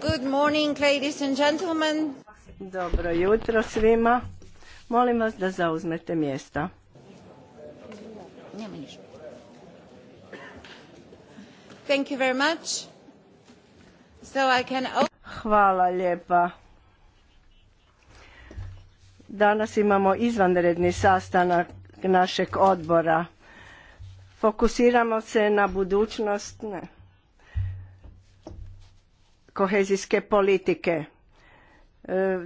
Good morning, Dobro jutro svima. Molim vas da zauzmete mjesta. Hvala lijepa. Danas imamo izvanredni sastanak našeg odbora. Fokusiramo se na budućnost... Ne kohezijske politike. E,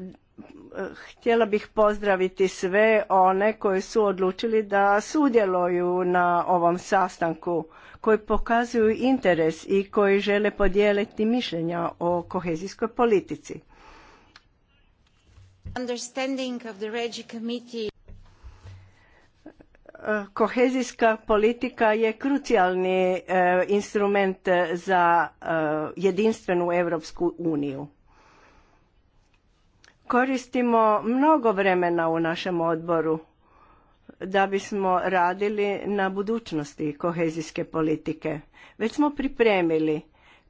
htjela bih pozdraviti sve one koji su odlučili da sudjeluju na ovom sastanku, koji pokazuju interes i koji žele podijeliti mišljenja o kohezijskoj politici kohezijska politika je krucijalni e, instrument e, za e, jedinstvenu europsku uniju koristimo mnogo vremena u našem odboru da bismo radili na budućnosti kohezijske politike već smo pripremili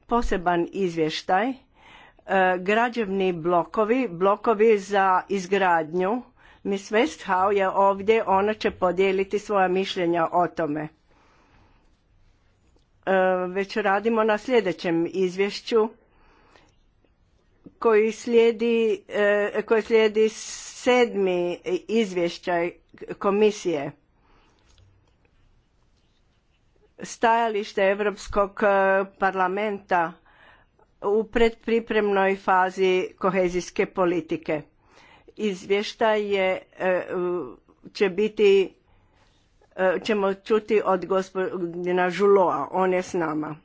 poseban izvještaj građevni blokovi blokovi za izgradnju Miss Westhau je ovdje, ona će podijeliti svoja mišljenja o tome. E, već radimo na sljedećem izvješću koji slijedi, e, koji slijedi sedmi izvješćaj komisije stajalište Europskog e, parlamenta u predpripremnoj fazi kohezijske politike izvještaj je, e, će biti e, ćemo čuti od gospodina Žuloa, on je s nama.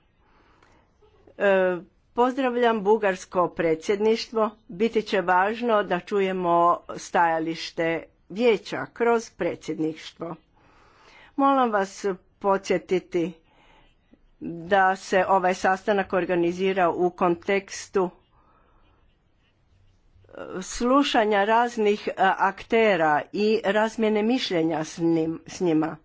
E, pozdravljam bugarsko predsjedništvo, biti će važno da čujemo stajalište vijeća kroz predsjedništvo. Molim vas podsjetiti da se ovaj sastanak organizira u kontekstu slušanja raznih e, aktera i razmjene mišljenja s njima.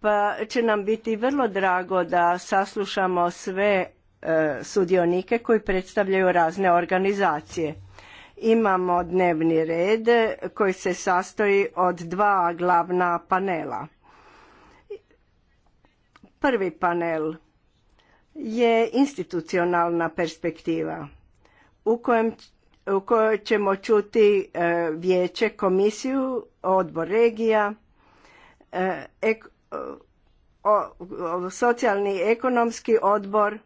Pa će nam biti vrlo drago da saslušamo sve e, sudionike koji predstavljaju razne organizacije. Imamo dnevni red koji se sastoji od dva glavna panela. Prvi panel je institucionalna perspektiva u kojem u kojoj ćemo čuti e, vijeće, komisiju, odbor regija, socijalni e, o, socijalni ekonomski odbor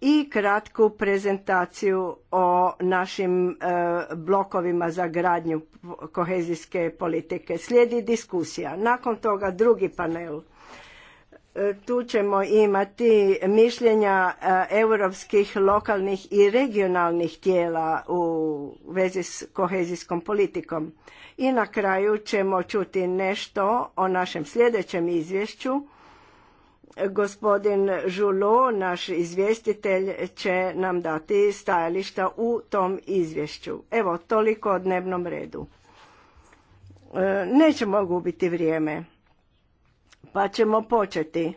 i kratku prezentaciju o našim e, blokovima za gradnju kohezijske politike. Slijedi diskusija. Nakon toga drugi panel tu ćemo imati mišljenja e, europskih lokalnih i regionalnih tijela u vezi s kohezijskom politikom. I na kraju ćemo čuti nešto o našem sljedećem izvješću. Gospodin Žulo, naš izvjestitelj, će nam dati stajališta u tom izvješću. Evo, toliko o dnevnom redu. E, nećemo gubiti vrijeme pa ćemo početi.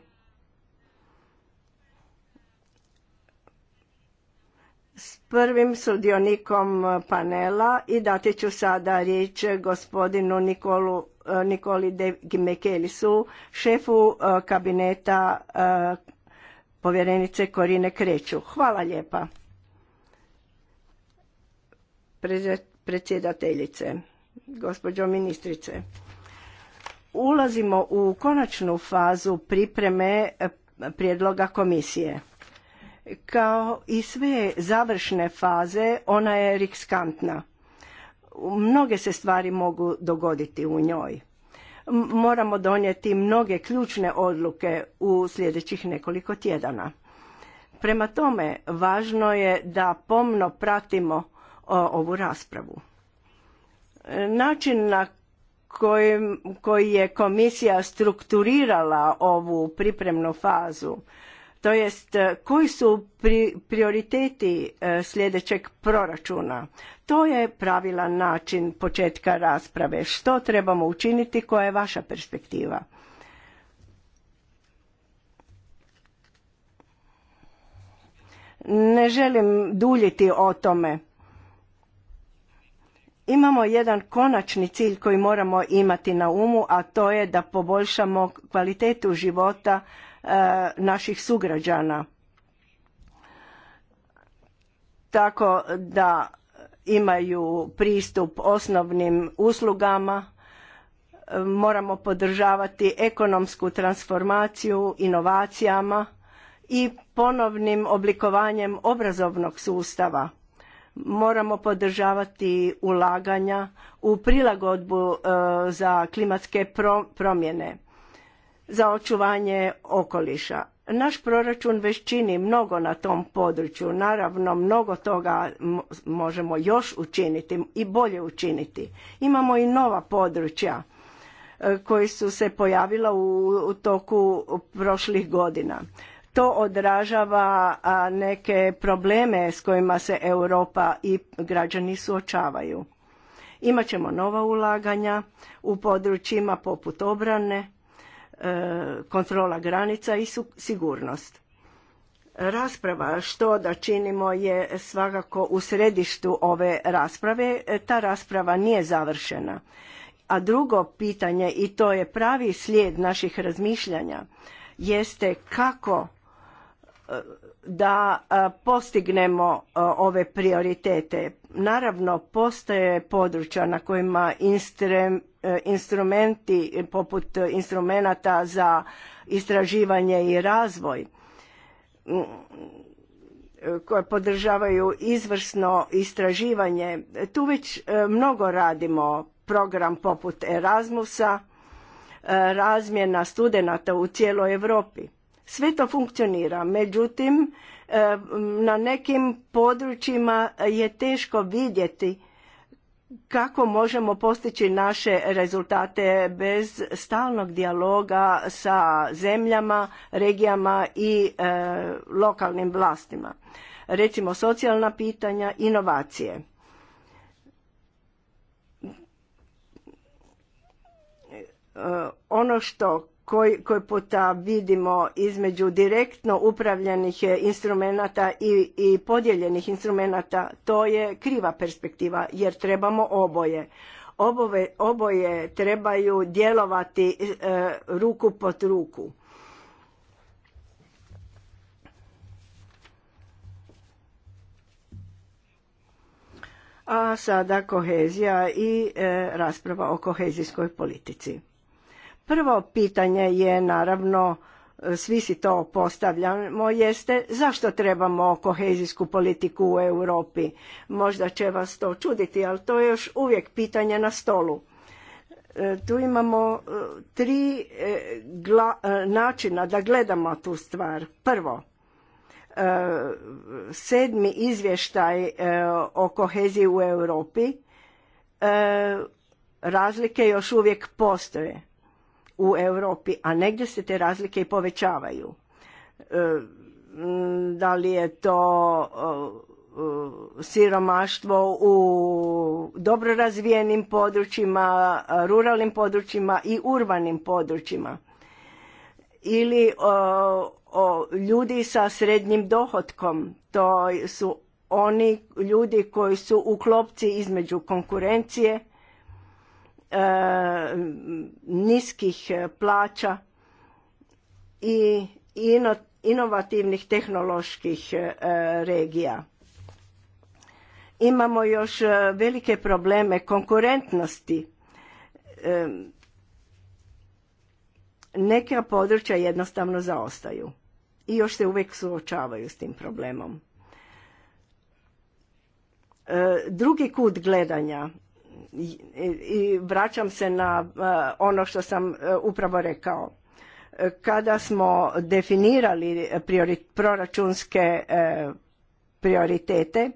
S prvim sudionikom panela i dati ću sada riječ gospodinu Nikolu, eh, Nikoli De Gimekelisu, šefu eh, kabineta eh, povjerenice Korine Kreću. Hvala lijepa predsjedateljice, gospođo ministrice ulazimo u konačnu fazu pripreme e, prijedloga komisije. Kao i sve završne faze, ona je riskantna. Mnoge se stvari mogu dogoditi u njoj. Moramo donijeti mnoge ključne odluke u sljedećih nekoliko tjedana. Prema tome, važno je da pomno pratimo ovu raspravu. E, način na koji je komisija strukturirala ovu pripremnu fazu to jest e, koji su prioriteti e, sljedećeg proračuna to je pravilan način početka rasprave što trebamo učiniti koja je vaša perspektiva ne želim duljiti o tome Imamo jedan konačni cilj koji moramo imati na umu, a to je da poboljšamo kvalitetu života e, naših sugrađana. Tako da imaju pristup osnovnim uslugama, e, moramo podržavati ekonomsku transformaciju, inovacijama i ponovnim oblikovanjem obrazovnog sustava moramo podržavati ulaganja u prilagodbu e, za klimatske promjene za očuvanje okoliša naš proračun već čini mnogo na tom području naravno mnogo toga možemo još učiniti i bolje učiniti imamo i nova područja e, koji su se pojavila u toku prošlih godina to odražava neke probleme s kojima se Europa i građani suočavaju. Imaćemo nova ulaganja u područjima poput obrane, e, kontrola granica i sigurnost. Rasprava što da činimo je svakako u središtu ove rasprave. E, ta rasprava nije završena. A drugo pitanje, i to je pravi slijed naših razmišljanja, jeste kako da e, postignemo e, ove prioritete. Naravno, postoje područja na kojima e, instrumenti poput instrumenata za istraživanje i razvoj koje podržavaju izvrsno istraživanje. Tu već mnogo radimo program poput Erasmusa, razmjena studenata u cijeloj Europi sve to funkcionira, međutim e, na nekim područjima je teško vidjeti kako možemo postići naše rezultate bez stalnog dijaloga sa zemljama, regijama i e, lokalnim vlastima. Recimo socijalna pitanja, inovacije. E, ono što koji, koji puta vidimo između direktno upravljenih eh, instrumenata i, i podijeljenih instrumenata, to je kriva perspektiva jer trebamo oboje. Obove, oboje trebaju djelovati eh, ruku pod ruku. A sada kohezija i eh, rasprava o kohezijskoj politici. Prvo pitanje je naravno, e, svi si to postavljamo, jeste zašto trebamo kohezijsku politiku u Europi. Možda će vas to čuditi, ali to je još uvijek pitanje na stolu. E, tu imamo e, tri načina da gledamo tu stvar. Prvo, sedmi izvještaj o koheziji u Europi, razlike još uvijek postoje u Europi, a negdje se te razlike i povećavaju. E, da li je to siromaštvo u dobro razvijenim područjima, ruralnim područjima i urbanim područjima. Ili o, o, ljudi sa srednjim dohotkom, to su oni ljudi koji su u klopci između konkurencije E, niskih plaća i inovativnih tehnoloških e, regija. Imamo još e, velike probleme konkurentnosti. Neka područja jednostavno zaostaju i još se uvijek suočavaju s tim problemom. Drugi kut gledanja i vraćam se na e, ono što sam e, upravo rekao. E, kada smo definirali proračunske prioritete,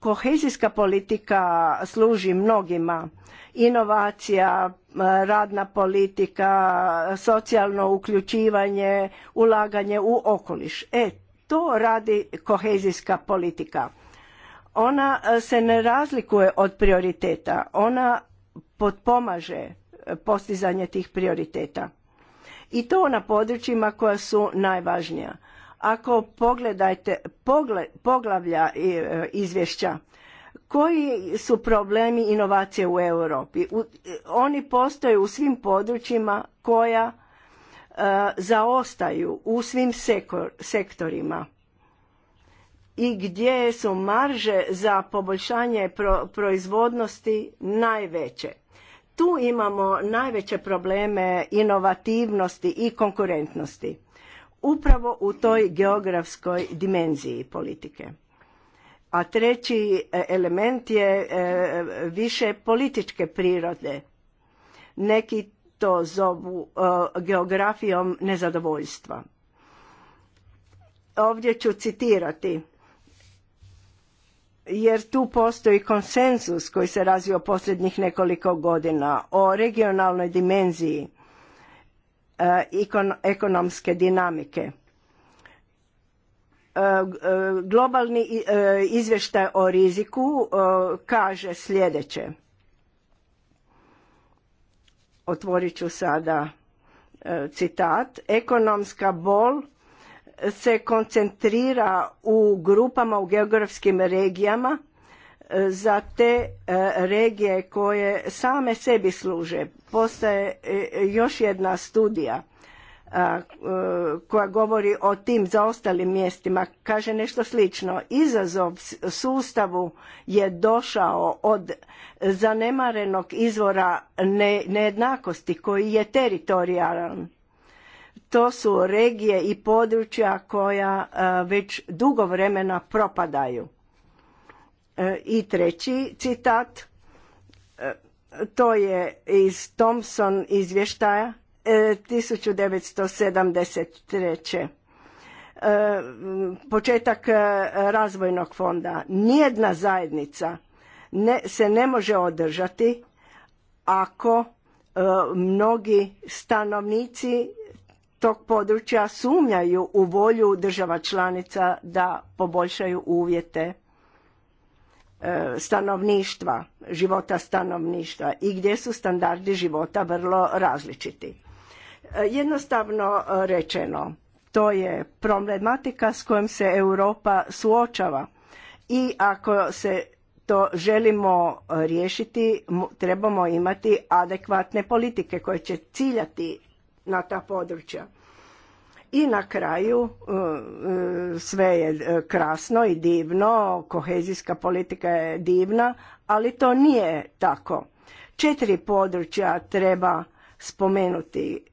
kohezijska politika služi mnogima. Inovacija, radna politika, socijalno uključivanje, ulaganje u okoliš. E, to radi kohezijska politika ona e, se ne razlikuje od prioriteta ona potpomaže e, postizanje tih prioriteta i to na područjima koja su najvažnija ako pogledajte poglavlja e, izvješća koji su problemi inovacije u Europi oni postoje u svim područjima koja zaostaju u svim sektorima i gdje su marže za poboljšanje proizvodnosti najveće. Tu imamo najveće probleme inovativnosti i konkurentnosti. Upravo u toj geografskoj dimenziji politike. A treći e, element je e, više političke prirode. Neki to zovu e, geografijom nezadovoljstva. Ovdje ću citirati jer tu postoji konsenzus koji se razvio posljednjih nekoliko godina o regionalnoj dimenziji e, ekonomske dinamike. E, globalni e, izvještaj o riziku kaže sljedeće. Otvorit ću sada citat. Ekonomska bol se koncentrira u grupama u geografskim regijama e, za te e, regije koje same sebi služe. Postaje e, još jedna studija koja govori o tim zaostalim mjestima, kaže nešto slično. Izazov sustavu je došao od zanemarenog izvora nejednakosti koji je teritorijalan to su regije i područja koja e, već dugo vremena propadaju. E, I treći citat, e, to je iz Thompson izvještaja 1973. Početak razvojnog fonda. Nijedna zajednica ne, se ne može održati ako mnogi stanovnici tog područja sumnjaju u volju država članica da poboljšaju uvjete e, stanovništva, života stanovništva i gdje su standardi života vrlo različiti. E, jednostavno e, rečeno, to je problematika s kojom se Europa suočava i ako se to želimo riješiti, trebamo imati adekvatne politike koje će ciljati na ta područja. I na kraju e, e, sve je e, krasno i divno, kohezijska politika je divna, ali to nije tako. Četiri područja treba spomenuti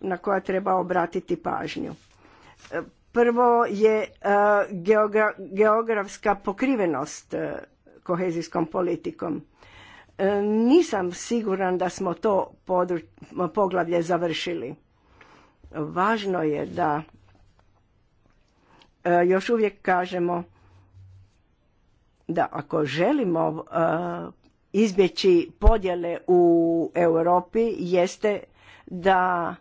na koja treba obratiti pažnju. Prvo je geografska pokrivenost kohezijskom politikom. E, nisam siguran da smo to poglavlje završili. Važno je da e, još uvijek kažemo da ako želimo e, izbjeći podjele u Europi jeste da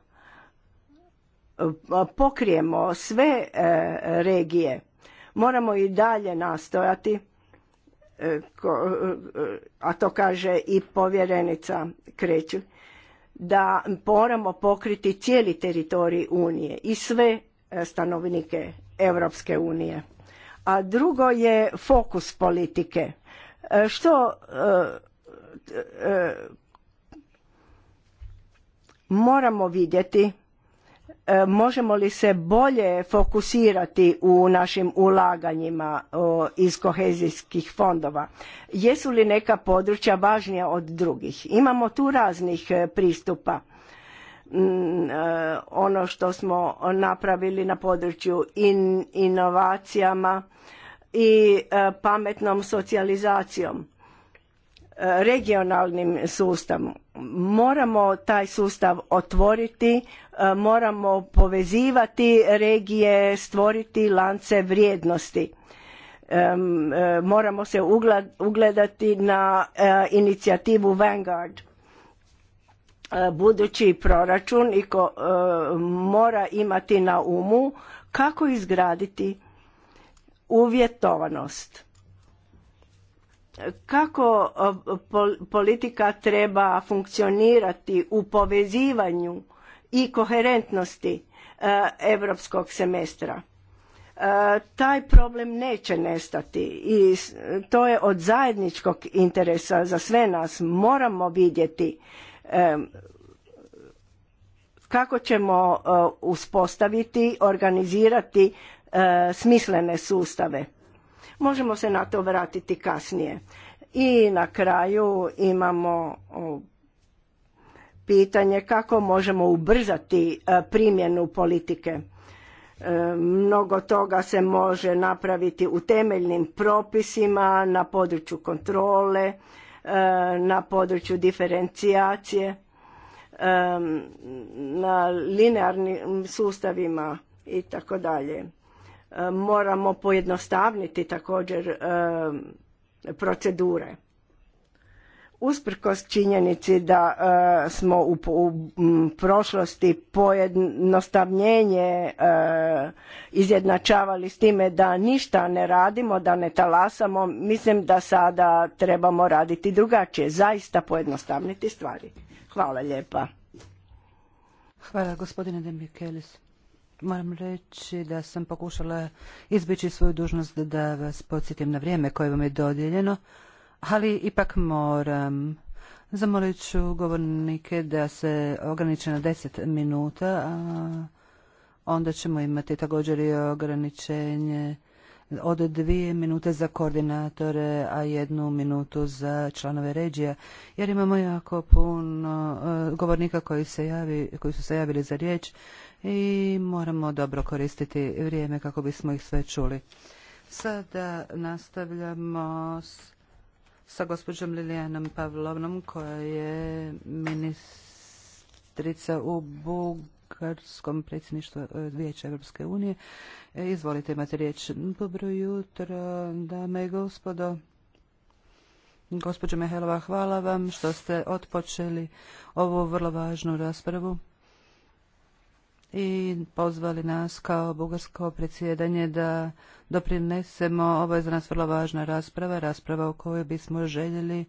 pokrijemo sve regije. Moramo i dalje nastojati a to kaže i povjerenica Kreću, da moramo pokriti cijeli teritorij Unije i sve e, stanovnike Europske unije. A drugo je fokus politike. E, što e, moramo vidjeti E, možemo li se bolje fokusirati u našim ulaganjima iz kohezijskih fondova jesu li neka područja važnija od drugih imamo tu raznih e, pristupa mm, e, ono što smo napravili na području in, inovacijama i pametnom socijalizacijom regionalnim sustavom. Moramo taj sustav otvoriti, e, moramo povezivati regije, stvoriti lance vrijednosti. E, moramo se ugledati na e, inicijativu Vanguard. Budući proračun i mora imati na umu kako izgraditi uvjetovanost kako e, politika treba funkcionirati u povezivanju i koherentnosti europskog semestra. E, taj problem neće nestati i to je od zajedničkog interesa za sve nas. Moramo vidjeti e, kako ćemo uspostaviti, organizirati smislene sustave Možemo se na to vratiti kasnije. I na kraju imamo pitanje kako možemo ubrzati e, primjenu politike. E, mnogo toga se može napraviti u temeljnim propisima, na području kontrole, e, na području diferencijacije, na linearnim sustavima i tako dalje moramo pojednostavniti također e, procedure. Usprkos činjenici da e, smo u, prošlosti pojednostavljenje e, izjednačavali s time da ništa ne radimo, da ne talasamo, mislim da sada trebamo raditi drugačije, zaista pojednostavniti stvari. Hvala lijepa. Hvala gospodine Demirkelis. Moram reći da sam pokušala izbjeći svoju dužnost da vas podsjetim na vrijeme koje vam je dodijeljeno, ali ipak moram. Zamolit ću govornike da se ograniče na 10 minuta, a onda ćemo imati također i ograničenje od dvije minute za koordinatore, a jednu minutu za članove ređija, jer imamo jako puno e, govornika koji, se koji su se javili za riječ i moramo dobro koristiti vrijeme kako bismo ih sve čuli. Sada nastavljamo s, sa gospođom Lilijanom Pavlovnom koja je ministrica u Bugarskom predsjedništvu e, Vijeća Europske unije. E, izvolite imate riječ. Dobro jutro, dame i gospodo. Gospođo Mehelova, hvala vam što ste otpočeli ovu vrlo važnu raspravu i pozvali nas kao bugarsko predsjedanje da doprinesemo, ovo je za nas vrlo važna rasprava, rasprava u kojoj bismo željeli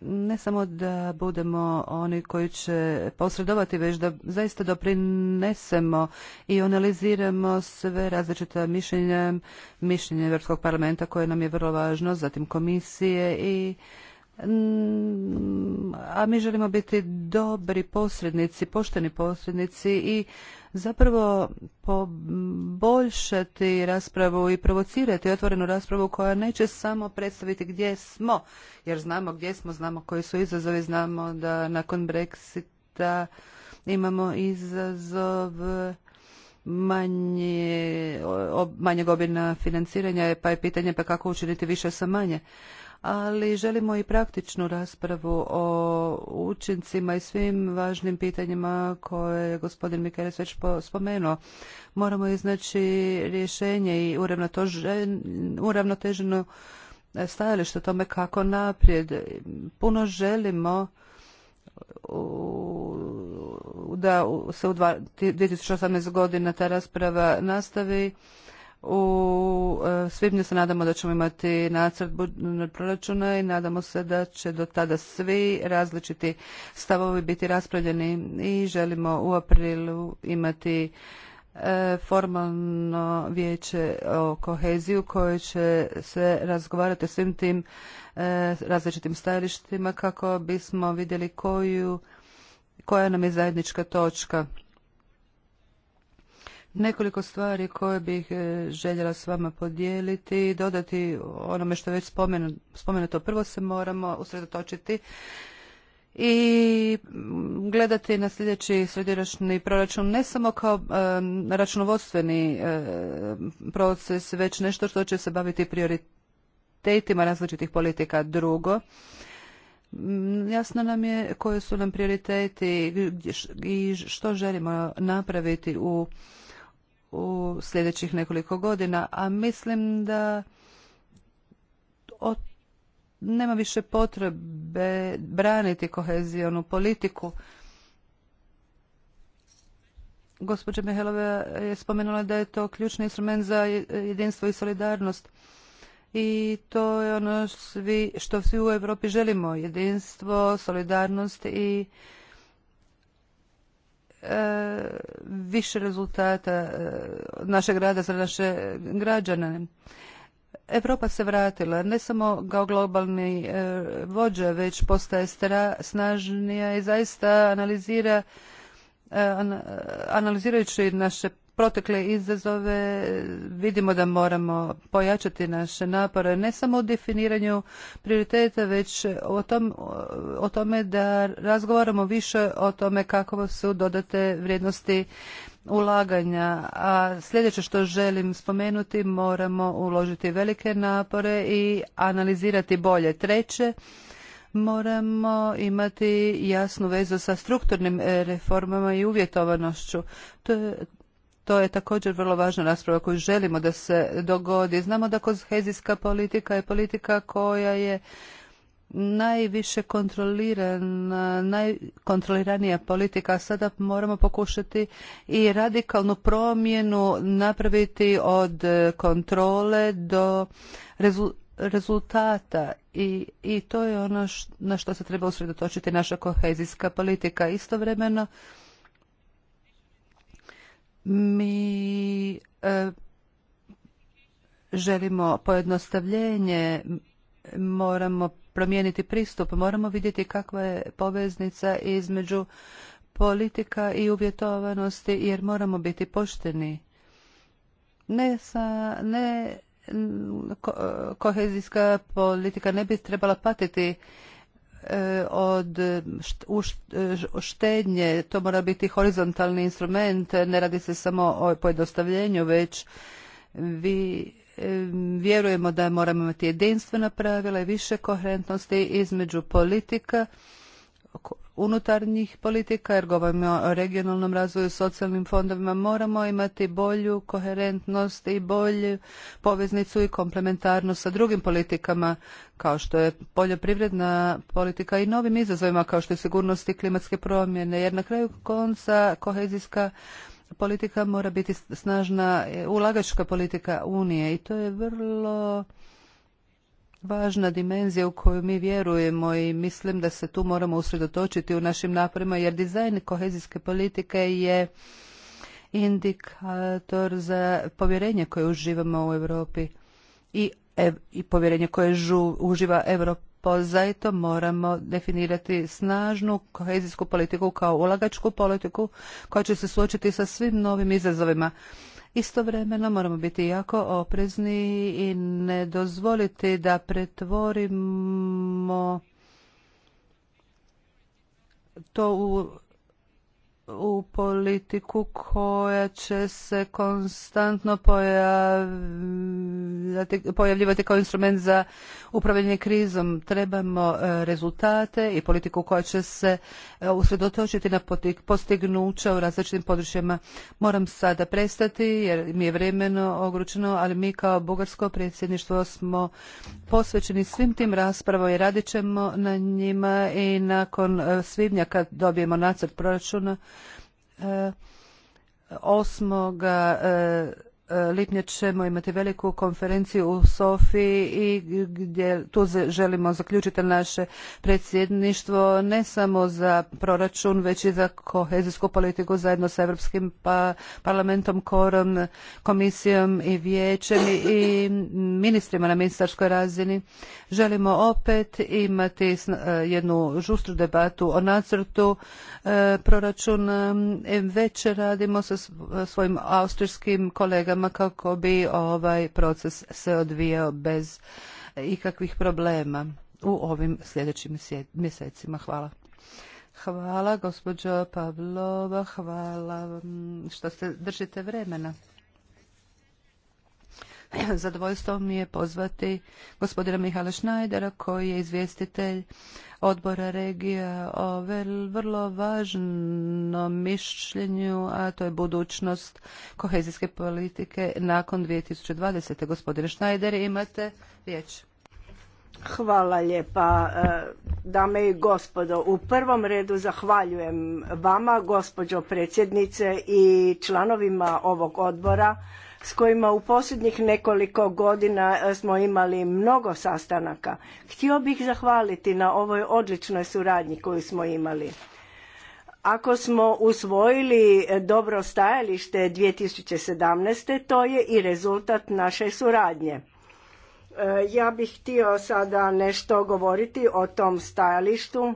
ne samo da budemo oni koji će posredovati, već da zaista doprinesemo i analiziramo sve različita mišljenja, mišljenje Europskog parlamenta koje nam je vrlo važno, zatim komisije i a mi želimo biti dobri posrednici, pošteni posrednici i zapravo poboljšati raspravu i provocirati otvorenu raspravu koja neće samo predstaviti gdje smo, jer znamo gdje smo, znamo koji su izazovi, znamo da nakon Brexita imamo izazov manje, manjeg financiranja, pa je pitanje pa kako učiniti više sa manje ali želimo i praktičnu raspravu o učincima i svim važnim pitanjima koje je gospodin Mikeres već spomenuo. Moramo iznaći rješenje i uravnoteženo stajalište tome kako naprijed. Puno želimo da se u 2018. godina ta rasprava nastavi u e, svibnju se nadamo da ćemo imati nacrt proračuna i nadamo se da će do tada svi različiti stavovi biti raspravljeni i želimo u aprilu imati e, formalno vijeće o koheziju koje će se razgovarati o svim tim e, različitim stajalištima kako bismo vidjeli koju, koja nam je zajednička točka Nekoliko stvari koje bih e, željela s vama podijeliti i dodati onome što je već spomenuto. Prvo se moramo usredotočiti i gledati na sljedeći srediračni proračun ne samo kao e, računovodstveni e, proces, već nešto što će se baviti prioritetima različitih politika. Drugo, jasno nam je koje su nam prioriteti i što želimo napraviti u u sljedećih nekoliko godina, a mislim da nema više potrebe braniti kohezijonu politiku. Gospođa Mihelova je spomenula da je to ključni instrument za jedinstvo i solidarnost. I to je ono što svi u Europi želimo, jedinstvo, solidarnost i E, više rezultata e, našeg rada za naše građane. Europa se vratila ne samo kao globalni e, vođa, već postaje snažnija i zaista analizira analizirajući naše protekle izazove vidimo da moramo pojačati naše napore ne samo u definiranju prioriteta već o, o tome da razgovaramo više o tome kako su dodate vrijednosti ulaganja. A sljedeće što želim spomenuti, moramo uložiti velike napore i analizirati bolje. Treće, moramo imati jasnu vezu sa strukturnim e, reformama i uvjetovanošću. To je to je također vrlo važna rasprava koju želimo da se dogodi. Znamo da kohezijska politika je politika koja je najviše kontrolirana, najkontroliranija politika. Sada moramo pokušati i radikalnu promjenu napraviti od kontrole do rezultata i, i to je ono na što se treba usredotočiti naša kohezijska politika. Istovremeno mi e, želimo pojednostavljenje, moramo promijeniti pristup, moramo vidjeti kakva je poveznica između politika i uvjetovanosti jer moramo biti pošteni. Ne sa ne kohezijska politika ne bi trebala patiti od štednje, to mora biti horizontalni instrument, ne radi se samo o pojednostavljenju, već vi vjerujemo da moramo imati jedinstvena pravila i više koherentnosti između politika unutarnjih politika, jer govorimo o regionalnom razvoju, socijalnim fondovima, moramo imati bolju koherentnost i bolju poveznicu i komplementarnost sa drugim politikama, kao što je poljoprivredna politika i novim izazovima, kao što je sigurnost i klimatske promjene, jer na kraju konca kohezijska politika mora biti snažna ulagačka politika Unije i to je vrlo važna dimenzija u koju mi vjerujemo i mislim da se tu moramo usredotočiti u našim naporima jer dizajn kohezijske politike je indikator za povjerenje koje uživamo u Europi i, i povjerenje koje uživa Europa. Zato moramo definirati snažnu kohezijsku politiku kao ulagačku politiku koja će se suočiti sa svim novim izazovima. Istovremeno moramo biti jako oprezni i ne dozvoliti da pretvorimo to u u politiku koja će se konstantno pojavljivati kao instrument za upravljanje krizom. Trebamo e, rezultate i politiku koja će se e, usredotočiti na postignuća u različitim područjima. Moram sada prestati jer mi je vremeno ogručeno, ali mi kao bugarsko predsjedništvo smo posvećeni svim tim raspravama i radit ćemo na njima i nakon e, svibnja kad dobijemo nacrt proračuna 8 lipnja ćemo imati veliku konferenciju u Sofiji i gdje tu želimo zaključiti naše predsjedništvo ne samo za proračun već i za kohezijsku politiku zajedno sa Europskim pa-, parlamentom, korom, komisijom i vijećem i ministrima na ministarskoj razini. Želimo opet imati jednu žustru debatu o nacrtu e, proračuna. Već radimo sa svojim austrijskim kolegama kako bi ovaj proces se odvijao bez ikakvih problema u ovim sljedećim mjesecima. Hvala. Hvala gospođo Pavlova, hvala što se držite vremena. Zadovoljstvo mi je pozvati gospodina Mihala Šnajdera koji je izvjestitelj odbora regija o vrlo važnom mišljenju, a to je budućnost kohezijske politike nakon 2020. Gospodine Šnajder, imate riječ. Hvala lijepa, e, dame i gospodo. U prvom redu zahvaljujem vama, gospođo predsjednice i članovima ovog odbora s kojima u posljednjih nekoliko godina e, smo imali mnogo sastanaka. Htio bih zahvaliti na ovoj odličnoj suradnji koju smo imali. Ako smo usvojili e, dobro stajalište 2017. to je i rezultat naše suradnje. E, ja bih htio sada nešto govoriti o tom stajalištu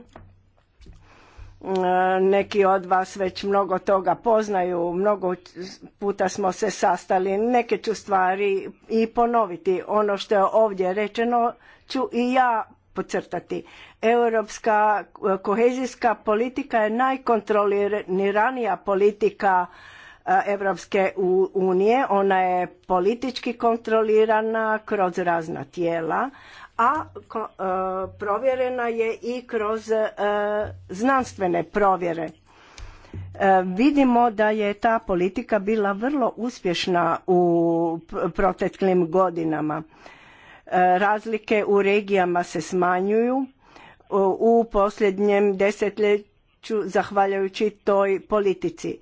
E, neki od vas već mnogo toga poznaju, mnogo puta smo se sastali, neke ću stvari i ponoviti. Ono što je ovdje rečeno ću i ja pocrtati. Europska kohezijska politika je najkontroliranija politika Europske unije. Ona je politički kontrolirana kroz razna tijela, a e, provjerena je i kroz e, znanstvene provjere. E, vidimo da je ta politika bila vrlo uspješna u proteklim godinama. Razlike u regijama se smanjuju u posljednjem desetljeću zahvaljujući toj politici.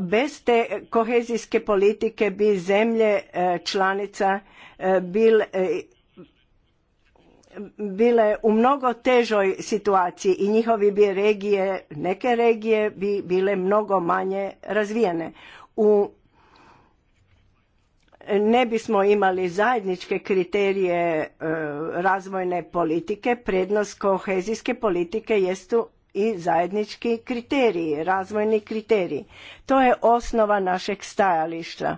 Bez te kohezijske politike bi zemlje članica bil bile u mnogo težoj situaciji i njihovi bi regije, neke regije bi bile mnogo manje razvijene. U ne bismo imali zajedničke kriterije e, razvojne politike, prednost kohezijske politike jestu i zajednički kriteriji, razvojni kriteriji. To je osnova našeg stajališta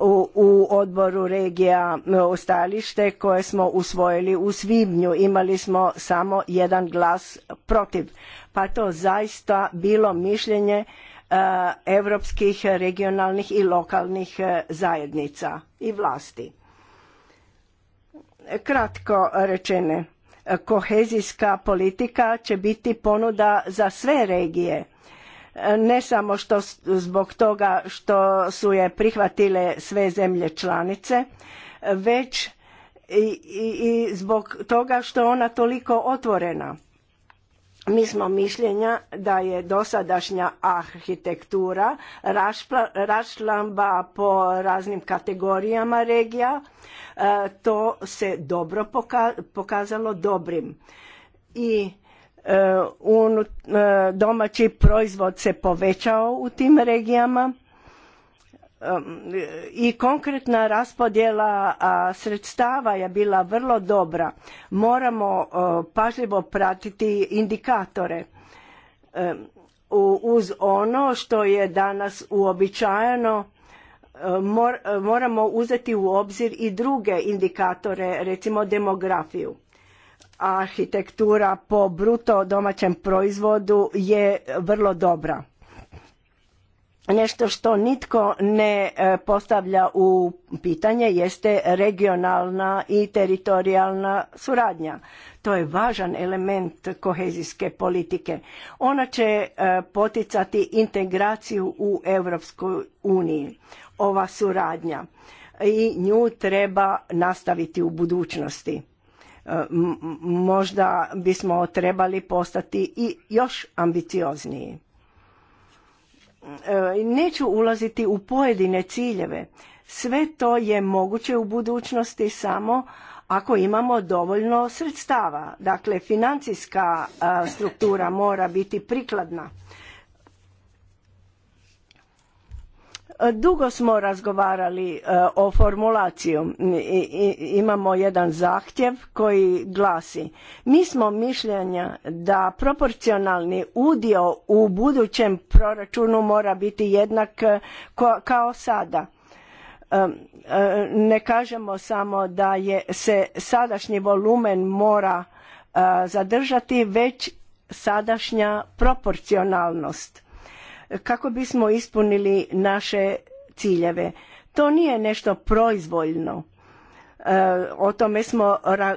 u, odboru regija stajalište koje smo usvojili u svibnju imali smo samo jedan glas protiv pa to zaista bilo mišljenje europskih regionalnih i lokalnih e, zajednica i vlasti kratko rečeno kohezijska politika će biti ponuda za sve regije ne samo zbog toga što su je prihvatile sve zemlje članice već i, zbog toga što je ona toliko otvorena mi smo mišljenja da je dosadašnja arhitektura raštlamba po raznim kategorijama regija e, to se dobro pokazalo dobrim i E, e, domaći proizvod se povećao u tim regijama e, i konkretna raspodjela sredstava je bila vrlo dobra. Moramo pažljivo pratiti indikatore uz ono što je danas uobičajeno moramo uzeti u obzir i druge indikatore recimo demografiju arhitektura po bruto domaćem proizvodu je vrlo dobra. Nešto što nitko ne e, postavlja u pitanje jeste regionalna i teritorijalna suradnja. To je važan element kohezijske politike. Ona će e, poticati integraciju u Europskoj uniji. Ova suradnja i nju treba nastaviti u budućnosti E, možda bismo trebali postati i još ambiciozniji. E, neću ulaziti u pojedine ciljeve. Sve to je moguće u budućnosti samo ako imamo dovoljno sredstava. Dakle, financijska e, struktura mora biti prikladna Dugo smo razgovarali e, o formulaciju. Imamo jedan zahtjev koji glasi mi smo mišljenja da proporcionalni udio u budućem proračunu mora biti jednak e, kao sada. E, ne kažemo samo da je se sadašnji volumen mora zadržati već sadašnja proporcionalnost kako bismo ispunili naše ciljeve. To nije nešto proizvoljno. E, o tome smo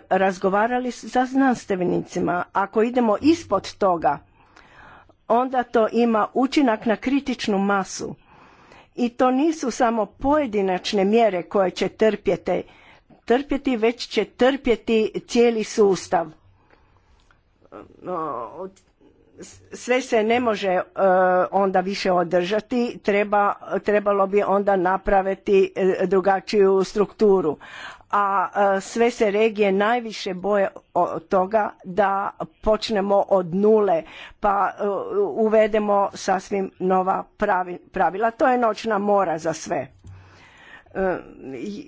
razgovarali sa znanstvenicima. Ako idemo ispod toga, onda to ima učinak na kritičnu masu. I to nisu samo pojedinačne mjere koje će trpjeti, trpjeti već će trpjeti cijeli sustav sve se ne može e, onda više održati, trebalo bi onda napraviti e, drugačiju strukturu. A e, sve se regije najviše boje od toga da počnemo od nule pa uvedemo sasvim nova pravila. To je noćna mora za sve.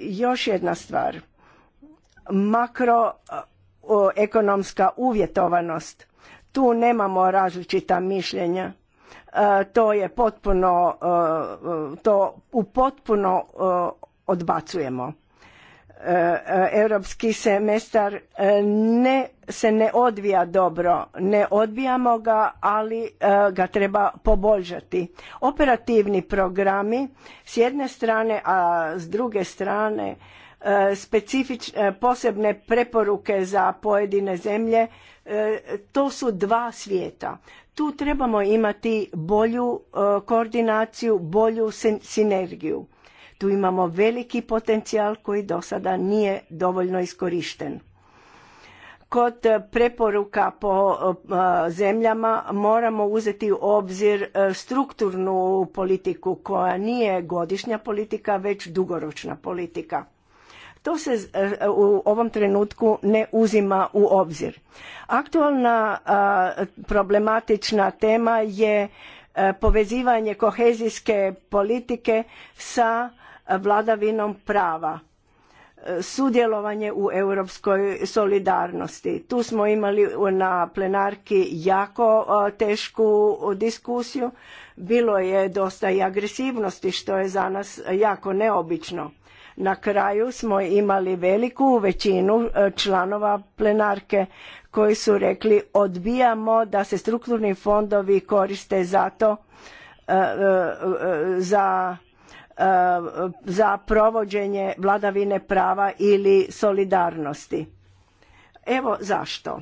Još jedna stvar. Makroekonomska uvjetovanost tu nemamo različita mišljenja. E, to je potpuno, e, to u potpuno e, odbacujemo. Europski semestar ne, se ne odvija dobro, ne odbijamo ga, ali ga treba poboljšati. Operativni programi s jedne strane, a s druge strane specifične posebne preporuke za pojedine zemlje E, to su dva svijeta. Tu trebamo imati bolju e, koordinaciju, bolju sinergiju. Tu imamo veliki potencijal koji do sada nije dovoljno iskorišten. Kod preporuka po e, zemljama moramo uzeti u obzir strukturnu politiku koja nije godišnja politika već dugoročna politika. To se e, u ovom trenutku ne uzima u obzir. Aktualna problematična tema je e, povezivanje kohezijske politike sa vladavinom prava e, sudjelovanje u europskoj solidarnosti. Tu smo imali na plenarki jako tešku diskusiju. Bilo je dosta i agresivnosti što je za nas jako neobično. Na kraju smo imali veliku većinu e, članova plenarke koji su rekli odbijamo da se strukturni fondovi koriste zato za e, e, za provođenje vladavine prava ili solidarnosti. Evo zašto.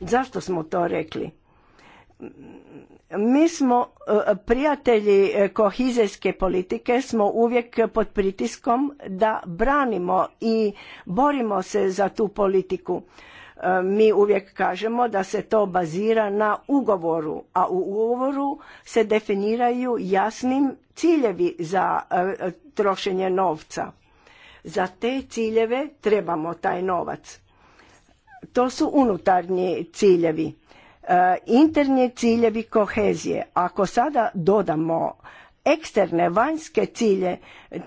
Zašto smo to rekli? Mi smo e, prijatelji e, kohizijske politike, smo uvijek pod pritiskom da branimo i borimo se za tu politiku. E, mi uvijek kažemo da se to bazira na ugovoru, a u ugovoru se definiraju jasnim ciljevi za trošenje novca. Za te ciljeve trebamo taj novac. To su unutarnji ciljevi E, interni ciljevi kohezije. Ako sada dodamo eksterne, vanjske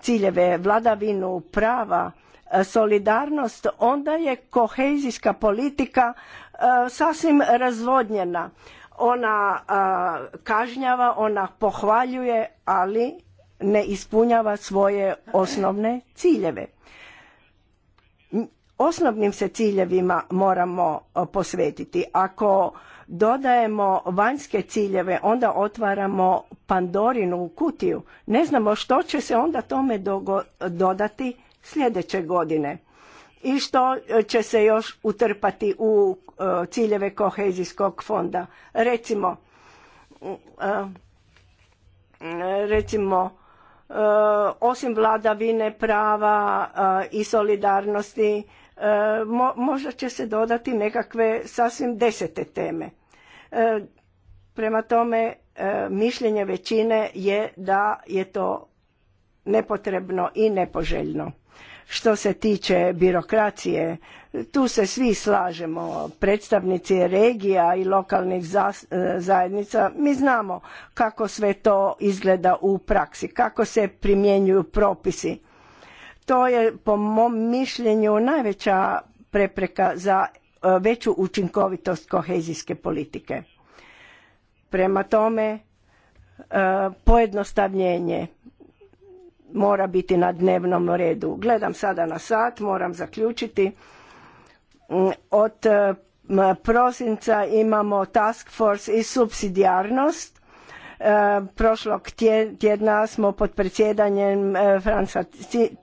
ciljeve, vladavinu prava, e, solidarnost, onda je kohezijska politika e, sasvim razvodnjena. Ona kažnjava, ona pohvaljuje, ali ne ispunjava svoje osnovne ciljeve. Osnovnim se ciljevima moramo posvetiti. Ako dodajemo vanjske ciljeve, onda otvaramo Pandorinu u kutiju. Ne znamo što će se onda tome dodati sljedeće godine i što će se još utrpati u e, ciljeve kohezijskog fonda. Recimo, e, recimo e, osim vladavine prava i solidarnosti, E, mo, možda će se dodati nekakve sasvim desete teme. E, prema tome, e, mišljenje većine je da je to nepotrebno i nepoželjno. Što se tiče birokracije, tu se svi slažemo, predstavnici regija i lokalnih zajednica, mi znamo kako sve to izgleda u praksi, kako se primjenjuju propisi. To je po mom mišljenju najveća prepreka za e, veću učinkovitost kohezijske politike. Prema tome, e, pojednostavljenje mora biti na dnevnom redu. Gledam sada na sat, moram zaključiti. Mm, od e, prosinca imamo task force i subsidijarnost E, prošlog tjedna smo pod predsjedanjem e, Franca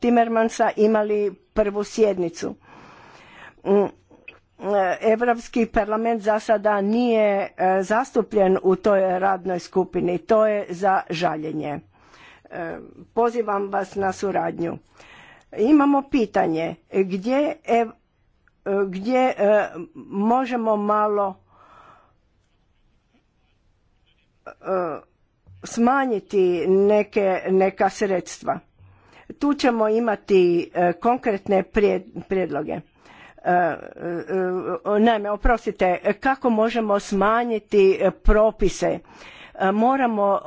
Timmermansa imali prvu sjednicu. Mm, Europski parlament za sada nije e, zastupljen u toj radnoj skupini. To je za žaljenje. Pozivam vas na suradnju. Imamo pitanje gdje, gdje možemo malo E, smanjiti neke, neka sredstva. Tu ćemo imati e, konkretne prijedloge. E, naime, oprostite, kako možemo smanjiti propise? Moramo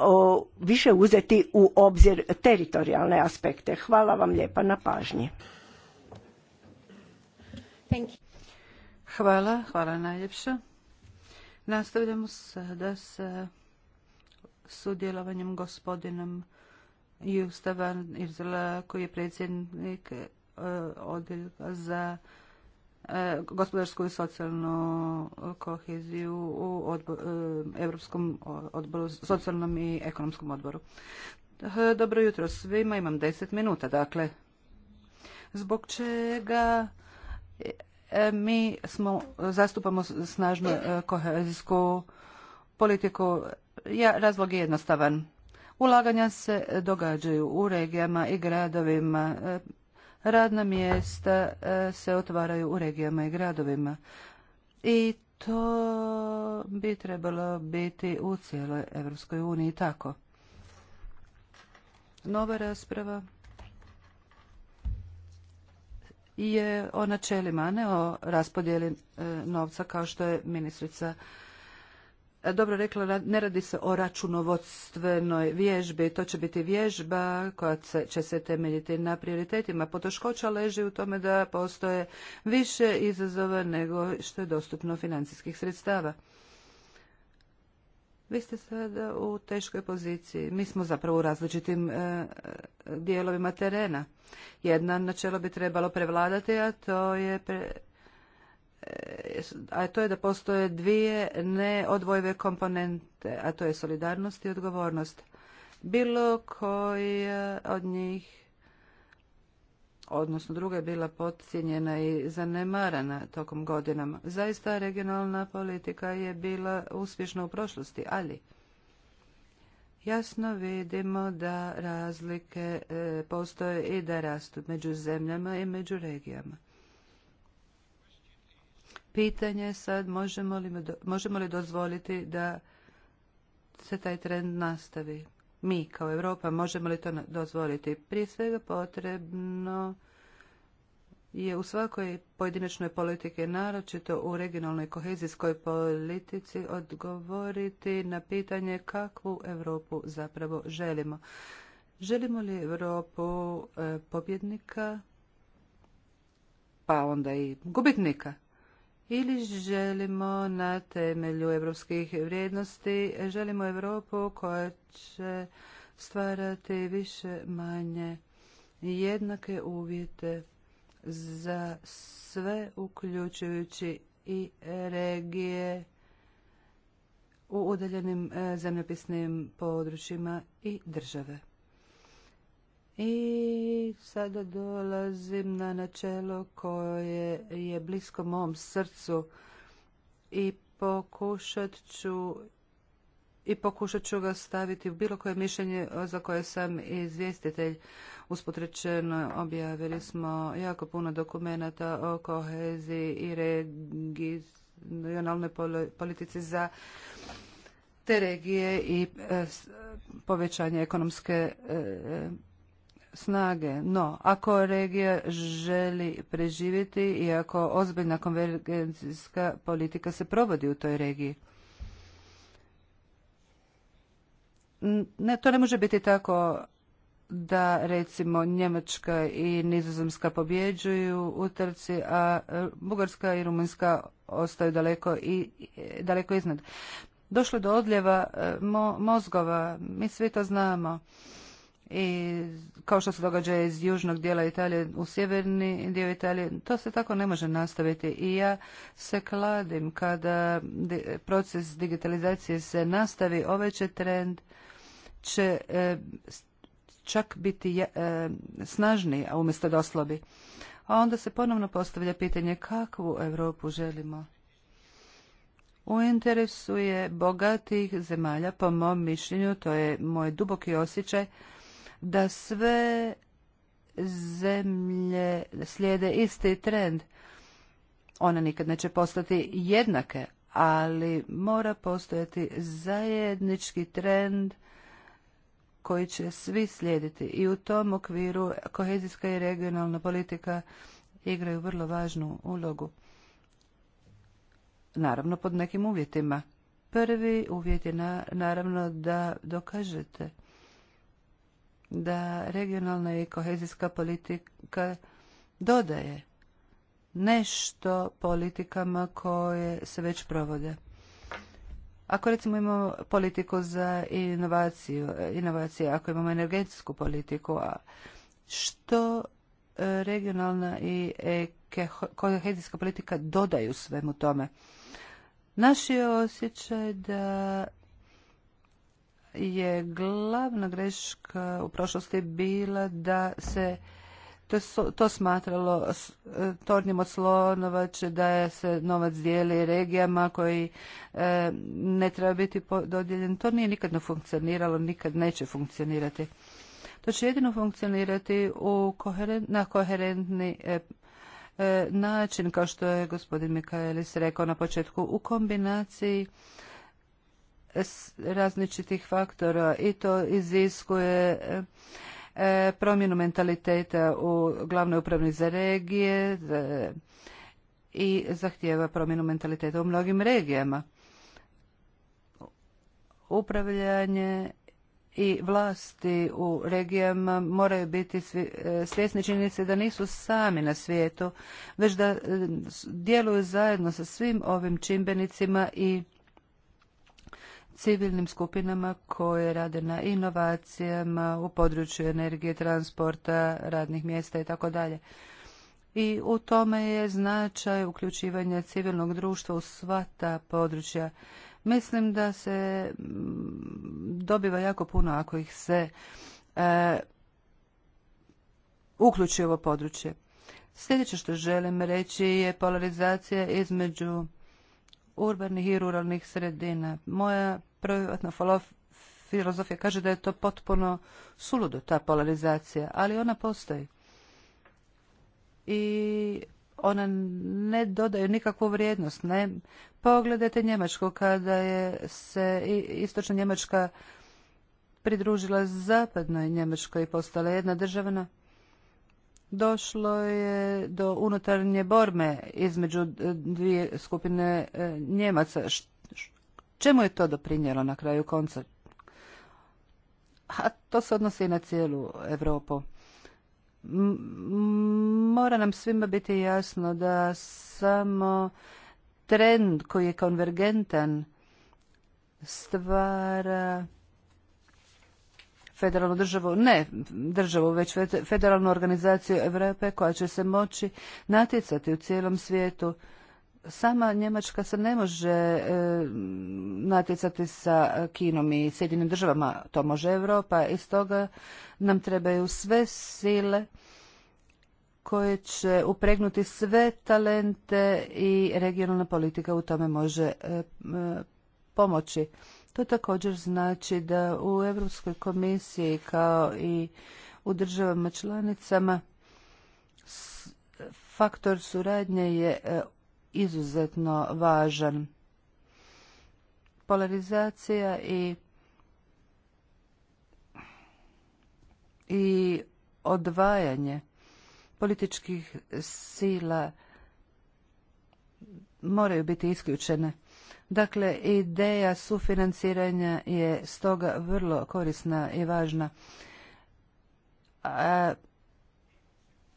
više uzeti u obzir teritorijalne aspekte. Hvala vam lijepa na pažnji. Hvala, hvala najljepša. Nastavljamo sada sa sudjelovanjem gospodinom Justava Irzela koji je predsjednik eh, odjeljka za eh, gospodarsku i socijalnu koheziju u eh, Europskom odboru, socijalnom i ekonomskom odboru. Dobro jutro svima, imam 10 minuta, dakle. Zbog čega mi smo, zastupamo snažnu kohezijsku politiku Razlog je jednostavan. Ulaganja se događaju u regijama i gradovima. Radna mjesta e, se otvaraju u regijama i gradovima. I to bi trebalo biti u cijeloj Europskoj uniji tako. Nova rasprava je o načelima, ne o raspodjeli e, novca kao što je ministrica dobro rekla, ne radi se o računovodstvenoj vježbi. To će biti vježba koja će se temeljiti na prioritetima. Poteškoća leži u tome da postoje više izazova nego što je dostupno financijskih sredstava. Vi ste sada u teškoj poziciji. Mi smo zapravo u različitim e, dijelovima terena. Jedna načelo bi trebalo prevladati, a to je a to je da postoje dvije neodvojive komponente, a to je solidarnost i odgovornost. Bilo koja od njih odnosno druga je bila podcijenjena i zanemarana tokom godinama. Zaista regionalna politika je bila uspješna u prošlosti, ali jasno vidimo da razlike e, postoje i da rastu među zemljama i među regijama pitanje sad možemo li, možemo li dozvoliti da se taj trend nastavi. Mi kao Europa možemo li to dozvoliti? Prije svega potrebno je u svakoj pojedinačnoj politike, naročito u regionalnoj kohezijskoj politici, odgovoriti na pitanje kakvu Europu zapravo želimo. Želimo li Europu e, pobjednika, pa onda i gubitnika? ili želimo na temelju europskih vrijednosti, želimo Europu koja će stvarati više manje jednake uvjete za sve uključujući i regije u udaljenim eh, zemljopisnim područjima i države. I sada dolazim na načelo koje je blisko mom srcu i pokušat ću i pokušat ću ga staviti u bilo koje mišljenje za koje sam izvjestitelj. Usput objavili smo jako puno dokumenta o koheziji i regionalnoj politici za te regije i e, povećanje ekonomske e, snage. No, ako regija želi preživjeti i ako ozbiljna konvergencijska politika se provodi u toj regiji. Ne, to ne može biti tako da recimo Njemačka i Nizozemska pobjeđuju u trci, a e, Bugarska i Rumunjska ostaju daleko, i, e, daleko iznad. Došlo do odljeva e, mozgova, mi svi to znamo i kao što se događa iz južnog dijela Italije u sjeverni dio Italije, to se tako ne može nastaviti. I ja se kladim kada proces digitalizacije se nastavi, ovaj će trend će e, čak biti e, snažniji, a umjesto doslovi A onda se ponovno postavlja pitanje kakvu Europu želimo. U interesu je bogatih zemalja, po mom mišljenju, to je moj duboki osjećaj, da sve zemlje slijede isti trend. One nikad neće postati jednake, ali mora postojati zajednički trend koji će svi slijediti. I u tom okviru kohezijska i regionalna politika igraju vrlo važnu ulogu. Naravno pod nekim uvjetima. Prvi uvjet je na, naravno da dokažete da regionalna i kohezijska politika dodaje nešto politikama koje se već provode. Ako recimo imamo politiku za inovaciju, inovacije, ako imamo energetsku politiku, a što e, regionalna i e, kohezijska politika dodaju svemu tome? Naš je osjećaj da je glavna greška u prošlosti bila da se to, to smatralo e, tornjem od slonovače da se novac dijeli regijama koji e, ne treba biti dodijeljen. To nije nikad funkcioniralo, nikad neće funkcionirati. To će jedino funkcionirati u na koherentni e, način, kao što je gospodin Mikaelis rekao na početku, u kombinaciji različitih faktora i to iziskuje e, promjenu mentaliteta u glavnoj upravni za regije e, i zahtjeva promjenu mentaliteta u mnogim regijama. Upravljanje i vlasti u regijama moraju biti e, svjesni činjenice da nisu sami na svijetu, već da djeluju zajedno sa svim ovim čimbenicima i civilnim skupinama koje rade na inovacijama u području energije, transporta, radnih mjesta i tako dalje. I u tome je značaj uključivanja civilnog društva u sva ta područja. Mislim da se mm, dobiva jako puno ako ih se e, uključi ovo područje. Sljedeće što želim reći je polarizacija između urbanih i ruralnih sredina. Moja privatna filozofija kaže da je to potpuno suludo, ta polarizacija, ali ona postoji. I ona ne dodaju nikakvu vrijednost. Ne. Pogledajte Njemačku kada je se istočna Njemačka pridružila zapadnoj Njemačkoj i postala jedna državna došlo je do unutarnje borme između e, dvije skupine e, Njemaca. Čemu je to doprinjelo na kraju konca? A to se odnosi i na cijelu Europu. Mora nam svima biti jasno da samo trend koji je konvergentan stvara federalnu državu, ne državu, već federalnu organizaciju Europe koja će se moći natjecati u cijelom svijetu. Sama Njemačka se ne može e, natjecati sa Kinom i Sjedinim državama, to može Europa i stoga nam trebaju sve sile koje će upregnuti sve talente i regionalna politika u tome može e, e, pomoći. To također znači da u Europskoj komisiji kao i u državama članicama faktor suradnje je e, izuzetno važan. Polarizacija i i odvajanje političkih sila moraju biti isključene Dakle, ideja sufinanciranja je stoga vrlo korisna i važna.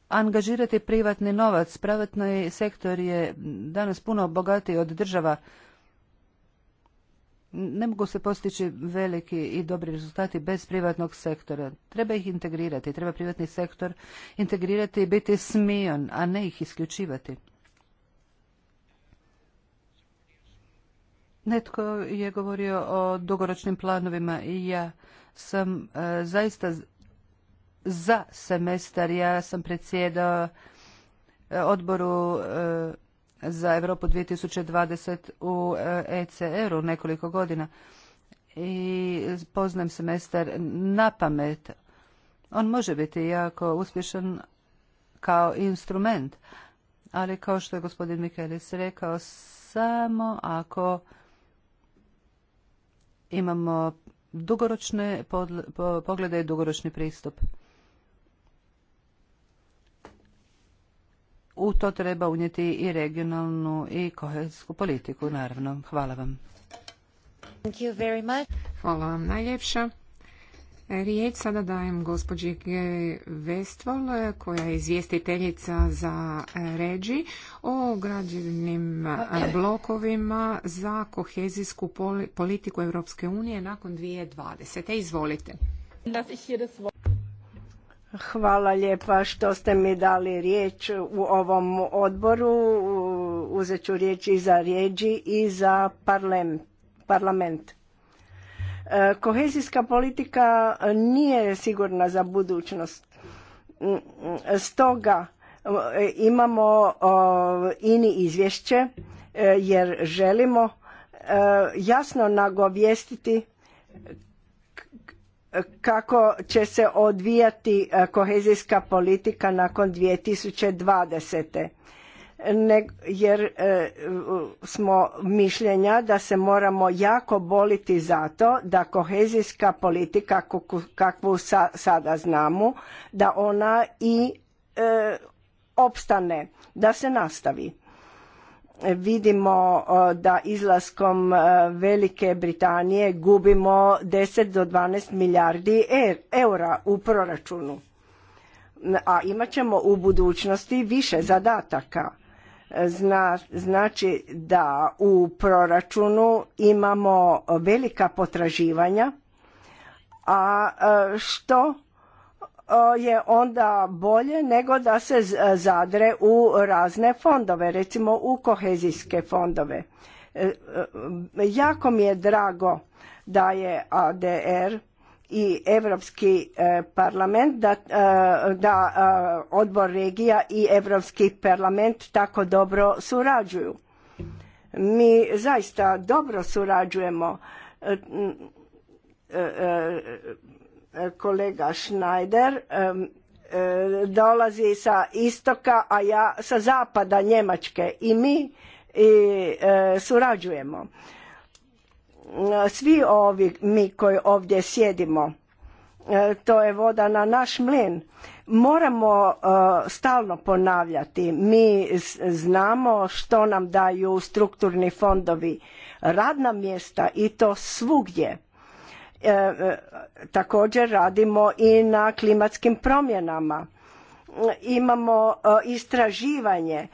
angažirati privatni novac. Privatni sektor je danas puno bogatiji od država. Ne mogu se postići veliki i dobri rezultati bez privatnog sektora. Treba ih integrirati, treba privatni sektor integrirati i biti smijon, a ne ih isključivati. Netko je govorio o dugoročnim planovima i ja sam e, zaista za semestar. Ja sam predsjedao e, odboru e, za Europu 2020 u ECR-u nekoliko godina i poznam semestar na pamet. On može biti jako uspješan kao instrument, ali kao što je gospodin Mikelis rekao, samo ako imamo dugoročne poglede i dugoročni pristup. U to treba unijeti i regionalnu i kohezijsku politiku, naravno. Hvala vam. Thank Hvala vam najljepša. Riječ sada dajem gospođi Vestvol, koja je izvjestiteljica za e, ređi o građevnim e, blokovima za kohezijsku politiku Europske unije nakon 2020. Izvolite. Hvala lijepa što ste mi dali riječ u ovom odboru. Uzet ću riječ i za rijeđi i za parlament. Kohezijska politika nije sigurna za budućnost. Stoga e, imamo ini izvješće e, jer želimo e, jasno nagovijestiti kako će se odvijati kohezijska politika nakon 2020 ne, jer e, smo mišljenja da se moramo jako boliti za to da kohezijska politika kakvu sada znamo da ona i e, opstane da se nastavi vidimo da izlaskom e, Velike Britanije gubimo 10 do 12 milijardi er, eura u proračunu. A imat ćemo u budućnosti više zadataka Zna, znači da u proračunu imamo velika potraživanja, a e, što e, je onda bolje nego da se e, zadre u razne fondove, recimo u kohezijske fondove. Jako mi je drago da je ADR i Europski e, parlament da, e, da e, odbor regija i Europski parlament tako dobro surađuju. Mi zaista dobro surađujemo. Kolega Schneider dolazi sa istoka, a ja sa zapada Njemačke i mi i, surađujemo svi ovi mi koji ovdje sjedimo e, to je voda na naš mlin moramo e, stalno ponavljati mi znamo što nam daju strukturni fondovi radna mjesta i to svugdje e, također radimo i na klimatskim promjenama imamo istraživanje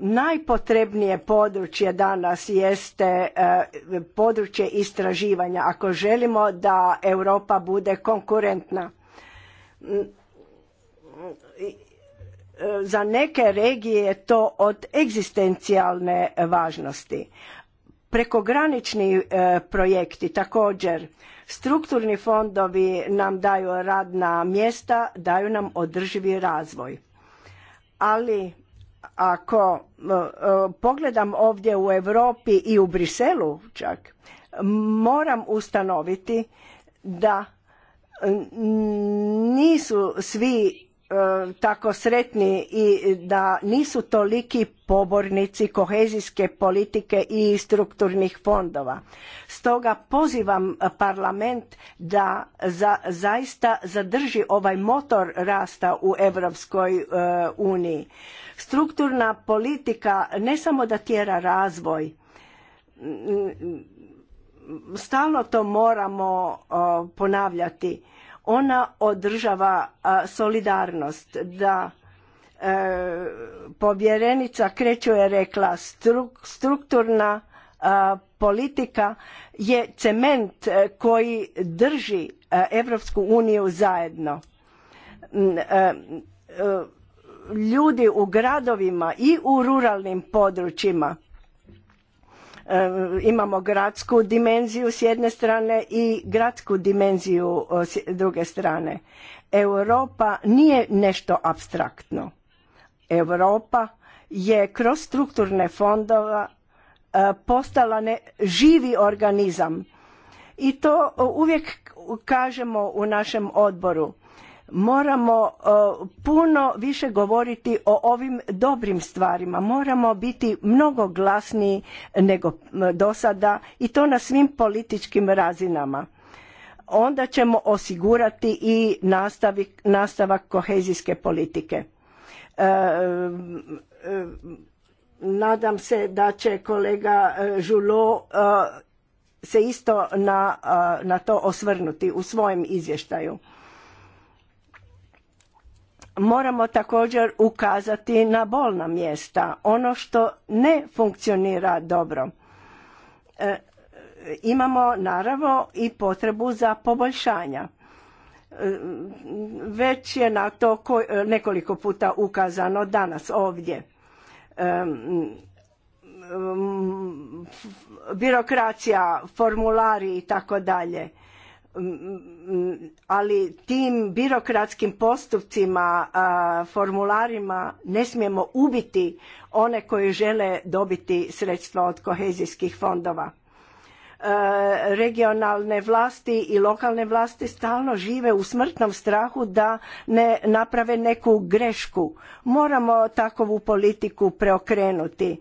najpotrebnije područje danas jeste e, područje istraživanja ako želimo da Europa bude konkurentna za neke regije je to od egzistencijalne važnosti prekogranični e, projekti također strukturni fondovi nam daju radna mjesta daju nam održivi razvoj ali ako e, e, pogledam ovdje u Europi i u Briselu čak, moram ustanoviti da nisu svi E, tako sretni i da nisu toliki pobornici kohezijske politike i strukturnih fondova. Stoga pozivam parlament da zaista zadrži ovaj motor rasta u Europskoj e, uniji. Strukturna politika ne samo da tjera razvoj, stalno to moramo ponavljati ona održava solidarnost da e, povjerenica Kreću je rekla strukturna politika je cement e, koji drži Europsku uniju zajedno. Mm, e, ljudi u gradovima i u ruralnim područjima Eh, imamo gradsku dimenziju s jedne strane i gradsku dimenziju eh, s druge strane. Europa nije nešto abstraktno. Europa je kroz strukturne fondova eh, postala ne, živi organizam. I to uvijek kažemo u našem odboru moramo e, puno više govoriti o ovim dobrim stvarima moramo biti mnogo glasniji nego do sada i to na svim političkim razinama onda ćemo osigurati i nastavak kohezijske politike e, e, nadam se da će kolega Žulo se isto na, na to osvrnuti u svojem izvještaju moramo također ukazati na bolna mjesta ono što ne funkcionira dobro e, imamo naravno i potrebu za poboljšanja e, već je na to e, nekoliko puta ukazano danas ovdje birokracija formulari i tako dalje ali tim birokratskim postupcima, formularima ne smijemo ubiti one koji žele dobiti sredstva od kohezijskih fondova. E, regionalne vlasti i lokalne vlasti stalno žive u smrtnom strahu da ne naprave neku grešku. Moramo takovu politiku preokrenuti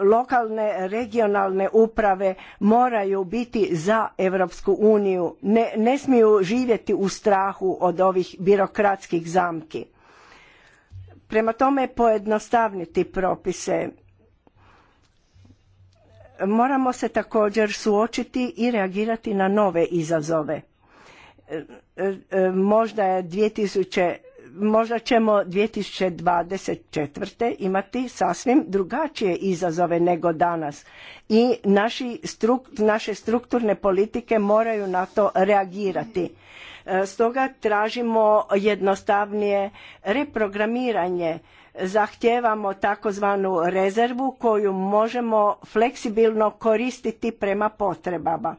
lokalne regionalne uprave moraju biti za europsku uniju ne, smiju živjeti u strahu od ovih birokratskih zamki prema tome pojednostavniti propise moramo se također suočiti i reagirati na nove izazove e, e, e, možda je 2000 možda ćemo 2024. imati sasvim drugačije izazove nego danas i naši struk, naše strukturne politike moraju na to reagirati. E, stoga tražimo jednostavnije reprogramiranje zahtijevamo takozvanu rezervu koju možemo fleksibilno koristiti prema potrebama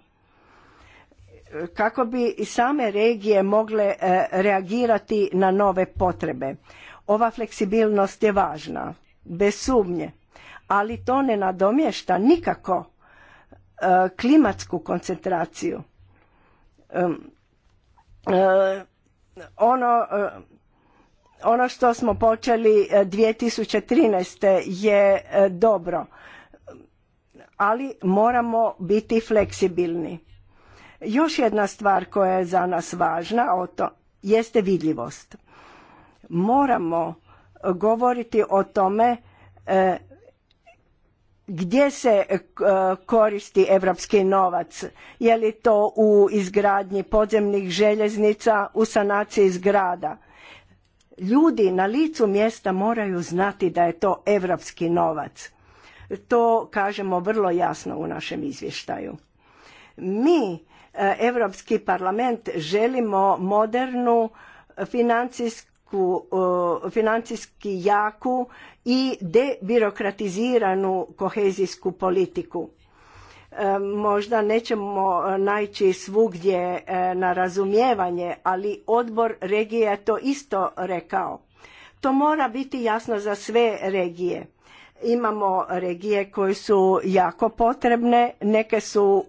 kako bi i same regije mogle e, reagirati na nove potrebe. Ova fleksibilnost je važna, bez sumnje, ali to ne nadomješta nikako e, klimatsku koncentraciju. E, ono, ono što smo počeli 2013. je dobro, ali moramo biti fleksibilni još jedna stvar koja je za nas važna o to, jeste vidljivost. Moramo govoriti o tome e, gdje se e, koristi europski novac. Je li to u izgradnji podzemnih željeznica, u sanaciji zgrada. Ljudi na licu mjesta moraju znati da je to europski novac. To kažemo vrlo jasno u našem izvještaju. Mi Europski parlament želimo modernu financijsku, financijski jaku i debirokratiziranu kohezijsku politiku. E, možda nećemo naći svugdje e, na razumijevanje, ali odbor regije je to isto rekao. To mora biti jasno za sve regije Imamo regije koje su jako potrebne, neke su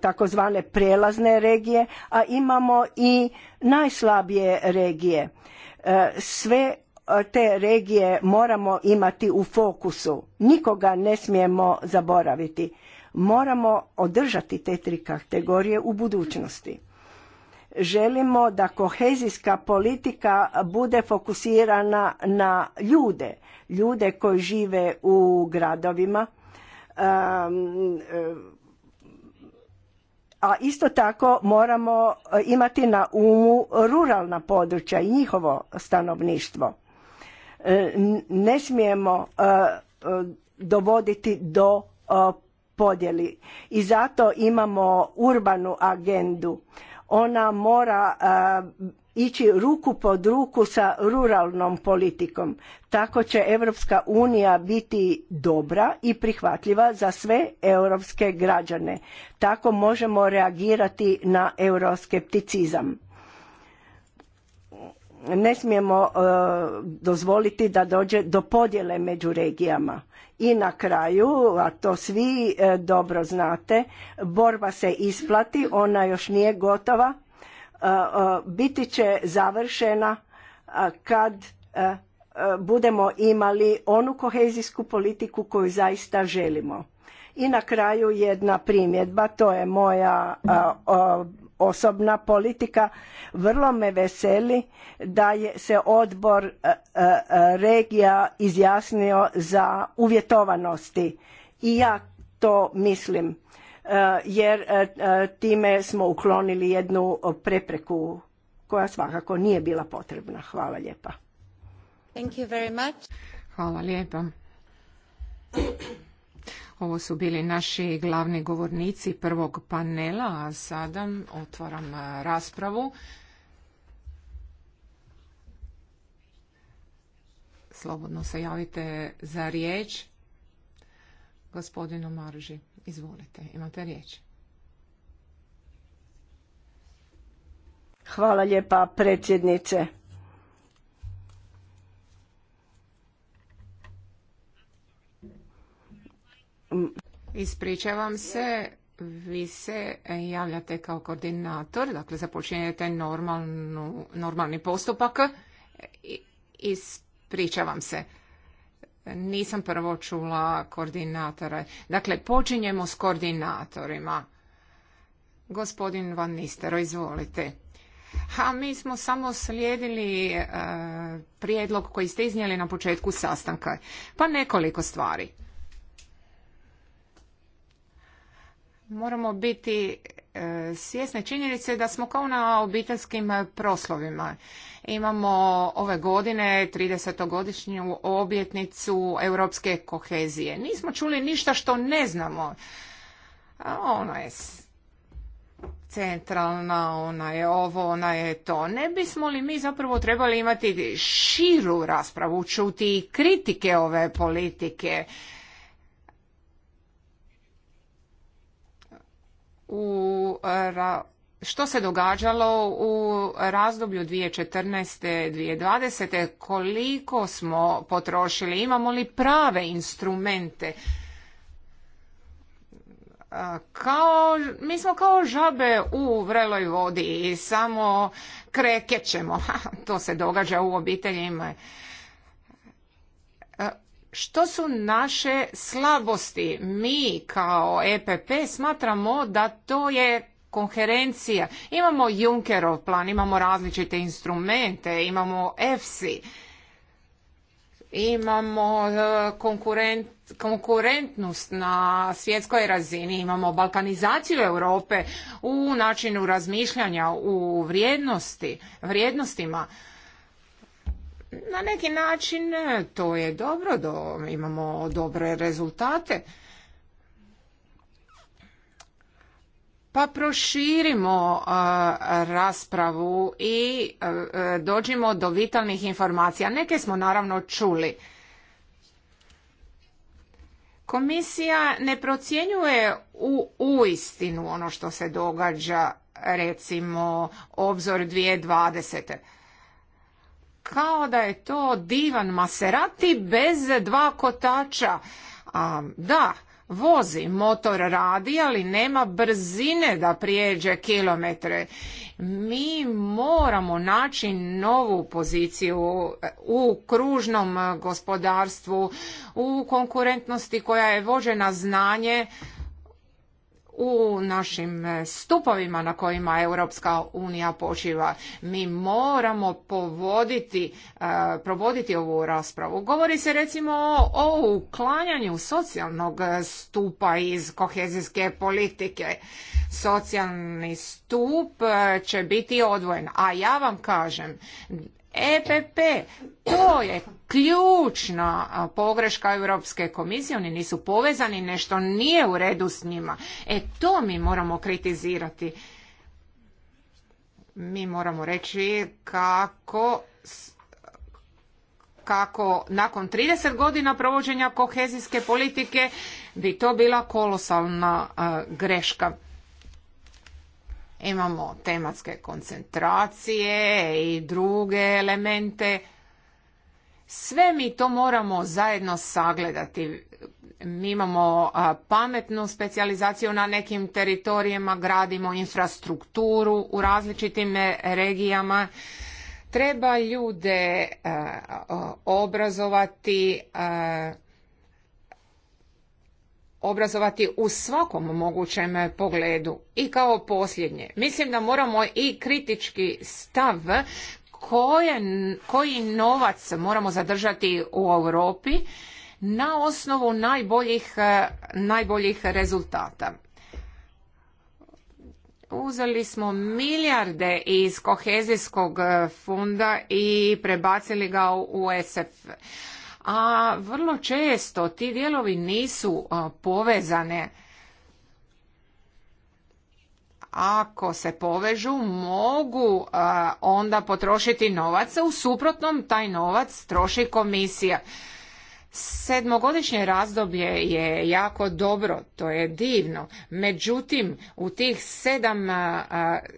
takozvane prijelazne regije, a imamo i najslabije regije. E, sve e, te regije moramo imati u fokusu. Nikoga ne smijemo zaboraviti. Moramo održati te tri kategorije u budućnosti. Želimo da kohezijska politika bude fokusirana na ljude, ljude koji žive u gradovima, a isto tako moramo eh, imati na umu ruralna područja i njihovo stanovništvo. Ne smijemo eh, dovoditi do eh, podjeli i zato imamo urbanu agendu ona mora ići ruku pod ruku sa ruralnom politikom. Tako će Europska unija biti dobra i prihvatljiva za sve europske građane. Tako možemo reagirati na euroskepticizam. Ne smijemo dozvoliti da dođe do podjele među regijama. I na kraju, a to svi e, dobro znate, borba se isplati, ona još nije gotova, e, e, biti će završena kad budemo imali onu kohezijsku politiku koju zaista želimo. I na kraju jedna primjedba, to je moja osobna politika. Vrlo me veseli da je se odbor e, e, e, regija izjasnio za uvjetovanosti. I ja to mislim jer time smo uklonili jednu prepreku koja svakako nije bila potrebna. Hvala lijepa. Hvala lijepa. Ovo su bili naši glavni govornici prvog panela, a sada otvaram raspravu. Slobodno se javite za riječ. Gospodinu Marži, izvolite, imate riječ. Hvala lijepa predsjednice. Ispričavam se, vi se javljate kao koordinator, dakle započinjete normalnu, normalni postupak. Ispričavam se. Nisam prvo čula koordinatora. Dakle, počinjemo s koordinatorima. Gospodin Van Nistero, izvolite. Ha, mi smo samo slijedili e, prijedlog koji ste iznijeli na početku sastanka. Pa nekoliko stvari. moramo biti e, svjesne činjenice da smo kao na obiteljskim proslovima. Imamo ove godine 30-godišnju objetnicu europske kohezije. Nismo čuli ništa što ne znamo. Ona je centralna, ona je ovo, ona je to. Ne bismo li mi zapravo trebali imati širu raspravu, čuti kritike ove politike, u što se događalo u razdoblju 2014. 2020. koliko smo potrošili, imamo li prave instrumente kao, mi smo kao žabe u vreloj vodi i samo krekećemo. To se događa u obiteljima što su naše slabosti? Mi kao EPP smatramo da to je konherencija. Imamo Junckerov plan, imamo različite instrumente, imamo EFSI, imamo e, konkurent, konkurentnost na svjetskoj razini, imamo balkanizaciju Europe u načinu razmišljanja, u vrijednosti, vrijednostima. Na neki način e, to je dobro, do, imamo dobre rezultate. pa proširimo e, raspravu i e, dođimo do vitalnih informacija. Neke smo naravno čuli. Komisija ne procjenjuje u uistinu ono što se događa recimo obzor 2020 kao da je to divan Maserati bez dva kotača. A, da, vozi, motor radi, ali nema brzine da prijeđe kilometre. Mi moramo naći novu poziciju e, u kružnom gospodarstvu, u konkurentnosti koja je vođena znanje, u našim e, stupovima na kojima Europska unija počiva. Mi moramo povoditi, e, provoditi ovu raspravu. Govori se recimo o, o uklanjanju socijalnog stupa iz kohezijske politike. Socijalni stup e, će biti odvojen. A ja vam kažem EPP, to je ključna pogreška Europske komisije, oni nisu povezani, nešto nije u redu s njima. E to mi moramo kritizirati. Mi moramo reći kako kako nakon 30 godina provođenja kohezijske politike bi to bila kolosalna greška. Imamo tematske koncentracije i druge elemente. Sve mi to moramo zajedno sagledati. Mi imamo pametnu specijalizaciju na nekim teritorijima, gradimo infrastrukturu u različitim e, regijama. Treba ljude e, obrazovati e, obrazovati u svakom mogućem pogledu. I kao posljednje, mislim da moramo i kritički stav koji novac moramo zadržati u Europi na osnovu najboljih, najboljih rezultata. Uzeli smo milijarde iz kohezijskog fonda i prebacili ga u SF a vrlo često ti dijelovi nisu povezane. Ako se povežu, mogu onda potrošiti novac, a u suprotnom taj novac troši komisija. Sedmogodišnje razdoblje je jako dobro, to je divno. Međutim, u tih sedam,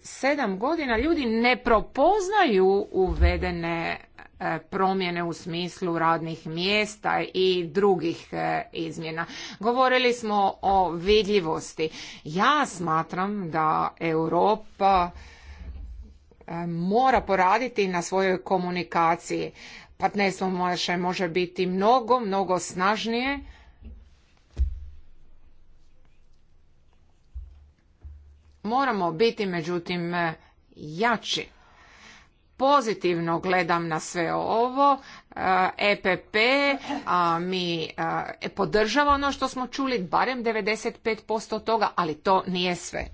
sedam godina ljudi ne propoznaju uvedene E, promjene u smislu radnih mjesta i drugih e, izmjena. Govorili smo o vidljivosti. Ja smatram da Europa e, mora poraditi na svojoj komunikaciji. Partnerstvo može, može biti mnogo, mnogo snažnije. Moramo biti međutim jači pozitivno gledam na sve ovo. EPP, eh, e a mi eh, podržava ono što smo čuli, barem 95% toga, ali to nije sve.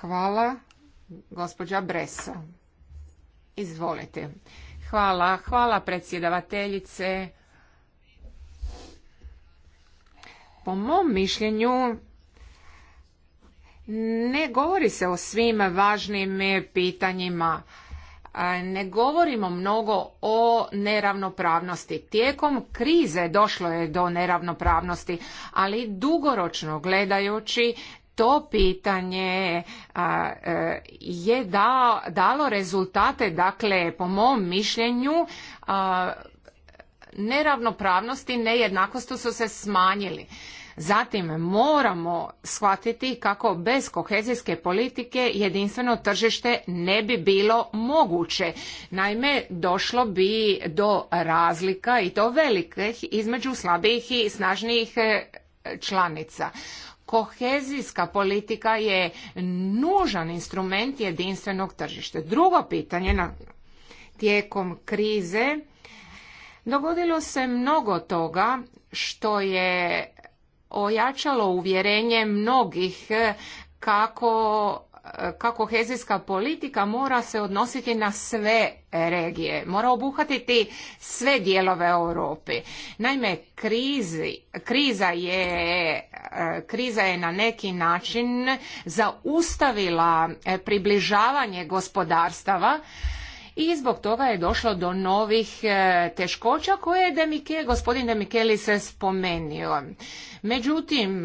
Hvala, gospođa Breso. Izvolite. Hvala, hvala predsjedavateljice. Po mom mišljenju, ne govori se o svim važnim pitanjima ne govorimo mnogo o neravnopravnosti. Tijekom krize došlo je do neravnopravnosti, ali dugoročno gledajući to pitanje e, je dalo rezultate, dakle po mom mišljenju neravnopravnosti, nejednakosti su se smanjili. Zatim moramo shvatiti kako bez kohezijske politike jedinstveno tržište ne bi bilo moguće. Naime, došlo bi do razlika i to velikih između slabijih i snažnijih e, članica. Kohezijska politika je nužan instrument jedinstvenog tržišta. Drugo pitanje na tijekom krize dogodilo se mnogo toga što je ojačalo uvjerenje mnogih e, kako e, kako hezijska politika mora se odnositi na sve regije, mora obuhvatiti sve dijelove Europe. Naime, kriza, je, e, kriza je na neki način zaustavila približavanje gospodarstava i zbog toga je došlo do novih e, teškoća koje je Demike, gospodin Demikeli se spomenio. Međutim,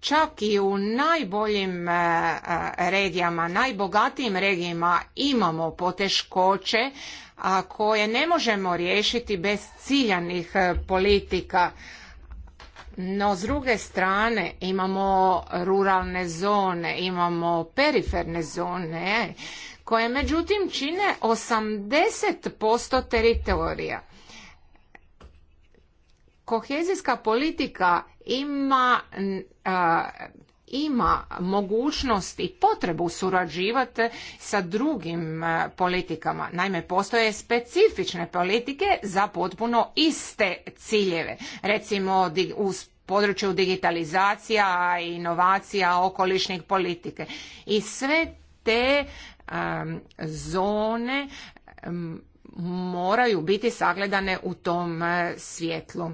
čak i u najboljim e, e, regijama, najbogatijim regijima imamo poteškoće a koje ne možemo riješiti bez ciljanih politika. No, s druge strane imamo ruralne zone, imamo periferne zone koje međutim čine 80% teritorija. Kohezijska politika ima ima mogućnost i potrebu surađivati sa drugim politikama. Naime, postoje specifične politike za potpuno iste ciljeve. Recimo, u području digitalizacija, inovacija, okolišnih politike. I sve te zone moraju biti sagledane u tom e, svjetlu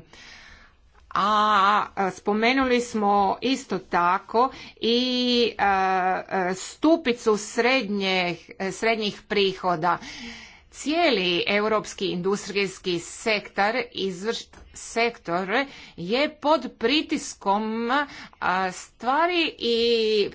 a e, spomenuli smo isto tako i e, stupicu srednjih, srednjih prihoda cijeli europski industrijski sektor, izvrš, sektor je pod pritiskom stvari i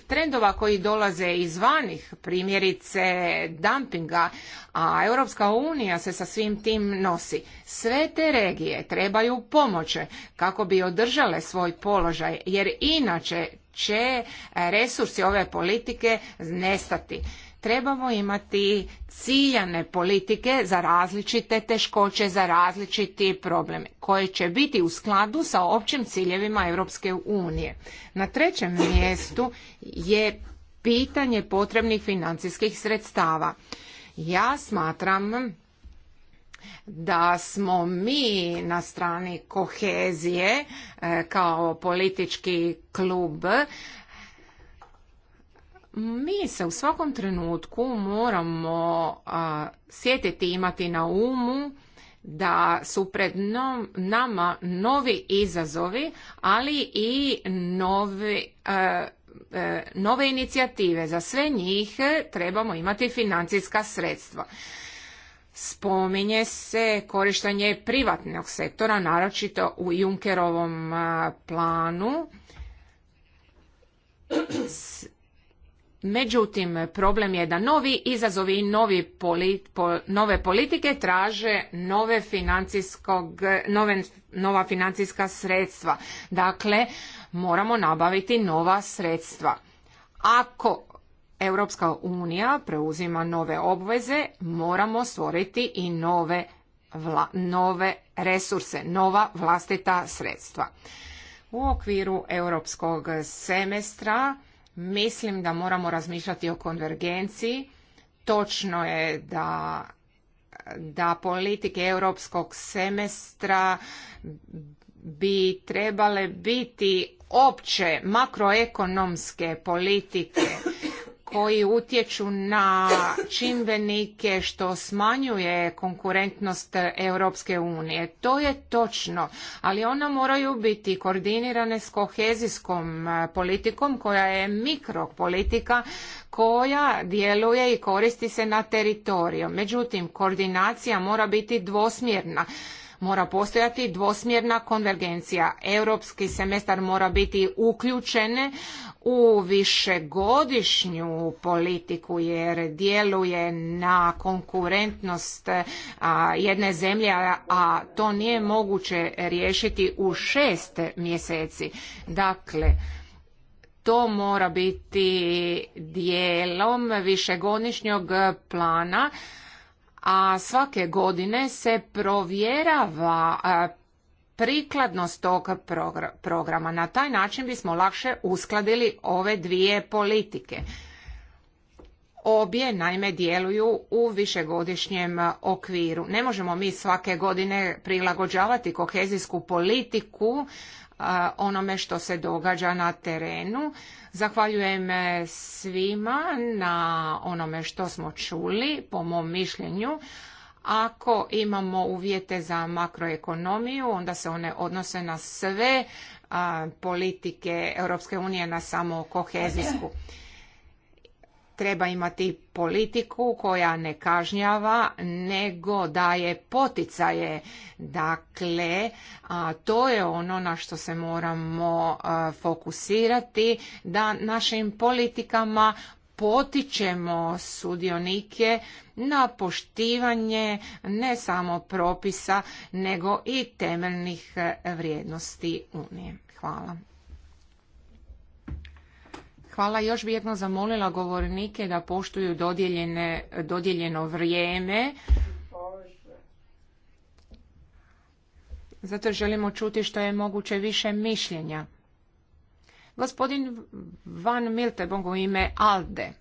trendova koji dolaze iz vanih, primjerice dumpinga, a Europska unija se sa svim tim nosi. Sve te regije trebaju pomoće kako bi održale svoj položaj, jer inače će resursi ove politike nestati trebamo imati ciljane politike za različite teškoće, za različiti probleme koje će biti u skladu sa općim ciljevima Europske unije. Na trećem mjestu je pitanje potrebnih financijskih sredstava. Ja smatram da smo mi na strani kohezije e, kao politički klub mi se u svakom trenutku moramo a, sjetiti imati na umu da su pred nama novi izazovi, ali i e, nove inicijative. Za sve njih trebamo imati financijska sredstva. Spominje se korištenje privatnog sektora, naročito u Junkerovom planu. Međutim, problem je da novi izazovi i nove politike traže nove financijskog, nove, nova financijska sredstva. Dakle, moramo nabaviti nova sredstva. Ako Europska unija preuzima nove obveze, moramo stvoriti i nove, nove resurse, nova vlastita sredstva. U okviru europskog semestra Mislim da moramo razmišljati o konvergenciji. Točno je da da politike europskog semestra bi trebale biti opće makroekonomske politike koji utječu na čimbenike što smanjuje konkurentnost Europske unije. To je točno, ali ona moraju biti koordinirane s kohezijskom e, politikom koja je mikropolitika koja djeluje i koristi se na teritoriju. Međutim, koordinacija mora biti dvosmjerna mora postojati dvosmjerna konvergencija. Europski semestar mora biti uključen u višegodišnju politiku jer djeluje na konkurentnost jedne zemlje, a to nije moguće riješiti u šest mjeseci. Dakle, to mora biti dijelom višegodišnjog plana a svake godine se provjerava prikladnost tog programa. Na taj način bismo lakše uskladili ove dvije politike. Obje naime djeluju u višegodišnjem okviru. Ne možemo mi svake godine prilagođavati kohezijsku politiku onome što se događa na terenu Zahvaljujem e, svima na onome što smo čuli, po mom mišljenju. Ako imamo uvjete za makroekonomiju, onda se one odnose na sve politike Europske unije, na samo kohezijsku treba imati politiku koja ne kažnjava nego daje poticaje. Dakle, a to je ono na što se moramo fokusirati da našim politikama potičemo sudionike na poštivanje ne samo propisa nego i temeljnih vrijednosti Unije. Hvala. Hvala. Još bi jedno zamolila govornike da poštuju dodijeljeno vrijeme. Zato želimo čuti što je moguće više mišljenja. Gospodin Van Miltebong u ime ALDE.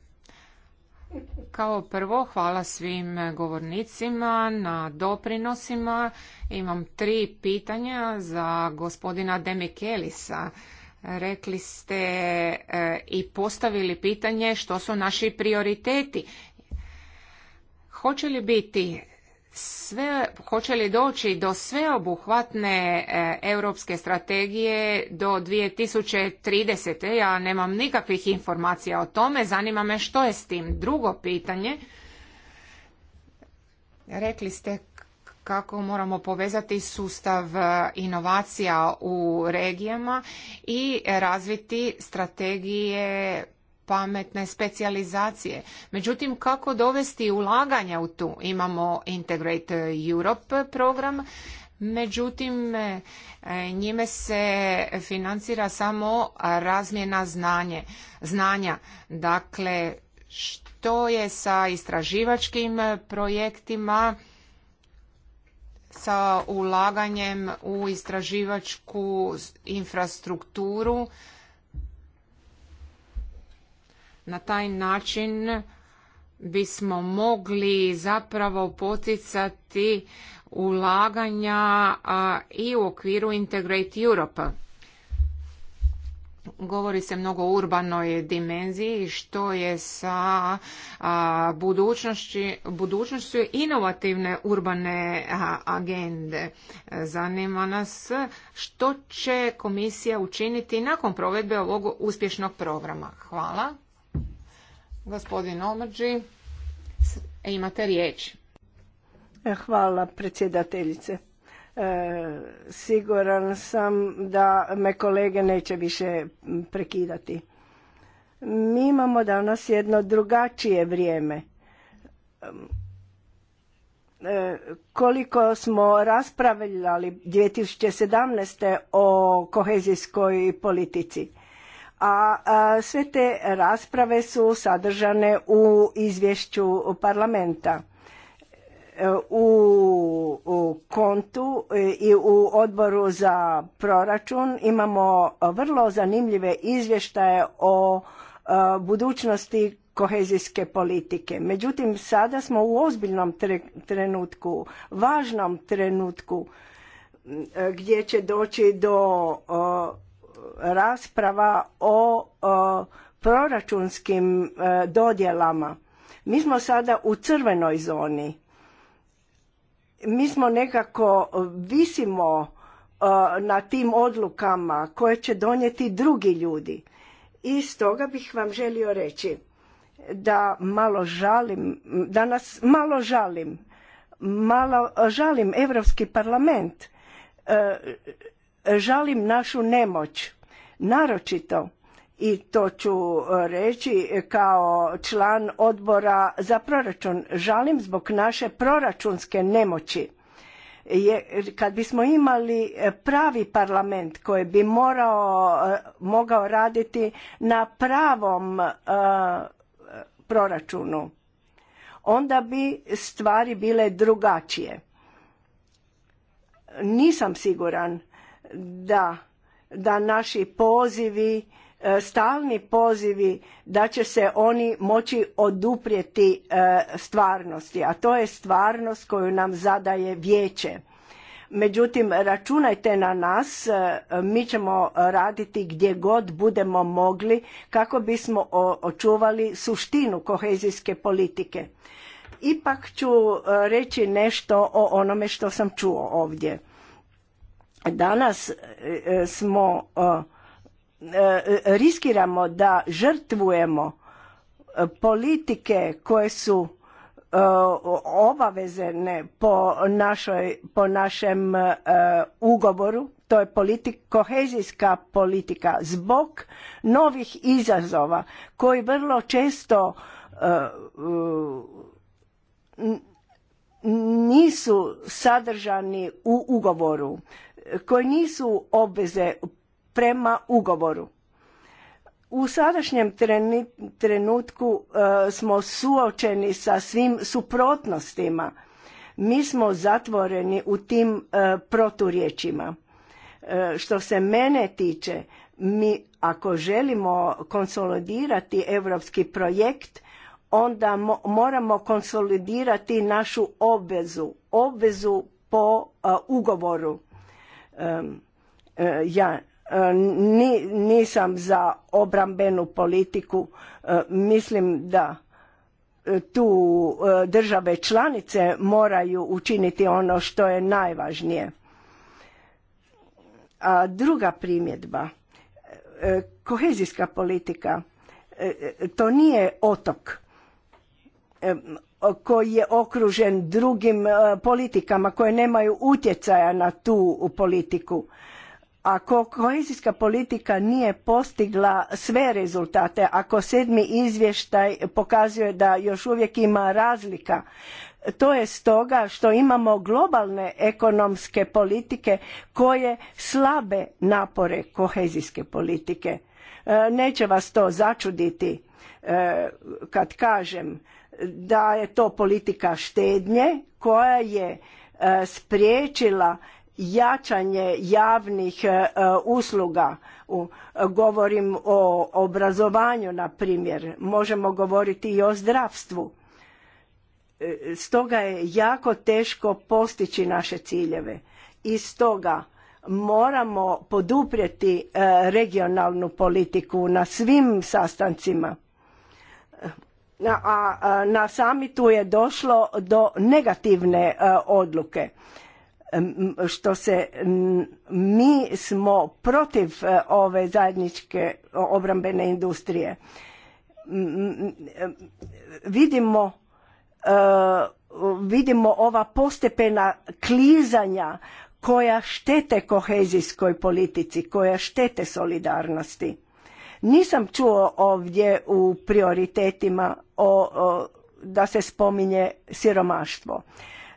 Kao prvo, hvala svim govornicima na doprinosima. Imam tri pitanja za gospodina Demikelisa. Rekli ste e, i postavili pitanje što su naši prioriteti. Hoće li biti sve, hoće doći do sveobuhvatne e, europske strategije do 2030. Ja nemam nikakvih informacija o tome. Zanima me što je s tim. Drugo pitanje. Rekli ste kako moramo povezati sustav e, inovacija u regijama i razviti strategije pametne specijalizacije. Međutim, kako dovesti ulaganja u tu? Imamo Integrate Europe program, međutim, e, njime se financira samo razmjena znanje, znanja. Dakle, što je sa istraživačkim projektima sa ulaganjem u istraživačku infrastrukturu. Na taj način bismo mogli zapravo poticati ulaganja i u okviru Integrate Europe. Govori se mnogo o urbanoj dimenziji što je sa budućnošću inovativne urbane agende. Zanima nas što će komisija učiniti nakon provedbe ovog uspješnog programa. Hvala. Gospodin Omrđi, imate riječ. Hvala predsjedateljice. E, siguran sam da me kolege neće više prekidati. Mi imamo danas jedno drugačije vrijeme. E, koliko smo raspravljali 2017. o kohezijskoj politici, a, a sve te rasprave su sadržane u izvješću parlamenta u, kontu e, i u odboru za proračun imamo vrlo zanimljive izvještaje o e, budućnosti kohezijske politike. Međutim, sada smo u ozbiljnom trenutku, važnom trenutku gdje će doći do rasprava o proračunskim e, dodjelama. Mi smo sada u crvenoj zoni mi smo nekako visimo e, na tim odlukama koje će donijeti drugi ljudi. I stoga bih vam želio reći da malo žalim, nas malo žalim, malo žalim Europski parlament, e, žalim našu nemoć, naročito i to ću e, reći kao član odbora za proračun. Žalim zbog naše proračunske nemoći. Kad bismo imali e, pravi parlament koji bi morao, e, mogao raditi na pravom proračunu, onda bi stvari bile drugačije. Nisam siguran da, da naši pozivi E, stalni pozivi da će se oni moći oduprijeti e, stvarnosti, a to je stvarnost koju nam zadaje vijeće. Međutim, računajte na nas, e, mi ćemo raditi gdje god budemo mogli kako bismo očuvali suštinu kohezijske politike. Ipak ću reći nešto o onome što sam čuo ovdje. Danas smo E, riskiramo da žrtvujemo e, politike koje su e, obavezene po, našoj, po našem ugovoru, to je kohezijska politika zbog novih izazova koji vrlo često nisu sadržani u ugovoru koji nisu obveze prema ugovoru. U sadašnjem trenutku e, smo suočeni sa svim suprotnostima. Mi smo zatvoreni u tim e, proturječima. E, što se mene tiče, mi ako želimo konsolidirati europski projekt, onda moramo konsolidirati našu obvezu, obvezu po ugovoru. ja E, nisam za obrambenu politiku e, mislim da e, tu države članice moraju učiniti ono što je najvažnije a druga primjedba kohezijska politika to nije otok koji je okružen drugim politikama koje nemaju utjecaja na tu politiku ako kohezijska politika nije postigla sve rezultate, ako sedmi izvještaj pokazuje da još uvijek ima razlika, to je stoga što imamo globalne ekonomske politike koje slabe napore kohezijske politike. E, neće vas to začuditi e, kad kažem da je to politika štednje koja je e, spriječila jačanje javnih e, usluga govorim o obrazovanju na primjer možemo govoriti i o zdravstvu e, stoga je jako teško postići naše ciljeve i stoga moramo poduprijeti e, regionalnu politiku na svim sastancima a na samitu je došlo do negativne odluke što se mi smo protiv e, ove zajedničke obrambene industrije. Vidimo e, vidimo ova postepena klizanja koja štete kohezijskoj politici, koja štete solidarnosti. Nisam čuo ovdje u prioritetima o, da se spominje siromaštvo.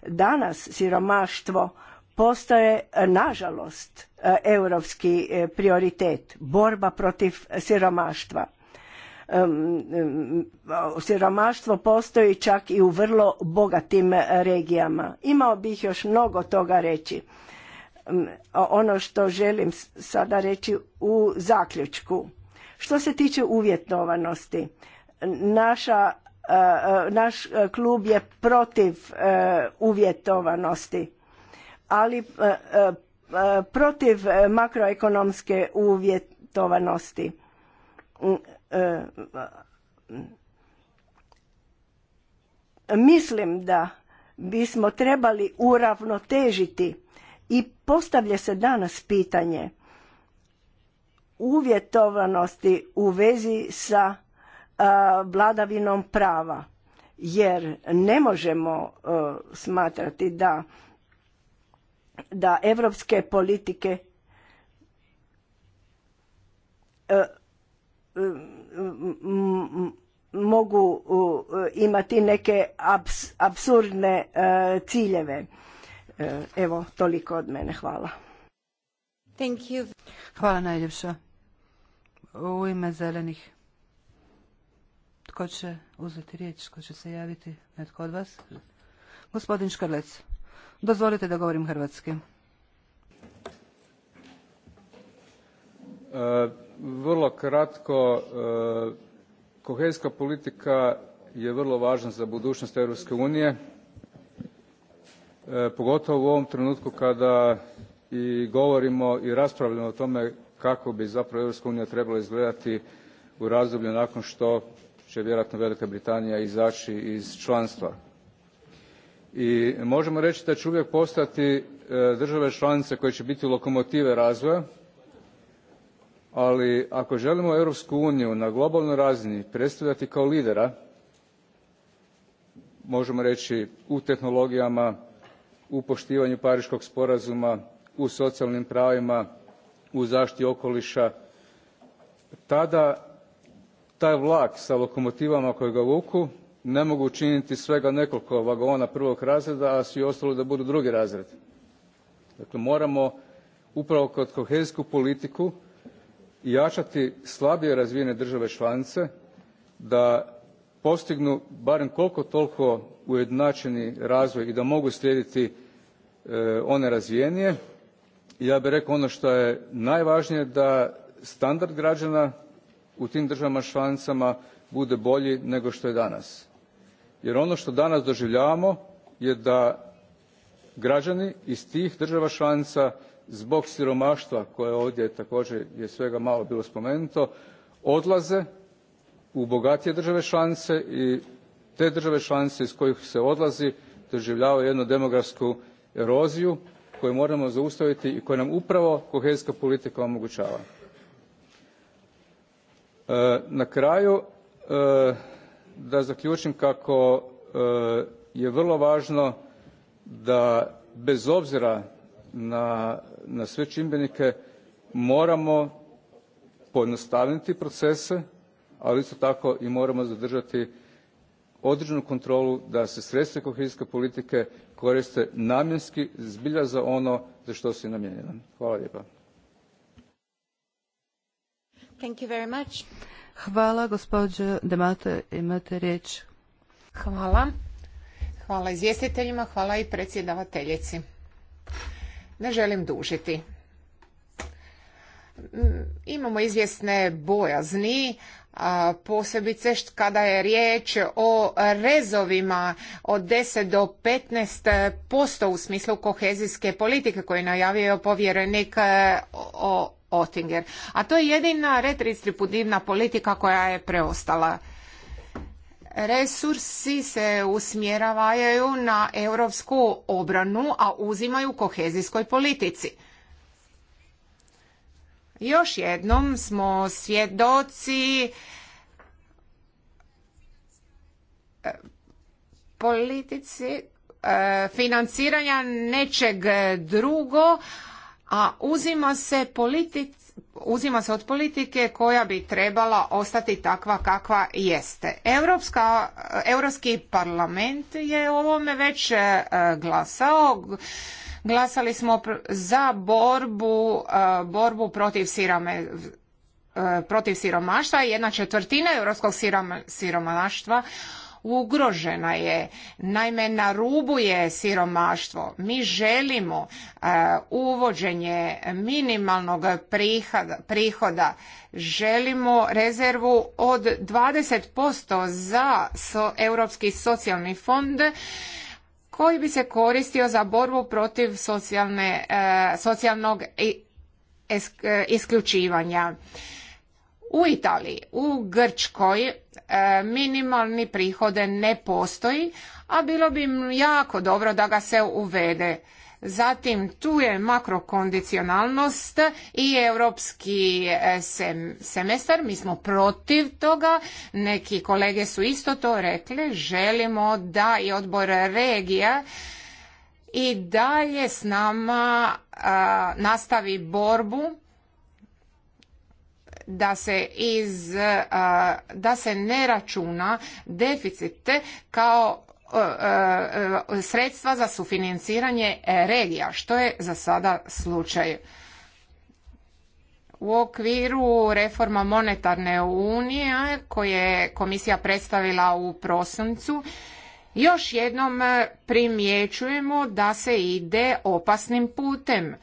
Danas siromaštvo postaje, e, nažalost, e, europski e, prioritet, borba protiv siromaštva. Siromaštvo postoji čak i u vrlo bogatim regijama. Imao bih još mnogo toga reći. Ono što želim sada reći u zaključku. Što se tiče uvjetovanosti, naša Eh, naš klub je protiv eh, uvjetovanosti ali eh, protiv makroekonomske uvjetovanosti mm, mislim da bismo trebali uravnotežiti i postavlja se danas pitanje uvjetovanosti u vezi sa vladavinom prava jer ne možemo e, smatrati da da evropske politike e, mogu imati neke apsurdne absurdne e, ciljeve. Evo, toliko od mene. Hvala. Thank Hvala najljepša. U ime zelenih. Tko će uzeti riječ? Tko će se javiti? Netko od vas? Gospodin Škrlec, dozvolite da govorim hrvatski. E, vrlo kratko, kohejska kohezijska politika je vrlo važna za budućnost Europske unije, e, pogotovo u ovom trenutku kada i govorimo i raspravljamo o tome kako bi zapravo Europska unija trebala izgledati u razdoblju nakon što će vjerojatno Velika Britanija izaći iz članstva. I možemo reći da će uvijek postati e, države članice koje će biti lokomotive razvoja, ali ako želimo Europsku uniju na globalnoj razini predstavljati kao lidera, možemo reći u tehnologijama, u poštivanju Pariškog sporazuma, u socijalnim pravima, u zaštiti okoliša, tada taj vlak sa lokomotivama koje ga vuku ne mogu učiniti svega nekoliko vagona prvog razreda, a svi ostali da budu drugi razred. Dakle, moramo upravo kod kohezijsku politiku jačati slabije razvijene države članice da postignu barem koliko toliko ujednačeni razvoj i da mogu slijediti e, one razvijenije. Ja bih rekao ono što je najvažnije da standard građana u tim državama članicama bude bolji nego što je danas. Jer ono što danas doživljavamo je da građani iz tih država članica zbog siromaštva koje ovdje također je svega malo bilo spomenuto odlaze u bogatije države članice i te države članice iz kojih se odlazi doživljavaju jednu demografsku eroziju koju moramo zaustaviti i koju nam upravo kohezijska politika omogućava. E, na kraju e, da zaključim kako e, je vrlo važno da bez obzira na, sve čimbenike moramo pojednostaviti procese, ali isto tako i moramo zadržati određenu kontrolu da se sredstva kohezijske politike koriste namjenski zbilja za ono za što su i namijenjena. Hvala lijepa. Thank you Hvala, gospođo Demate, imate riječ. Hvala. Hvala izvjestiteljima, hvala i predsjedavateljici. Ne želim dužiti. Mm, imamo izvjesne bojazni, posebice kada je riječ o rezovima od 10 do 15 posto u smislu kohezijske politike koje je najavio povjerenik e, o Otinger. A to je jedina retristributivna politika koja je preostala. Resursi se usmjeravaju na europsku obranu, a uzimaju kohezijskoj politici. Još jednom smo svjedoci e, politici e, financiranja nečeg drugo, a uzima se uzima se od politike koja bi trebala ostati takva kakva jeste. Europska, Europski parlament je o ovome već e, glasao. Glasali smo za borbu, e, borbu protiv sirame, e, protiv siromaštva. Jedna četvrtina europskog siromaštva ugrožena je, naime na rubu je siromaštvo. Mi želimo e, uvođenje minimalnog prihoda, želimo rezervu od 20% za Europski socijalni fond koji bi se koristio za borbu protiv e, socijalnog e, isključivanja. U Italiji, u Grčkoj E, minimalni prihode ne postoji, a bilo bi jako dobro da ga se uvede. Zatim tu je makrokondicionalnost i europski e, semestar. Mi smo protiv toga. Neki kolege su isto to rekli. Želimo da i odbor regija i dalje s nama nastavi borbu da se, iz, da se ne računa deficite kao e, e, sredstva za sufinanciranje regija, što je za sada slučaj. U okviru reforma monetarne unije koje je komisija predstavila u prosincu, još jednom primjećujemo da se ide opasnim putem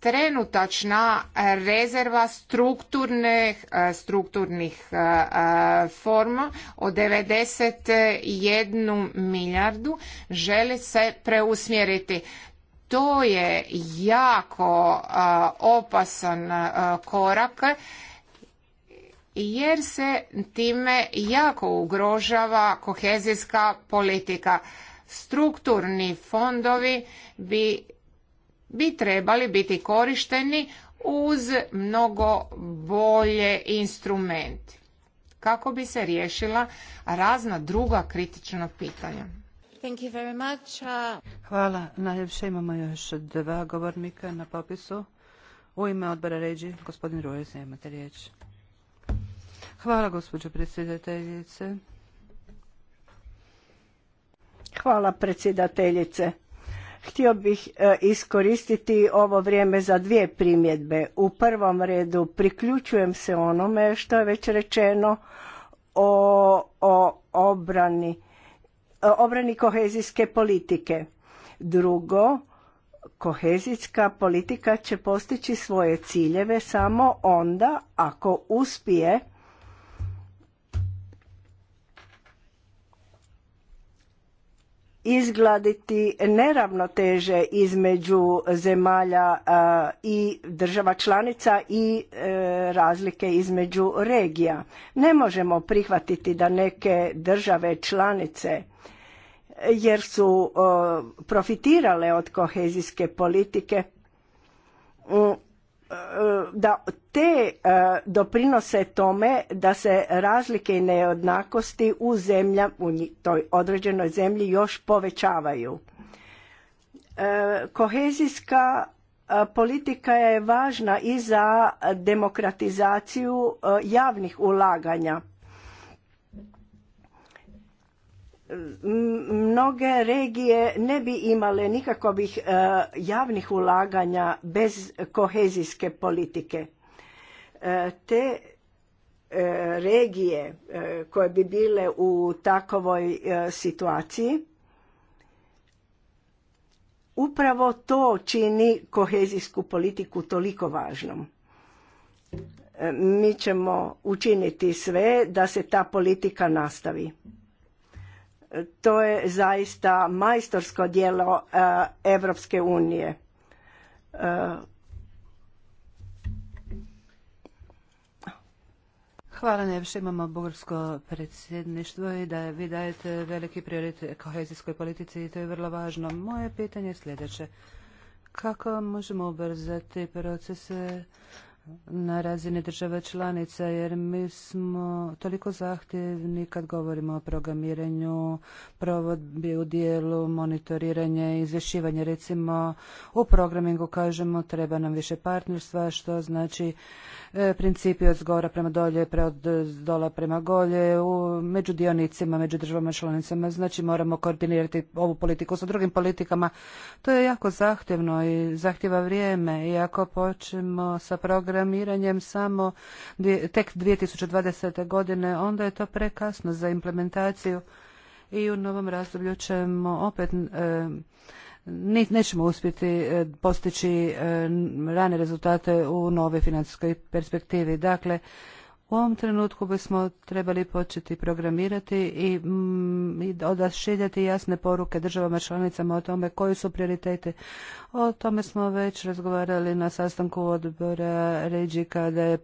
trenutačna rezerva e, strukturnih, strukturnih e, e, forma od 91 milijardu želi se preusmjeriti. To je jako opasan korak jer se time jako ugrožava kohezijska politika. Strukturni fondovi bi bi trebali biti korišteni uz mnogo bolje instrumenti kako bi se riješila razna druga kritična pitanja. Thank uh, Hvala. Najljepše imamo još dva govornika na popisu. U ime odbora ređi, gospodin Rujes, imate riječ. Hvala, gospođo predsjedateljice. Hvala, predsjedateljice. Htio bih e, iskoristiti ovo vrijeme za dvije primjedbe. U prvom redu priključujem se onome što je već rečeno o, obrani, e, obrani kohezijske politike. Drugo, kohezijska politika će postići svoje ciljeve samo onda ako uspije izgladiti neravnoteže između zemalja i država članica i e, razlike između regija. Ne možemo prihvatiti da neke države članice jer su profitirale od kohezijske politike da te e, doprinose tome da se razlike i nejednakosti u zemlja, u toj određenoj zemlji još povećavaju. E, kohezijska e, politika je važna i za demokratizaciju javnih ulaganja mnoge regije ne bi imale nikakvih e, javnih ulaganja bez kohezijske politike. E, te e, regije koje bi bile u takovoj situaciji upravo to čini kohezijsku politiku toliko važnom. Mi ćemo učiniti sve da se ta politika nastavi. To je zaista majstorsko djelo e, Evropske unije. E, Hvala najviše, imamo bugarsko predsjedništvo i da vi dajete veliki prioritet kohezijskoj politici i to je vrlo važno. Moje pitanje je sljedeće. Kako možemo ubrzati procese na razini država članica jer mi smo toliko zahtjevni kad govorimo o programiranju, provodbi u dijelu, monitoriranje, izvješivanje. Recimo u programingu kažemo treba nam više partnerstva što znači e, principi od zgora prema dolje, pre od dola prema golje, u, među dionicima, među državama članicama. Znači moramo koordinirati ovu politiku sa drugim politikama. To je jako zahtjevno i zahtjeva vrijeme i ako počnemo sa program programiranjem samo tek 2020. godine, onda je to prekasno za implementaciju i u novom razdoblju ćemo opet e, nećemo uspjeti e, postići e, rane rezultate u nove financijskoj perspektivi. Dakle, u ovom trenutku bismo trebali početi programirati i, odašiljati mm, jasne poruke državama članicama o tome koji su prioriteti. O tome smo već razgovarali na sastanku odbora Ređi kada je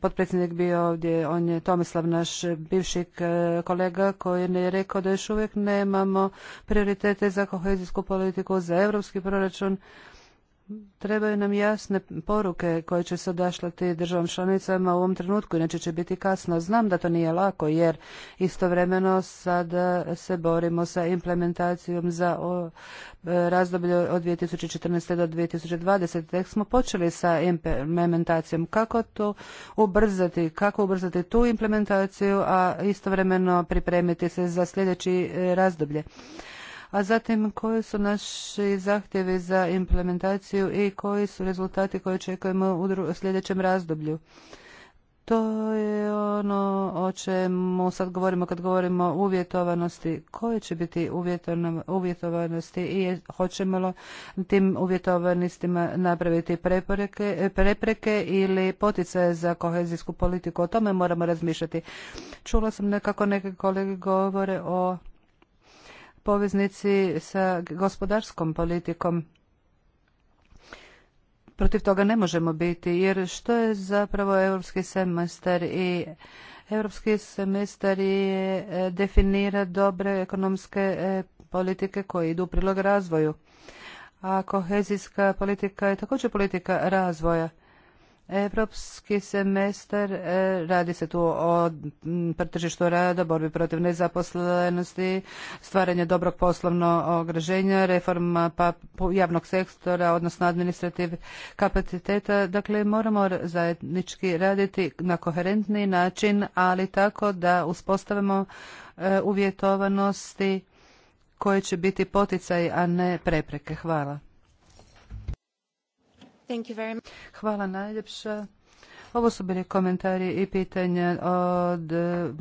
potpredsjednik bio ovdje, on je Tomislav, naš bivši eh, kolega, koji je rekao da još uvijek nemamo prioritete za kohezijsku politiku, za europski proračun. Trebaju nam jasne poruke koje će se odašlati državom članicama u ovom trenutku, inače će biti kasno. Znam da to nije lako jer istovremeno sad se borimo sa implementacijom za e, razdoblje od 2014. do 2020. Tek smo počeli sa implementacijom. Kako to ubrzati? Kako ubrzati tu implementaciju, a istovremeno pripremiti se za sljedeći e, razdoblje? a zatim koji su naši zahtjevi za implementaciju i koji su rezultati koje očekujemo u sljedećem razdoblju. To je ono o čemu sad govorimo kad govorimo o uvjetovanosti. Koje će biti uvjetovanosti i hoćemo li tim uvjetovanostima napraviti prepreke, prepreke ili poticaje za kohezijsku politiku? O tome moramo razmišljati. Čula sam nekako neke kolege govore o poveznici sa gospodarskom politikom. Protiv toga ne možemo biti, jer što je zapravo europski semestar i europski semestar je, e, definira dobre ekonomske e, politike koje idu u prilog razvoju. A kohezijska politika je također politika razvoja. Evropski semestar, e, radi se tu o tržištu rada, borbi protiv nezaposlenosti, stvaranje dobrog poslovno ograženja, reforma pa, javnog sektora, odnosno administrativ kapaciteta. Dakle, moramo zajednički raditi na koherentni način, ali tako da uspostavimo e, uvjetovanosti koje će biti poticaj, a ne prepreke. Hvala. Thank Hvala najljepša. Ovo su bili komentari i pitanja od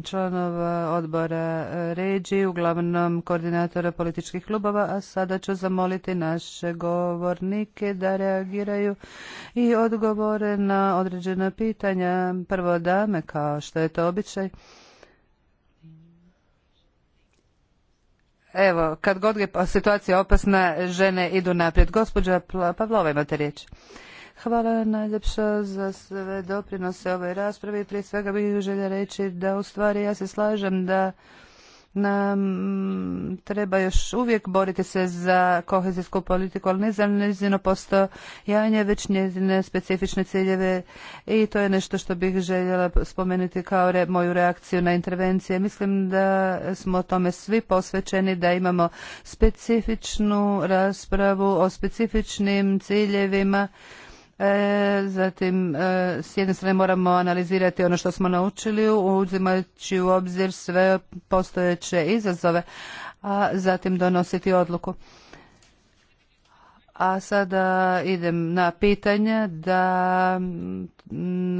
članova odbora ređi, uglavnom koordinatora političkih klubova, a sada ću zamoliti naše govornike da reagiraju i odgovore na određena pitanja. Prvo dame, kao što je to običaj. Evo, kad god je situacija opasna, žene idu naprijed. Gospođa Pavlova imate riječ. Hvala najljepša za sve doprinose ovoj raspravi. Prije svega bih želja reći da u stvari ja se slažem da nam treba još uvijek boriti se za kohezijsku politiku, ali ne za njezino postojanje, već njezine specifične ciljeve i to je nešto što bih željela spomenuti kao moju reakciju na intervencije. Mislim da smo tome svi posvećeni da imamo specifičnu raspravu o specifičnim ciljevima E, zatim, e, s jedne strane moramo analizirati ono što smo naučili, uzimajući u obzir sve postojeće izazove, a zatim donositi odluku. A sada idem na pitanje da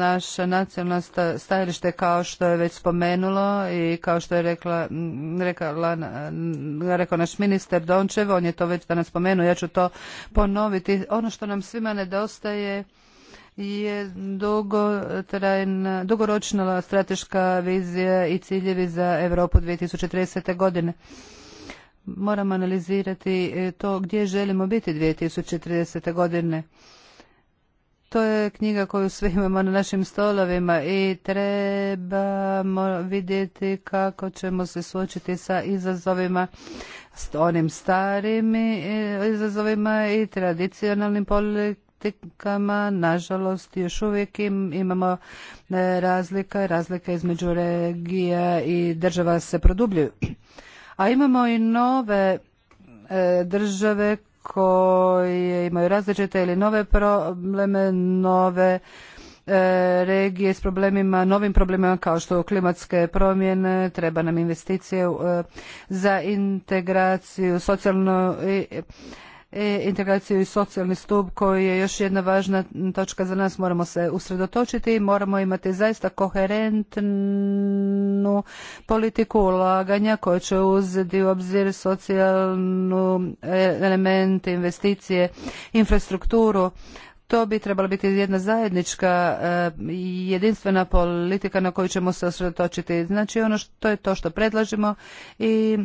naša nacionalna stajalište kao što je već spomenulo i kao što je rekla, rekla, rekao naš minister Dončev, on je to već danas spomenuo, ja ću to ponoviti. Ono što nam svima nedostaje je dugotrajna, dugoročna strateška vizija i ciljevi za Europu 2030. godine moramo analizirati e, to gdje želimo biti 2030. godine. To je knjiga koju svi imamo na našim stolovima i trebamo vidjeti kako ćemo se suočiti sa izazovima, s onim starim e, izazovima i tradicionalnim politikama. Nažalost, još uvijek imamo e, razlika, razlika između regija i država se produbljuju. A imamo i nove e, države koje imaju različite ili nove probleme, nove e, regije s problemima, novim problemima kao što klimatske promjene, treba nam investicije e, za integraciju, socijalnu E, integraciju i socijalni stup koji je još jedna važna točka za nas. Moramo se usredotočiti i moramo imati zaista koherentnu politiku ulaganja koja će uzeti u obzir socijalnu e, element, investicije, infrastrukturu to bi trebala biti jedna zajednička e, jedinstvena politika na koju ćemo se usredotočiti. Znači ono što je to što predlažemo i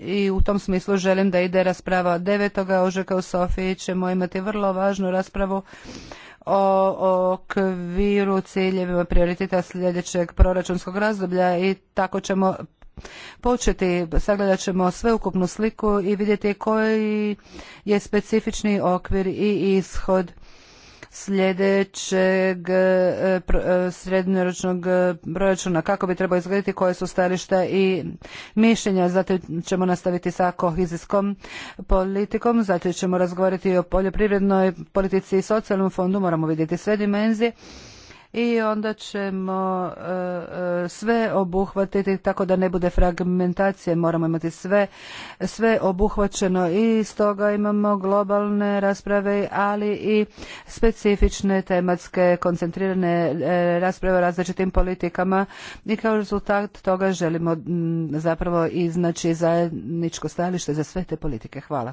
i u tom smislu želim da ide rasprava od 9. ožujka u Sofiji ćemo imati vrlo važnu raspravu o okviru ciljevima prioriteta sljedećeg proračunskog razdoblja i tako ćemo početi, sagledat ćemo sveukupnu sliku i vidjeti koji je specifični okvir i ishod sljedećeg e, e, srednjoročnog e, proračuna, kako bi trebao izgledati, koje su stajališta i mišljenja. Zato ćemo nastaviti sa kohizijskom politikom, zatim ćemo razgovarati o poljoprivrednoj politici i socijalnom fondu, moramo vidjeti sve dimenzije i onda ćemo e, e, sve obuhvatiti tako da ne bude fragmentacije, moramo imati sve, sve obuhvaćeno i stoga imamo globalne rasprave, ali i specifične tematske koncentrirane e, rasprave o različitim politikama i kao rezultat toga želimo zapravo iznaći zajedničko stajalište za sve te politike. Hvala.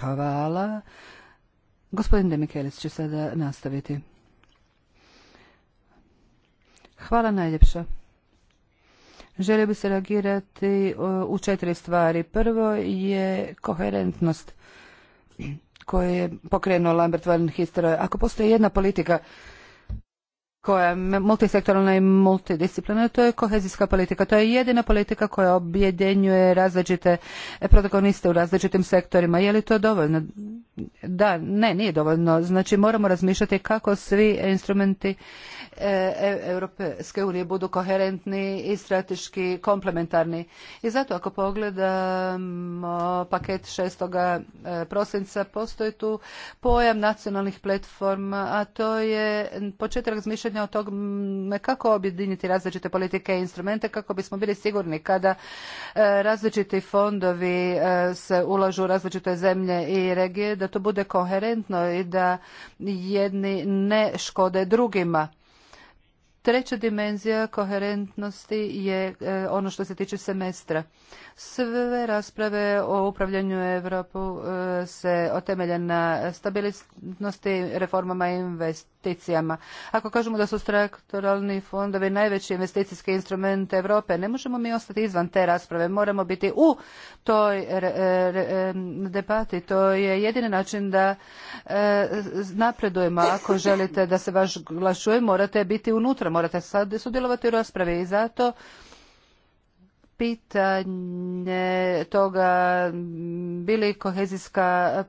Hvala. Gospodin Demikelis će sada nastaviti. Hvala najljepša. Želio bi se reagirati e, u četiri stvari. Prvo je koherentnost koju je pokrenuo Lambert van Histeroj. Ako postoji jedna politika koja je multisektoralna i multidisciplinarna, to je kohezijska politika. To je jedina politika koja objedinjuje različite protagoniste u različitim sektorima. Je li to dovoljno? Da, ne, nije dovoljno. Znači moramo razmišljati kako svi instrumenti E, e, Europske unije budu koherentni i strateški komplementarni. I zato ako pogledamo paket 6. E, prosinca, postoji tu pojam nacionalnih platforma, a to je početak razmišljanja o tome kako objediniti različite politike i instrumente kako bismo bili sigurni kada različiti fondovi se ulažu u različite zemlje i regije, da to bude koherentno i da jedni ne škode drugima. Treća dimenzija koherentnosti je e, ono što se tiče semestra. Sve rasprave o upravljanju Evropu e, se otemelje na stabilnosti, reformama invest investicijama. Ako kažemo da su strukturalni fondovi najveći investicijski instrument Europe, ne možemo mi ostati izvan te rasprave. Moramo biti u toj debati. To je jedini način da e, napredujemo. Ako želite da se vaš glašuje, morate biti unutra, morate sad sudjelovati u raspravi i zato pitanje toga bili kohezijska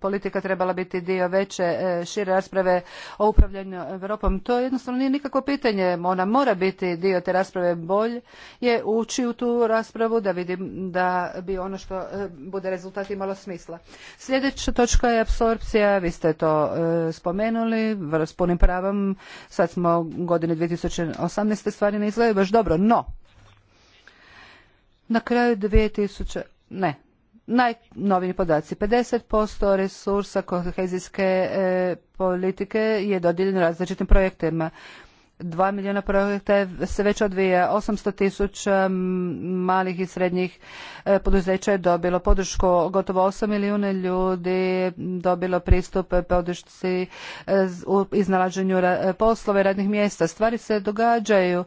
politika trebala biti dio veće e, šire rasprave o upravljanju Europom. To jednostavno nije nikako pitanje. Ona mora biti dio te rasprave. Bolje je ući u tu raspravu da vidim da bi ono što e, bude rezultat imalo smisla. Sljedeća točka je apsorpcija. Vi ste to e, spomenuli s punim pravom. Sad smo godine 2018. stvari ne izgledaju baš dobro. No, na kraju 2000, ne, najnoviji podaci, 50% resursa kohezijske e, politike je dodijeljeno različitim projektima. 2 milijuna projekta se već odvija, 800 tisuća malih i srednjih e, poduzeća je dobilo podršku, gotovo 8 milijuna ljudi dobilo pristup podršci e, u iznalaženju e, poslova i radnih mjesta. Stvari se događaju,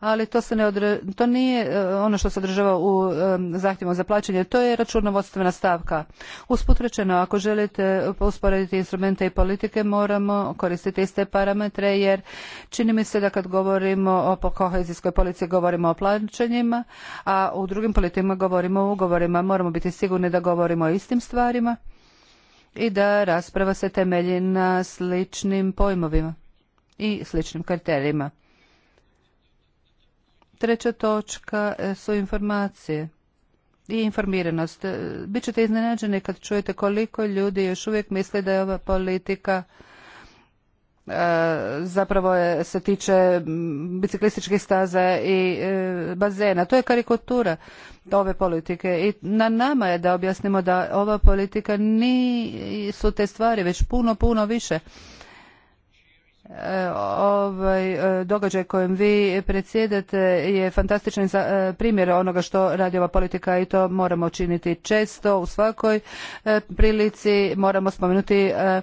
ali to se ne to nije e, ono što se održava u e, zahtjevu za plaćanje, to je računovodstvena stavka. Usput rečeno, ako želite usporediti instrumente i politike, moramo koristiti iste parametre jer čini mi se da kad govorimo o kohezijskoj politici govorimo o plaćanjima, a u drugim politikama govorimo o ugovorima. Moramo biti sigurni da govorimo o istim stvarima i da rasprava se temelji na sličnim pojmovima i sličnim kriterijima. Treća točka e, su informacije i informiranost. E, Bićete iznenađeni kad čujete koliko ljudi još uvijek misle da je ova politika e, zapravo se tiče biciklističkih staza i bazena. To je karikatura ove politike i na nama je da objasnimo da ova politika nisu te stvari, već puno, puno više događaj kojem vi predsjedate je fantastičan e, primjer onoga što radi ova politika i to moramo činiti često u svakoj e, prilici moramo spomenuti e,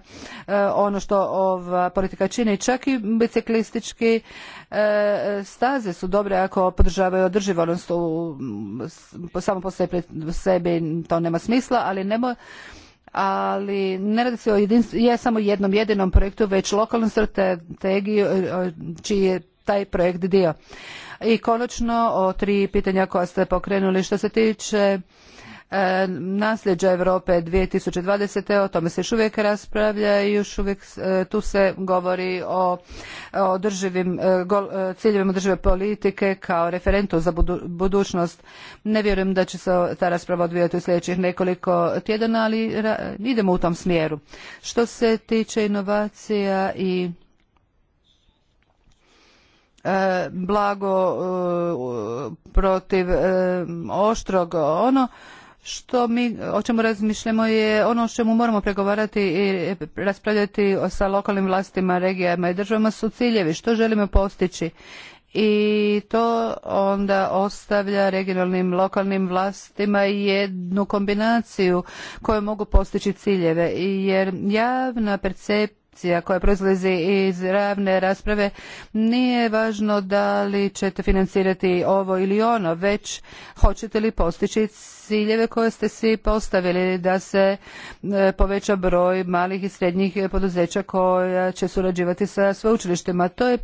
ono što ova politika čini čak i biciklistički staze su dobre ako podržavaju održivost samo po sebi to nema smisla ali nemo ali ne radi se o je samo jednom jedinom projektu, već lokalnom strategiji e, e, čiji je taj projekt dio. I konačno o tri pitanja koja ste pokrenuli što se tiče E, nasljeđa Europe 2020. O tome se još uvijek raspravlja i još uvijek e, tu se govori o održivim e, ciljevima održive politike kao referentu za budućnost. Ne vjerujem da će se ta rasprava odvijati u sljedećih nekoliko tjedana, ali idemo u tom smjeru. Što se tiče inovacija i blago protiv oštrog ono što mi o čemu razmišljamo je ono o čemu moramo pregovarati i raspravljati sa lokalnim vlastima, regijama i državama su ciljevi, što želimo postići i to onda ostavlja regionalnim lokalnim vlastima jednu kombinaciju koje mogu postići ciljeve jer javna percepcija koja proizlazi iz ravne rasprave nije važno da li ćete financirati ovo ili ono već hoćete li postići ciljeve koje ste svi postavili da se e, poveća broj malih i srednjih e, poduzeća koja će surađivati sa sveučilištima. To je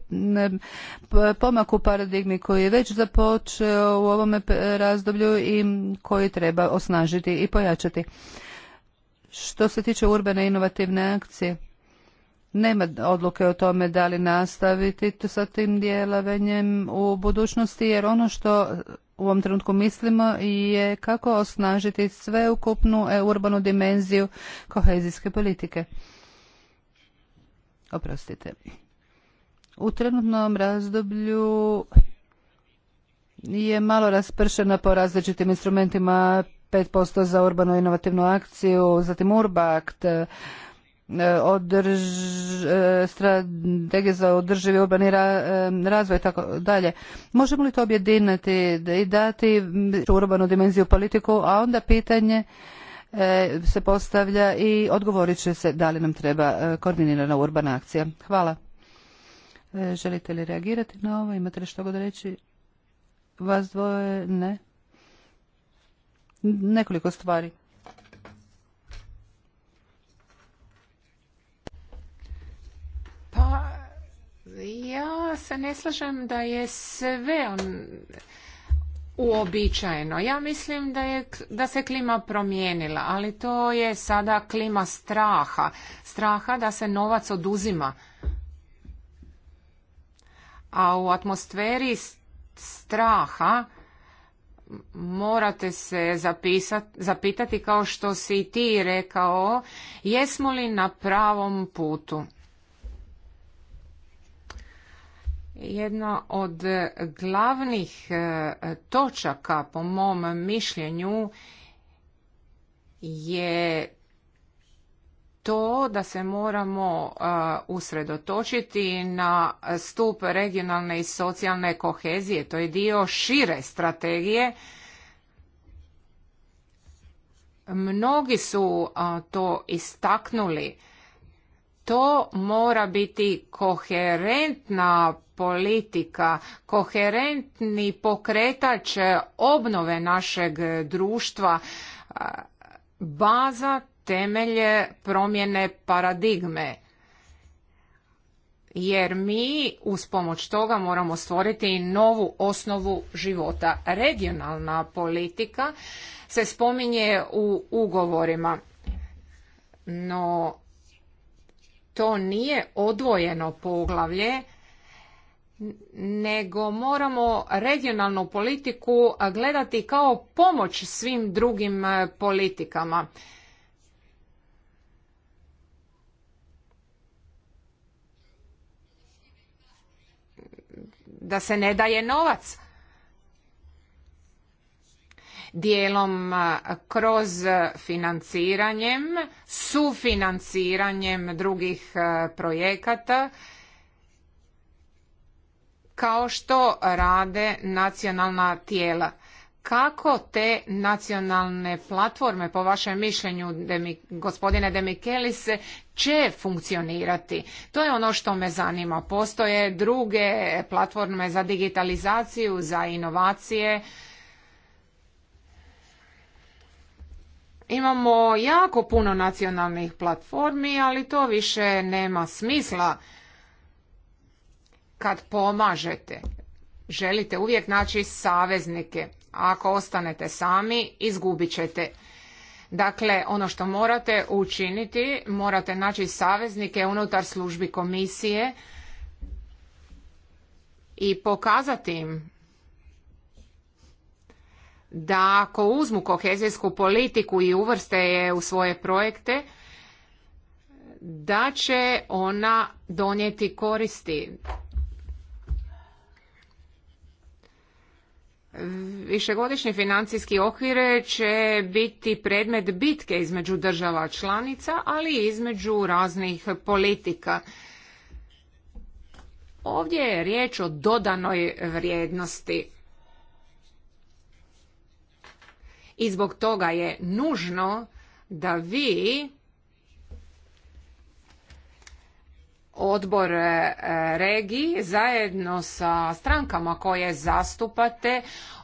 pomak u paradigmi koji je već započeo u ovome razdoblju i koji treba osnažiti i pojačati. Što se tiče urbane inovativne akcije, nema odluke o tome da li nastaviti sa tim djelovanjem u budućnosti jer ono što u ovom trenutku mislimo je kako osnažiti sveukupnu urbanu dimenziju kohezijske politike. Oprostite. U trenutnom razdoblju je malo raspršena po različitim instrumentima 5% za urbanu inovativnu akciju, zatim Urbakt, E, održ, e, strategije za održivi urbani e, razvoj i tako dalje. Možemo li to objediniti i dati urbanu dimenziju politiku, a onda pitanje se postavlja i odgovorit će se da li nam treba koordinirana urbana akcija. Hvala. Želite li reagirati na ovo? Imate li što god reći? Vas dvoje ne. Nekoliko stvari. Ja se ne slažem da je sve on uobičajeno. Ja mislim da, je, da se klima promijenila, ali to je sada klima straha. Straha da se novac oduzima. A u atmosferi straha morate se zapitati kao što si i ti rekao, jesmo li na pravom putu. Jedna od glavnih e, točaka po mom mišljenju je to da se moramo e, usredotočiti na stup regionalne i socijalne kohezije. To je dio šire strategije. Mnogi su e, to istaknuli. To mora biti koherentna politika koherentni pokretač obnove našeg društva baza temelje promjene paradigme jer mi uz pomoć toga moramo stvoriti novu osnovu života. Regionalna politika se spominje u ugovorima, no to nije odvojeno poglavlje nego moramo regionalnu politiku gledati kao pomoć svim drugim e, politikama. Da se ne daje novac dijelom e, kroz financiranjem, sufinanciranjem drugih e, projekata kao što rade nacionalna tijela. Kako te nacionalne platforme, po vašem mišljenju, Demi, gospodine Demikelis, će funkcionirati? To je ono što me zanima. Postoje druge platforme za digitalizaciju, za inovacije. Imamo jako puno nacionalnih platformi, ali to više nema smisla kad pomažete, želite uvijek naći saveznike. Ako ostanete sami, izgubit ćete. Dakle, ono što morate učiniti, morate naći saveznike unutar službi komisije i pokazati im da ako uzmu kohezijsku politiku i uvrste je u svoje projekte, da će ona donijeti koristi Višegodišnji financijski okvire će biti predmet bitke između država članica, ali i između raznih politika. Ovdje je riječ o dodanoj vrijednosti. I zbog toga je nužno da vi odbor e, regiji zajedno sa strankama koje zastupate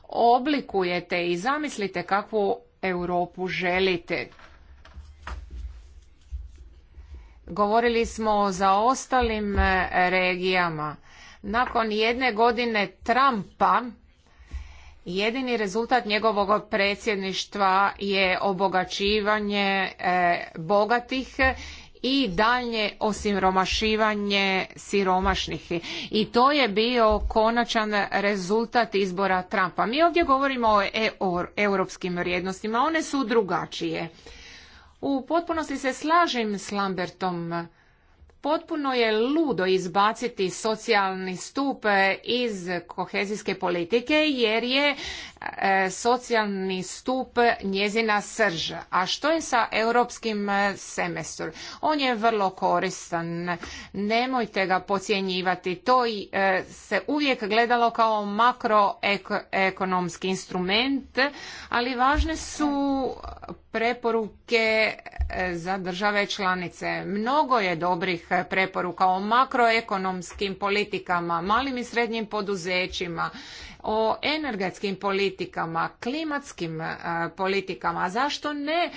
oblikujete i zamislite kakvu Europu želite. Govorili smo o zaostalim e, regijama. Nakon jedne godine Trumpa jedini rezultat njegovog predsjedništva je obogaćivanje e, bogatih i dalje osiromašivanje siromašnih. I to je bio konačan rezultat izbora Trumpa. Mi ovdje govorimo o e- europskim vrijednostima, one su drugačije. U potpunosti se slažem s Lambertom Potpuno je ludo izbaciti socijalni stup e, iz kohezijske politike jer je e, socijalni stup njezina srž. A što je sa europskim e, semestrom? On je vrlo koristan. Nemojte ga pocijenjivati. To se uvijek gledalo kao makroekonomski instrument, ali važne su preporuke e, za države članice. Mnogo je dobrih e, preporuka o makroekonomskim politikama, malim i srednjim poduzećima, o energetskim politikama, klimatskim e, politikama. Zašto ne?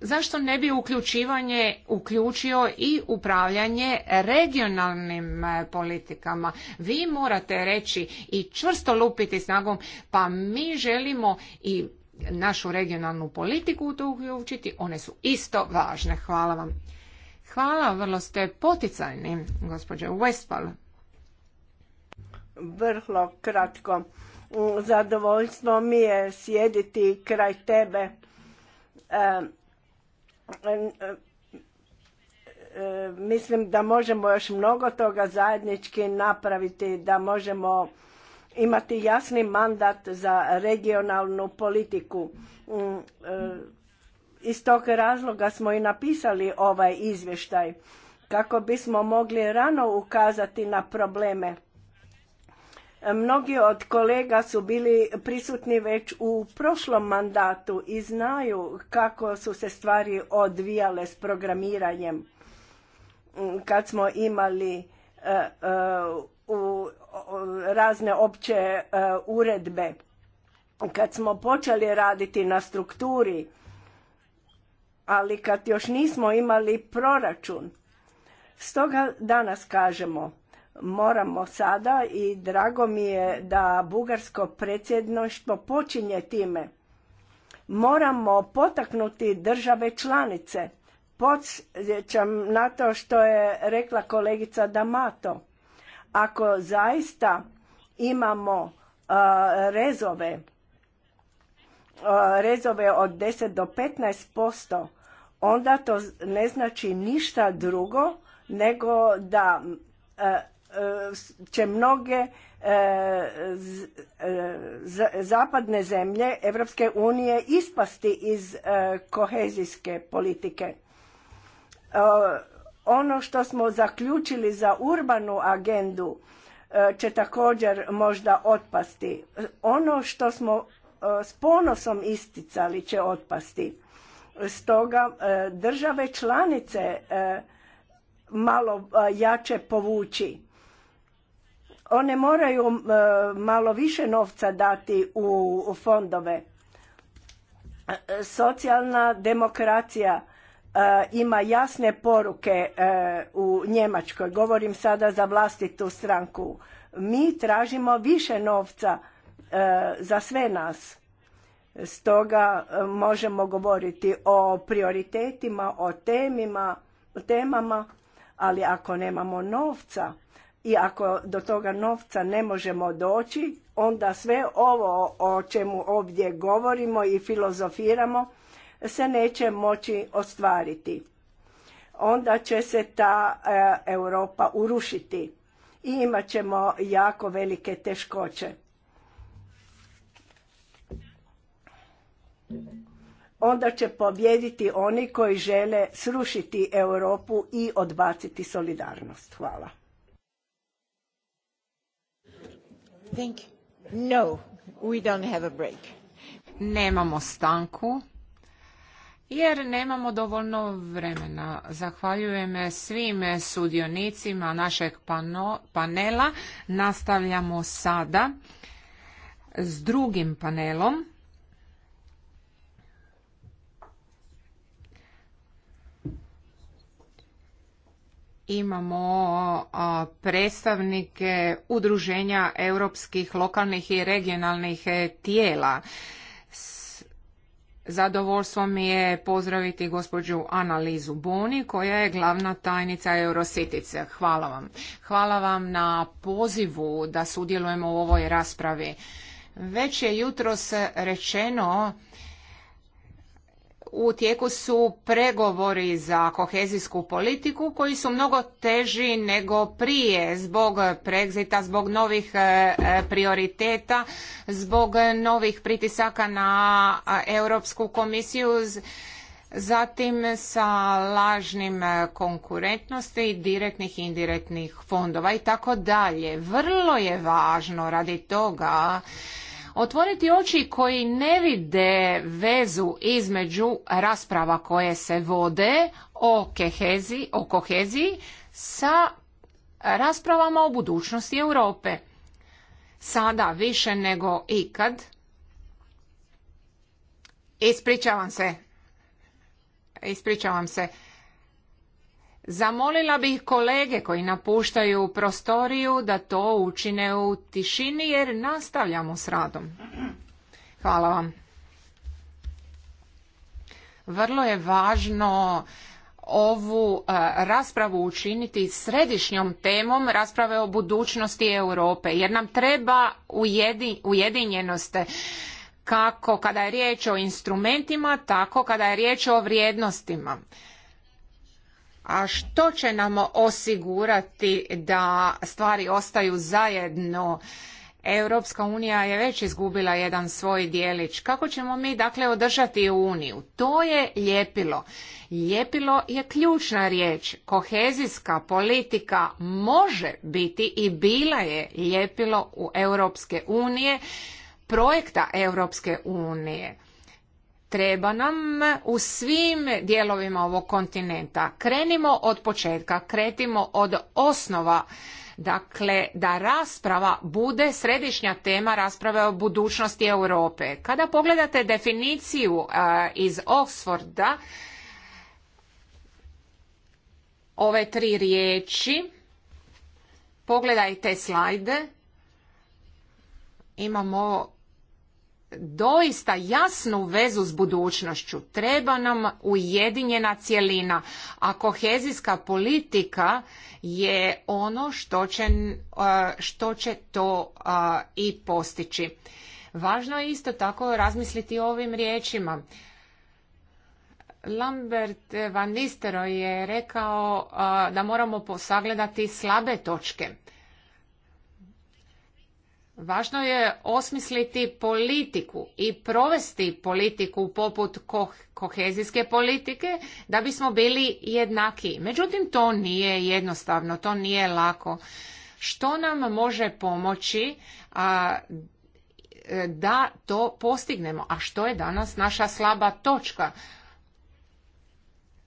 zašto ne bi uključivanje uključio i upravljanje regionalnim politikama? Vi morate reći i čvrsto lupiti snagom, pa mi želimo i našu regionalnu politiku u to uključiti, one su isto važne. Hvala vam. Hvala, vrlo ste poticajni, gospođe Westphal. Vrlo kratko. Mm, zadovoljstvo mi je sjediti kraj tebe. mislim da možemo još mnogo toga zajednički napraviti, da možemo imati jasni mandat za regionalnu politiku. Mm, e, iz tog razloga smo i napisali ovaj izvještaj kako bismo mogli rano ukazati na probleme. Mnogi od kolega su bili prisutni već u prošlom mandatu i znaju kako su se stvari odvijale s programiranjem mm, kad smo imali e, e, u razne opće e, uredbe. Kad smo počeli raditi na strukturi, ali kad još nismo imali proračun, stoga danas kažemo moramo sada i drago mi je da bugarsko predsjedništvo počinje time. Moramo potaknuti države članice. Podsjećam na to što je rekla kolegica Damato. Ako zaista imamo rezove, rezove od 10 do 15%, onda to ne znači ništa drugo nego da će mnoge zapadne zemlje Evropske unije ispasti iz kohezijske politike. Ono što smo zaključili za urbanu agendu e, će također možda otpasti. Ono što smo e, s ponosom isticali će otpasti. Stoga e, države članice malo jače povući. One moraju malo više novca dati u fondove. Socijalna demokracija E, ima jasne poruke e, u Njemačkoj. Govorim sada za vlastitu stranku. Mi tražimo više novca e, za sve nas. Stoga možemo govoriti o prioritetima, o temima, temama, ali ako nemamo novca i ako do toga novca ne možemo doći, onda sve ovo o čemu ovdje govorimo i filozofiramo se neće moći ostvariti. Onda će se ta e, Europa urušiti i imat ćemo jako velike teškoće. Onda će pobjediti oni koji žele srušiti Europu i odbaciti solidarnost. Hvala. Thank No, we don't have a break. Nemamo stanku jer nemamo dovoljno vremena. Zahvaljujem svim sudionicima našeg panela. Nastavljamo sada s drugim panelom. imamo predstavnike udruženja europskih lokalnih i regionalnih tijela Zadovoljstvo mi je pozdraviti gospođu Analizu Boni koja je glavna tajnica Eurositice. Hvala vam. Hvala vam na pozivu da sudjelujemo u ovoj raspravi. Već je jutros rečeno u tijeku su pregovori za kohezijsku politiku koji su mnogo teži nego prije zbog pregzita, zbog novih e, prioriteta, zbog novih pritisaka na Europsku komisiju, zatim sa lažnim e, konkurentnosti direktnih i indirektnih fondova i tako dalje. Vrlo je važno radi toga otvoriti oči koji ne vide vezu između rasprava koje se vode o, kehezi, o koheziji sa raspravama o budućnosti Europe. Sada više nego ikad. Ispričavam se. Ispričavam se. Zamolila bih kolege koji napuštaju prostoriju da to učine u tišini jer nastavljamo s radom. Hvala vam. Vrlo je važno ovu e, raspravu učiniti središnjom temom rasprave o budućnosti Europe jer nam treba ujedinjenost kako kada je riječ o instrumentima tako kada je riječ o vrijednostima. A što će nam osigurati da stvari ostaju zajedno? Europska unija je već izgubila jedan svoj dijelić. Kako ćemo mi dakle održati uniju? To je ljepilo. Ljepilo je ključna riječ. Kohezijska politika može biti i bila je ljepilo u Europske unije, projekta Europske unije treba nam u svim dijelovima ovog kontinenta. Krenimo od početka, kretimo od osnova. Dakle, da rasprava bude središnja tema rasprave o budućnosti Europe. Kada pogledate definiciju e, iz Oxforda, ove tri riječi, pogledajte slajde, imamo doista jasnu vezu s budućnošću. Treba nam ujedinjena cjelina, a kohezijska politika je ono što će, što će to i postići. Važno je isto tako razmisliti o ovim riječima. Lambert van Nistero je rekao da moramo posagledati slabe točke. Važno je osmisliti politiku i provesti politiku poput kohezijske politike da bismo bili jednaki. Međutim, to nije jednostavno, to nije lako. Što nam može pomoći a, e, da to postignemo? A što je danas naša slaba točka?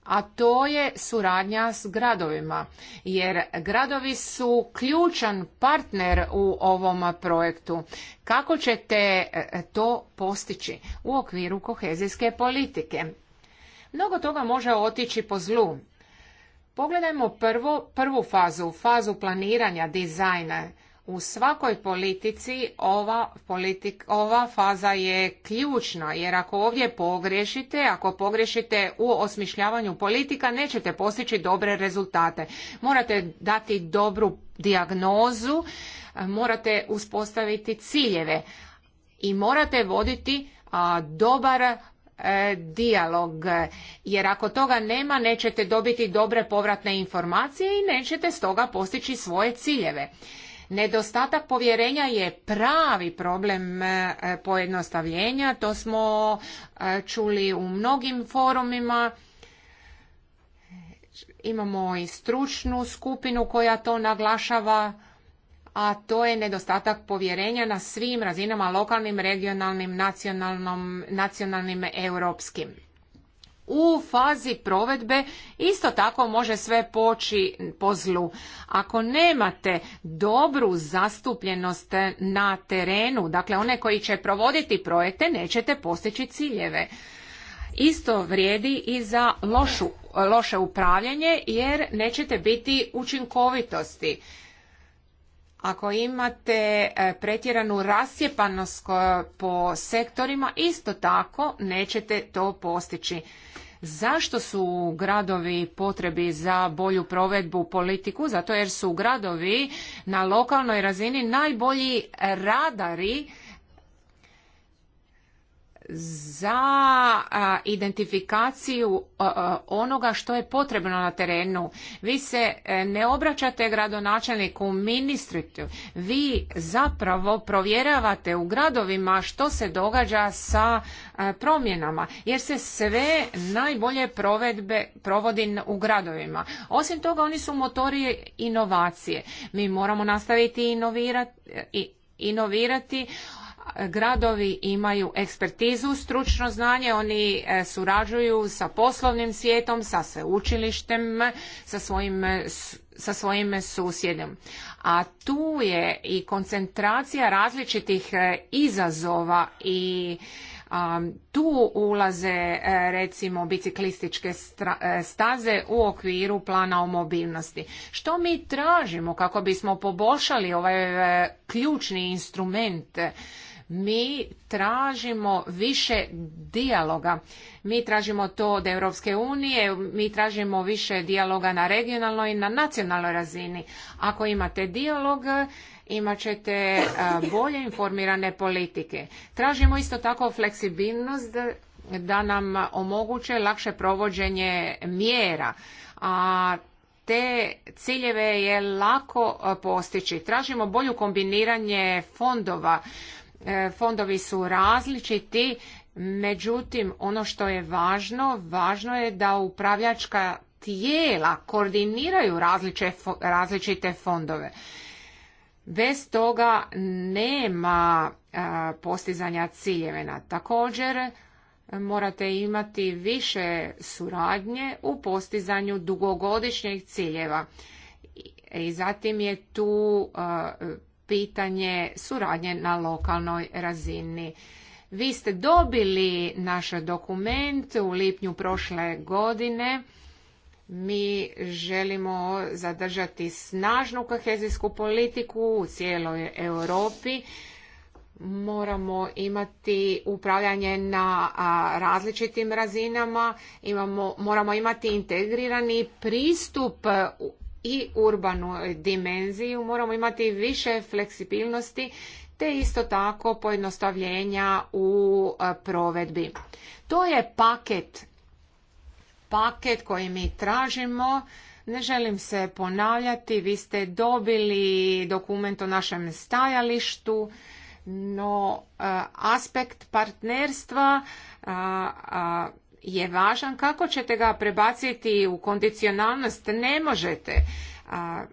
a to je suradnja s gradovima jer gradovi su ključan partner u ovom projektu. Kako ćete e, to postići u okviru kohezijske politike? Mnogo toga može otići po zlu. Pogledajmo prvu fazu, fazu planiranja dizajna. U svakoj politici ova, politik, ova faza je ključna, jer ako ovdje pogrešite, ako pogrešite u osmišljavanju politika, nećete postići dobre rezultate. Morate dati dobru dijagnozu, morate uspostaviti ciljeve i morate voditi a, dobar e, dijalog jer ako toga nema nećete dobiti dobre povratne informacije i nećete stoga postići svoje ciljeve Nedostatak povjerenja je pravi problem e, pojednostavljenja, to smo e, čuli u mnogim forumima. Imamo i stručnu skupinu koja to naglašava, a to je nedostatak povjerenja na svim razinama lokalnim, regionalnim, nacionalnim, europskim u fazi provedbe isto tako može sve poći po zlu. Ako nemate dobru zastupljenost na terenu, dakle one koji će provoditi projekte, nećete postići ciljeve. Isto vrijedi i za lošu, loše upravljanje jer nećete biti učinkovitosti. Ako imate e, pretjeranu rasjepanost po sektorima, isto tako nećete to postići. Zašto su gradovi potrebi za bolju provedbu politiku? Zato jer su gradovi na lokalnoj razini najbolji radari za identifikaciju onoga što je potrebno na terenu. Vi se e, ne obraćate gradonačelniku, ministritu. Vi zapravo provjeravate u gradovima što se događa sa promjenama, jer se sve najbolje provedbe provodi u gradovima. Osim toga, oni su motori inovacije. Mi moramo nastaviti inovirati, inovirati gradovi imaju ekspertizu, stručno znanje, oni e, surađuju sa poslovnim svijetom, sa sveučilištem, sa svojim, sa svojim susjedom. A tu je i koncentracija različitih e, izazova i tu ulaze e, recimo biciklističke staze u okviru plana o mobilnosti. Što mi tražimo kako bismo poboljšali ovaj ključni instrument mi tražimo više dijaloga. Mi tražimo to od Europske unije, mi tražimo više dijaloga na regionalnoj i na nacionalnoj razini. Ako imate dijalog, imat ćete e, bolje informirane politike. Tražimo isto tako fleksibilnost da nam omoguće lakše provođenje mjera. A te ciljeve je lako e, postići. Tražimo bolju kombiniranje fondova. E, fondovi su različiti, međutim ono što je važno, važno je da upravljačka tijela koordiniraju različite fondove. Bez toga nema e, postizanja ciljevena. Također morate imati više suradnje u postizanju dugogodišnjih ciljeva. I zatim je tu e, pitanje suradnje na lokalnoj razini. Vi ste dobili naš dokument u lipnju prošle godine. Mi želimo zadržati snažnu kohezijsku politiku u cijeloj Europi. Moramo imati upravljanje na različitim razinama, moramo imati integrirani pristup i urbanu dimenziju. Moramo imati više fleksibilnosti te isto tako pojednostavljenja u e, provedbi. To je paket paket koji mi tražimo. Ne želim se ponavljati, vi ste dobili dokument o našem stajalištu, no e, aspekt partnerstva je važan. Kako ćete ga prebaciti u kondicionalnost? Ne možete. A,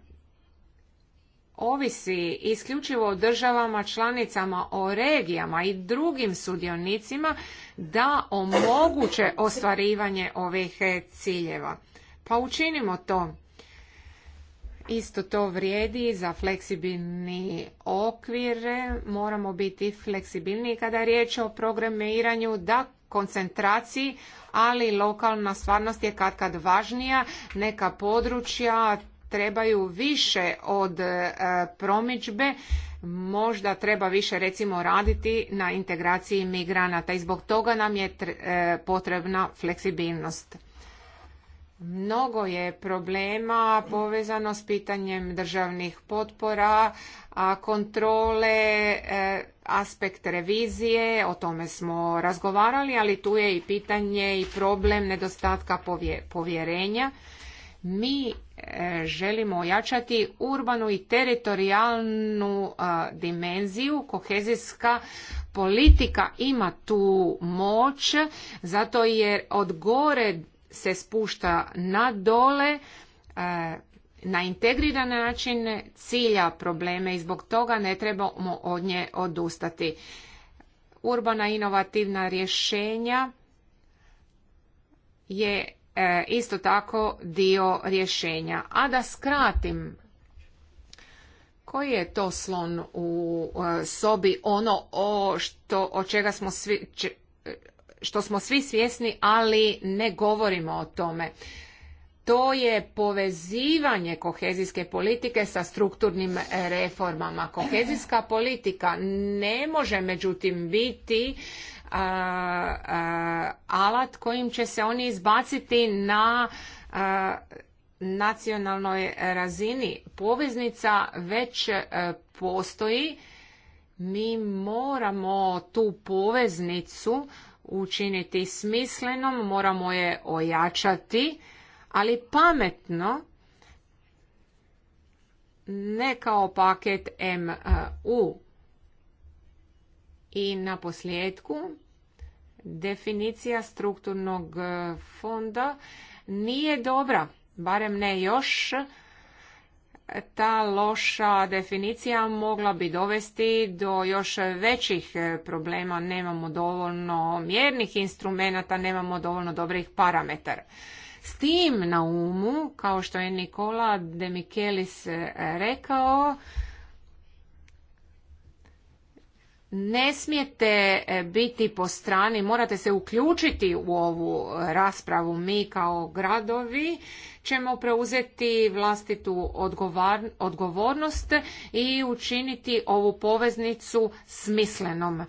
ovisi isključivo o državama, članicama, o regijama i drugim sudionicima da omoguće ostvarivanje ovih ciljeva. Pa učinimo to. Isto to vrijedi za fleksibilni okvir. Moramo biti fleksibilni kada je riječ o programiranju da koncentraciji, ali lokalna stvarnost je kad važnija. Neka područja trebaju više od e, promičbe, možda treba više recimo raditi na integraciji migranata i zbog toga nam je e, potrebna fleksibilnost. Mnogo je problema povezano s pitanjem državnih potpora, kontrole e, aspekt revizije, o tome smo razgovarali, ali tu je i pitanje i problem nedostatka povjerenja. Mi e, želimo ojačati urbanu i teritorijalnu dimenziju. Kohezijska politika ima tu moć, zato jer od gore se spušta na dole e, na integriran način cilja probleme i zbog toga ne trebamo od nje odustati. Urbana inovativna rješenja je e, isto tako dio rješenja. A da skratim, koji je to slon u e, sobi ono o što o čega smo svi, e, što smo svi svjesni, ali ne govorimo o tome to je povezivanje kohezijske politike sa strukturnim reformama. Kohezijska politika ne može međutim biti alat kojim će se oni izbaciti na nacionalnoj razini. Poveznica već e, postoji. Mi moramo tu poveznicu učiniti smislenom, moramo je ojačati ali pametno, ne kao paket MU. I na posljedku, definicija strukturnog e, fonda nije dobra, barem ne još. Ta loša definicija mogla bi dovesti do još većih e, problema. Nemamo dovoljno mjernih instrumenata, nemamo dovoljno dobrih parametara. S tim na umu, kao što je Nikola Demikelis eh, rekao, ne smijete eh, biti po strani, morate se uključiti u ovu raspravu. Mi kao gradovi ćemo preuzeti vlastitu odgovornost i učiniti ovu poveznicu smislenom.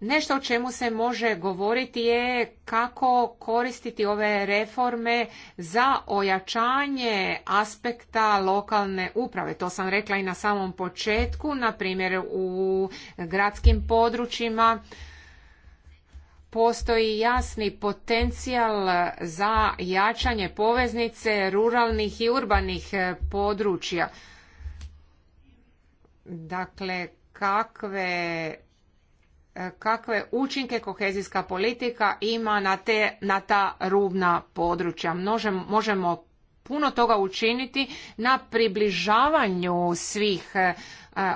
Nešto o čemu se može govoriti je kako koristiti ove reforme za ojačanje aspekta lokalne uprave. To sam rekla i na samom početku, na primjer u gradskim područjima postoji jasni potencijal za jačanje poveznice ruralnih i urbanih područja. Dakle, kakve kakve učinke kohezijska politika ima na, te, na ta rubna područja. možemo puno toga učiniti na približavanju svih eh,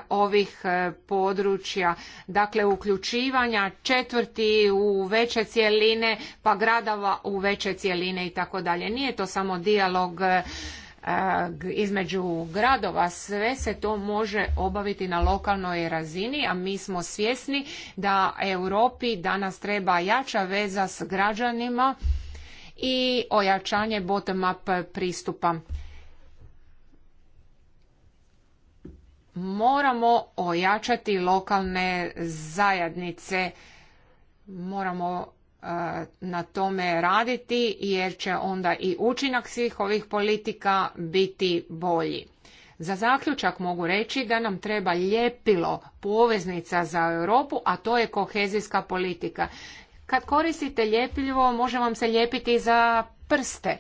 ovih eh, područja, dakle uključivanja četvrti u veće cjeline, pa gradava u veće cjeline i tako dalje. Nije to samo dijalog eh, između gradova, sve se to može obaviti na lokalnoj razini, a mi smo svjesni da Europi danas treba jača veza s građanima i ojačanje bottom-up pristupa. Moramo ojačati lokalne zajednice, moramo E, na tome raditi jer će onda i učinak svih ovih politika biti bolji. Za zaključak mogu reći da nam treba ljepilo poveznica za Europu, a to je kohezijska politika. Kad koristite ljepljivo, može vam se ljepiti za prste.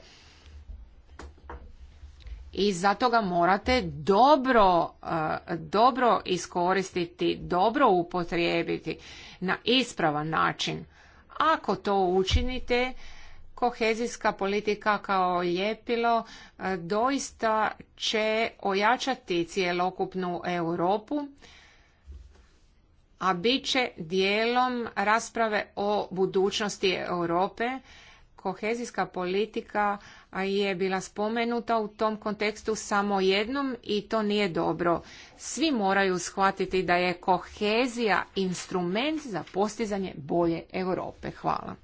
I zato ga morate dobro, e, dobro iskoristiti, dobro upotrijebiti na ispravan način ako to učinite, kohezijska politika kao ljepilo e, doista će ojačati cjelokupnu Europu, a bit će dijelom rasprave o budućnosti Europe kohezijska politika je bila spomenuta u tom kontekstu samo jednom i to nije dobro. Svi moraju shvatiti da je kohezija instrument za postizanje bolje Europe. Hvala.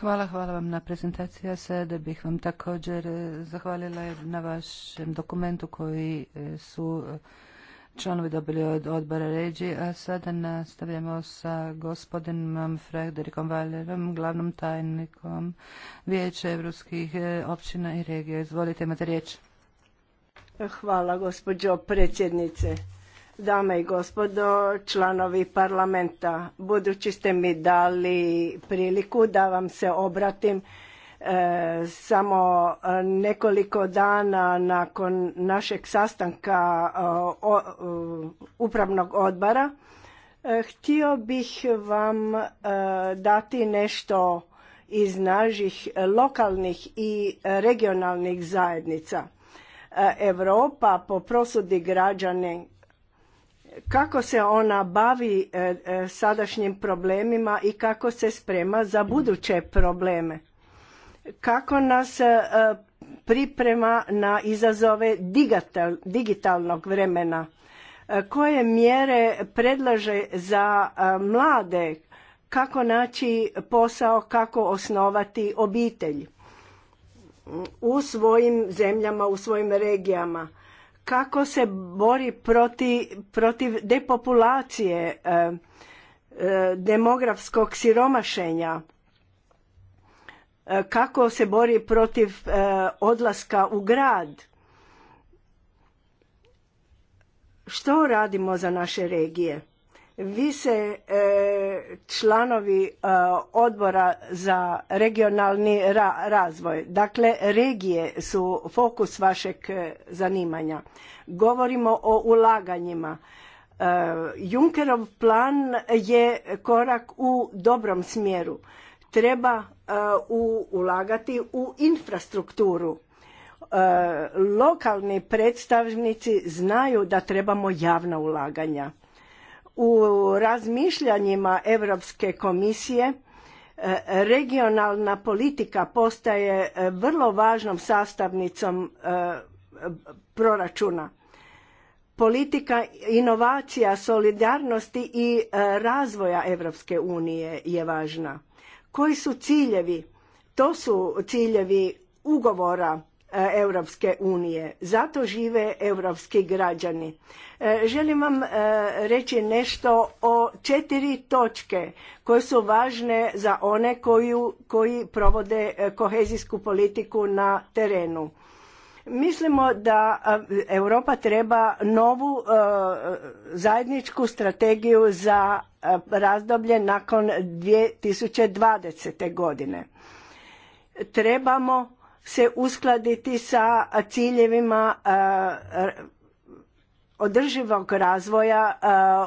Hvala, hvala vam na prezentaciji. Ja sada bih vam također eh, zahvalila na vašem dokumentu koji eh, su eh, članovi dobili od odbora ređi, a sada nastavljamo sa gospodinom Frederikom Valjerom, glavnom tajnikom Vijeća evropskih e, općina i regija. Izvolite, imate riječ. Hvala, gospođo predsjednice. Dame i gospodo, članovi parlamenta, budući ste mi dali priliku da vam se obratim, E, samo e, nekoliko dana nakon našeg sastanka e, upravnog odbora htio bih vam dati nešto iz naših lokalnih i regionalnih zajednica. Europa po prosudi građane kako se ona bavi sadašnjim problemima i kako se sprema za buduće probleme kako nas e, priprema na izazove digitalnog vremena e, koje mjere predlaže za e, mlade kako naći posao kako osnovati obitelj u svojim zemljama u svojim regijama kako se bori proti, protiv depopulacije demografskog siromašenja kako se bori protiv e, odlaska u grad što radimo za naše regije vi se e, članovi e, odbora za regionalni razvoj dakle regije su fokus vašeg zanimanja govorimo o ulaganjima Junkerov plan je korak u dobrom smjeru treba E, u, ulagati u infrastrukturu. E, lokalni predstavnici znaju da trebamo javna ulaganja. U razmišljanjima Europske komisije e, regionalna politika postaje vrlo važnom sastavnicom proračuna. Politika inovacija, solidarnosti i razvoja Europske unije je važna. Koji su ciljevi? To su ciljevi ugovora e, Europske unije. Zato žive europski građani. E, želim vam e, reći nešto o četiri točke koje su važne za one koji provode kohezijsku politiku na terenu. Mislimo da Europa treba novu e, zajedničku strategiju za e, razdoblje nakon 2020. godine. Trebamo se uskladiti sa ciljevima e, održivog razvoja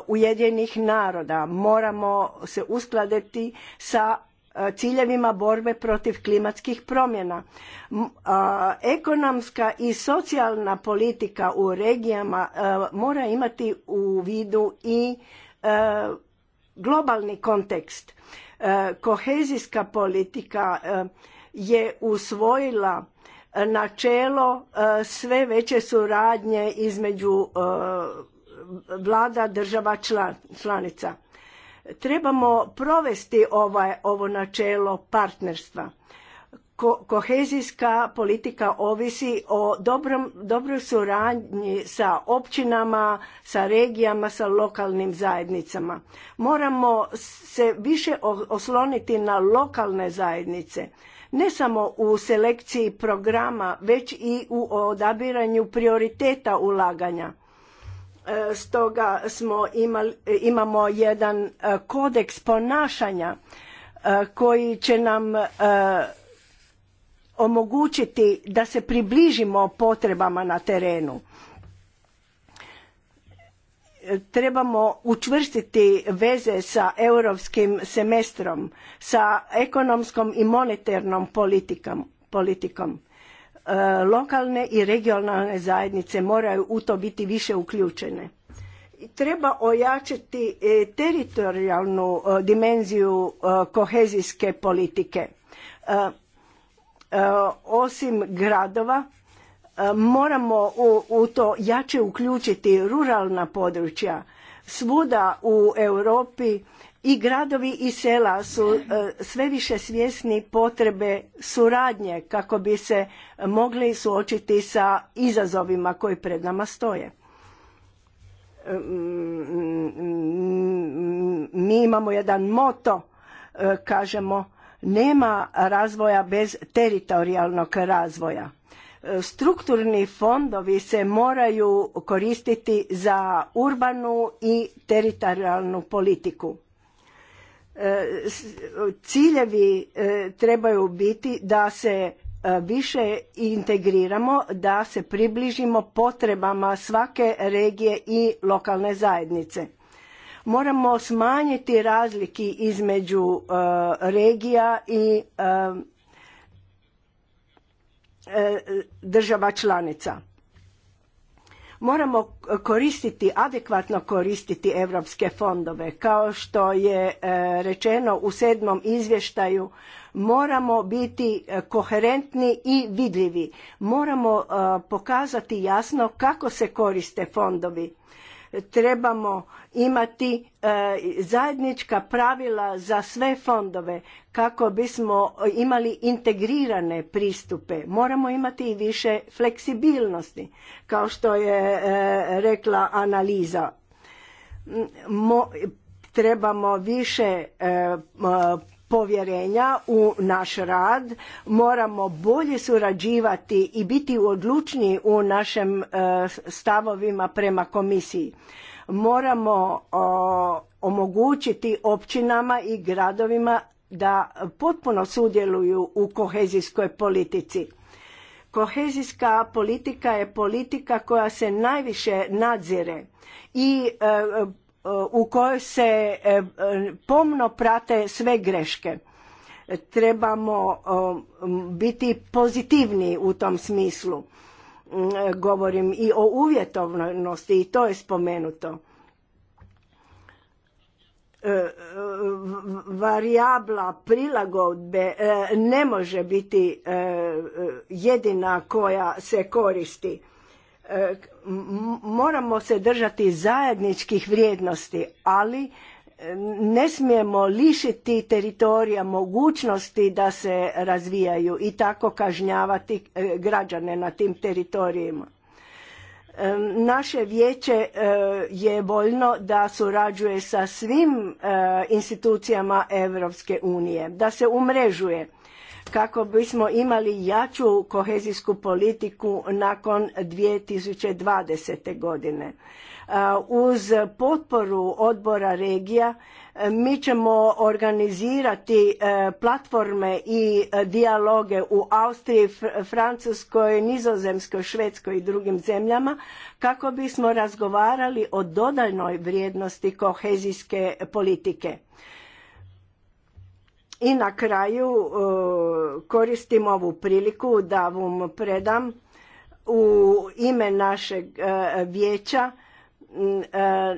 Ujedinjenih naroda. Moramo se uskladiti sa E, ciljevima borbe protiv klimatskih promjena. Ekonomska i socijalna politika u regijama e, mora imati u vidu i e, globalni kontekst. Kohezijska politika je usvojila načelo sve veće suradnje između vlada država članica Trebamo provesti ovaj, ovo načelo partnerstva. kohezijska politika ovisi o dobrom, dobroj suradnji sa općinama, sa regijama, sa lokalnim zajednicama. Moramo se više osloniti na lokalne zajednice ne samo u selekciji programa, već i u odabiranju prioriteta ulaganja. E, stoga smo e, imamo jedan e, kodeks ponašanja koji će nam omogućiti da se približimo potrebama na terenu. Trebamo učvrstiti veze sa europskim semestrom, sa ekonomskom i monetarnom politikom E, lokalne i regionalne zajednice moraju u to biti više uključene. Treba ojačati e, teritorijalnu e, dimenziju kohezijske politike. Osim gradova, moramo u to jače uključiti ruralna područja. Svuda u Europi i gradovi i sela su e, sve više svjesni potrebe suradnje kako bi se mogli suočiti sa izazovima koji pred nama stoje e, mi imamo jedan moto e, kažemo nema razvoja bez teritorijalnog razvoja strukturni fondovi se moraju koristiti za urbanu i teritorijalnu politiku E, ciljevi e, trebaju biti da se e, više integriramo, da se približimo potrebama svake regije i lokalne zajednice. Moramo smanjiti razliki između regija i država članica Moramo koristiti, adekvatno koristiti europske fondove. Kao što je e, rečeno u sedmom izvještaju, moramo biti e, koherentni i vidljivi. Moramo e, pokazati jasno kako se koriste fondovi trebamo imati e, zajednička pravila za sve fondove kako bismo imali integrirane pristupe. Moramo imati i više fleksibilnosti, kao što je e, rekla analiza. trebamo više e, povjerenja u naš rad, moramo bolje surađivati i biti odlučniji u našim e, stavovima prema komisiji. Moramo omogućiti općinama i gradovima da potpuno sudjeluju u kohezijskoj politici. Kohezijska politika je politika koja se najviše nadzire i e, u kojoj se e, pomno prate sve greške. Trebamo biti pozitivni u tom smislu. E, govorim i o uvjetovnosti i to je spomenuto. E, Variabla prilagodbe ne može biti jedina koja se koristi E, moramo se držati zajedničkih vrijednosti, ali e, ne smijemo lišiti teritorija mogućnosti da se razvijaju i tako kažnjavati e, građane na tim teritorijima. Naše vijeće je voljno da surađuje sa svim institucijama Europske unije, da se umrežuje kako bismo imali jaču kohezijsku politiku nakon 2020. godine. E, uz potporu odbora regija e, mi ćemo organizirati e, platforme i dijaloge u Austriji, Francuskoj, Nizozemskoj, Švedskoj i drugim zemljama kako bismo razgovarali o dodanoj vrijednosti kohezijske politike. I na kraju e, koristim ovu priliku da vam predam u ime našeg e, vijeća e,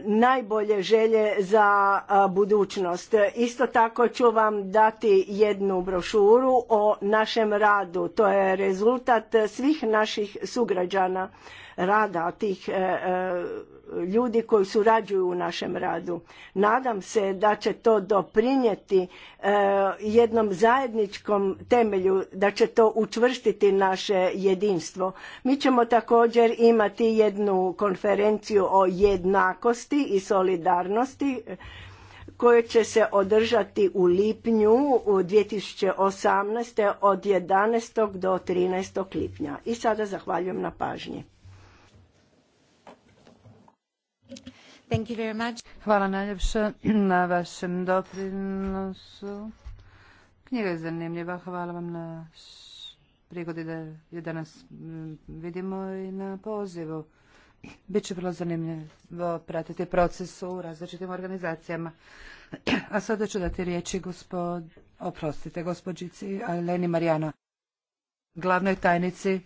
najbolje želje za budućnost. Isto tako ću vam dati jednu brošuru o našem radu. To je rezultat svih naših sugrađana rada tih e, e, ljudi koji surađuju u našem radu. Nadam se da će to doprinijeti e, jednom zajedničkom temelju, da će to učvrstiti naše jedinstvo. Mi ćemo također imati jednu konferenciju o jednakosti i solidarnosti koje će se održati u lipnju u 2018. od 11. do 13. lipnja. I sada zahvaljujem na pažnji. Thank you Hvala najljepša na vašem doprinosu. Knjiga je zanimljiva. Hvala vam na prigodi da je danas vidimo i na pozivu. Biće vrlo zanimljivo pratiti proces u različitim organizacijama. A sada ću dati riječi gospod, oprostite, gospođici Aleni Marijana, glavnoj tajnici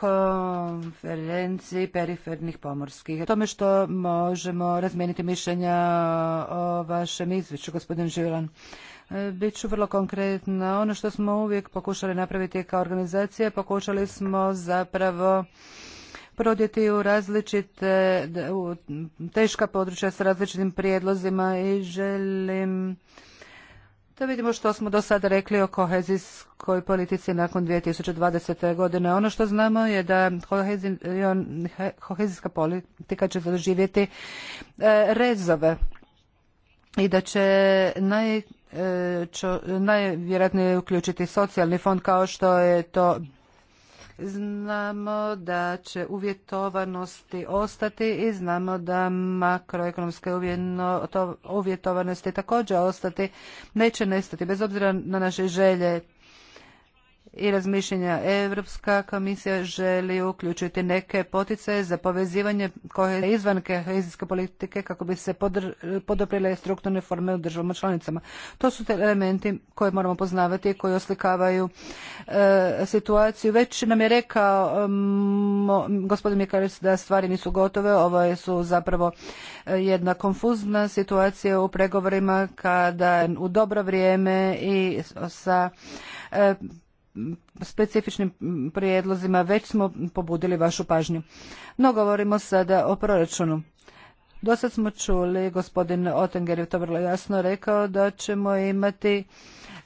konferenciji perifernih pomorskih. O tome što možemo razmijeniti mišljenja o vašem izvješću, gospodin Žilan. E, bit vrlo konkretna. Ono što smo uvijek pokušali napraviti kao organizacija, pokušali smo zapravo prodjeti u različite u teška područja s različitim prijedlozima i želim da vidimo što smo do sada rekli o kohezijskoj politici nakon 2020. godine. Ono što znamo je da kohezijska politika će doživjeti e, rezove i da će naj, e, najvjerojatnije uključiti socijalni fond kao što je to Znamo da će uvjetovanosti ostati i znamo da makroekonomske uvjetovanosti također ostati, neće nestati bez obzira na naše želje i razmišljanja Europska komisija želi uključiti neke poticaje za povezivanje koje izvan kohezijske politike kako bi se podoprile strukturne forme u državama članicama. To su te elementi koje moramo poznavati i koji oslikavaju e, situaciju. Već nam je rekao gospodin Mikaris da stvari nisu gotove. Ovo su zapravo e, jedna konfuzna situacija u pregovorima kada u dobro vrijeme i sa e, specifičnim prijedlozima već smo pobudili vašu pažnju. No govorimo sada o proračunu. Do smo čuli, gospodin Otenger je to vrlo jasno rekao, da ćemo imati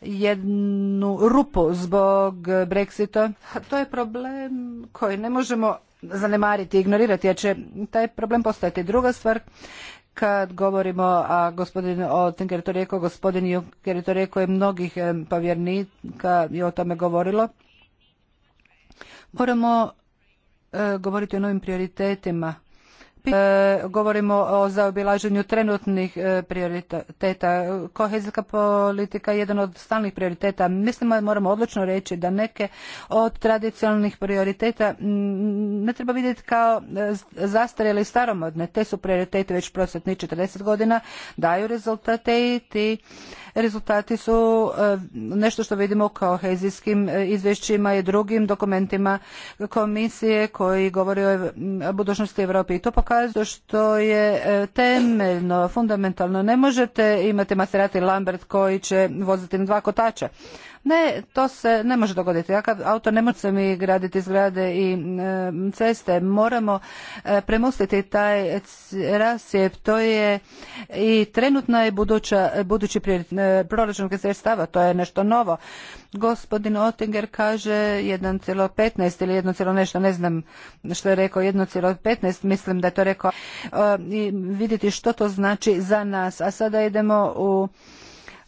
jednu rupu zbog Brexita. To je problem koji ne možemo zanemariti, ignorirati, jer će taj problem postati Druga stvar kad govorimo, a gospodin o to rekao, gospodin Juncker je mnogih povjernika i o tome govorilo, moramo e, govoriti o novim prioritetima E, govorimo o zaobilaženju trenutnih e, prioriteta. Kohezijska politika je jedan od stalnih prioriteta. Mislimo da moramo odlično reći da neke od tradicionalnih prioriteta ne treba vidjeti kao e, zastare ili staromodne. Te su prioriteti već prosjetni 40 godina, daju rezultate i ti Rezultati su e, nešto što vidimo kao kohezijskim e, izvješćima i drugim dokumentima komisije koji govori o budućnosti Europe i to pokazuje što je e, temeljno, fundamentalno. Ne možete imati Maserati Lambert koji će voziti na dva kotača. Ne, to se ne može dogoditi. Ja Auto ne može mi graditi zgrade i mm, ceste. Moramo e, premustiti taj rasjep. To je i trenutna i buduća, budući e, proračun sredstava. To je nešto novo. Gospodin Otinger kaže 1,15 ili 1, nešto, ne znam što je rekao, 1,15 mislim da je to rekao. E, I vidjeti što to znači za nas. A sada idemo u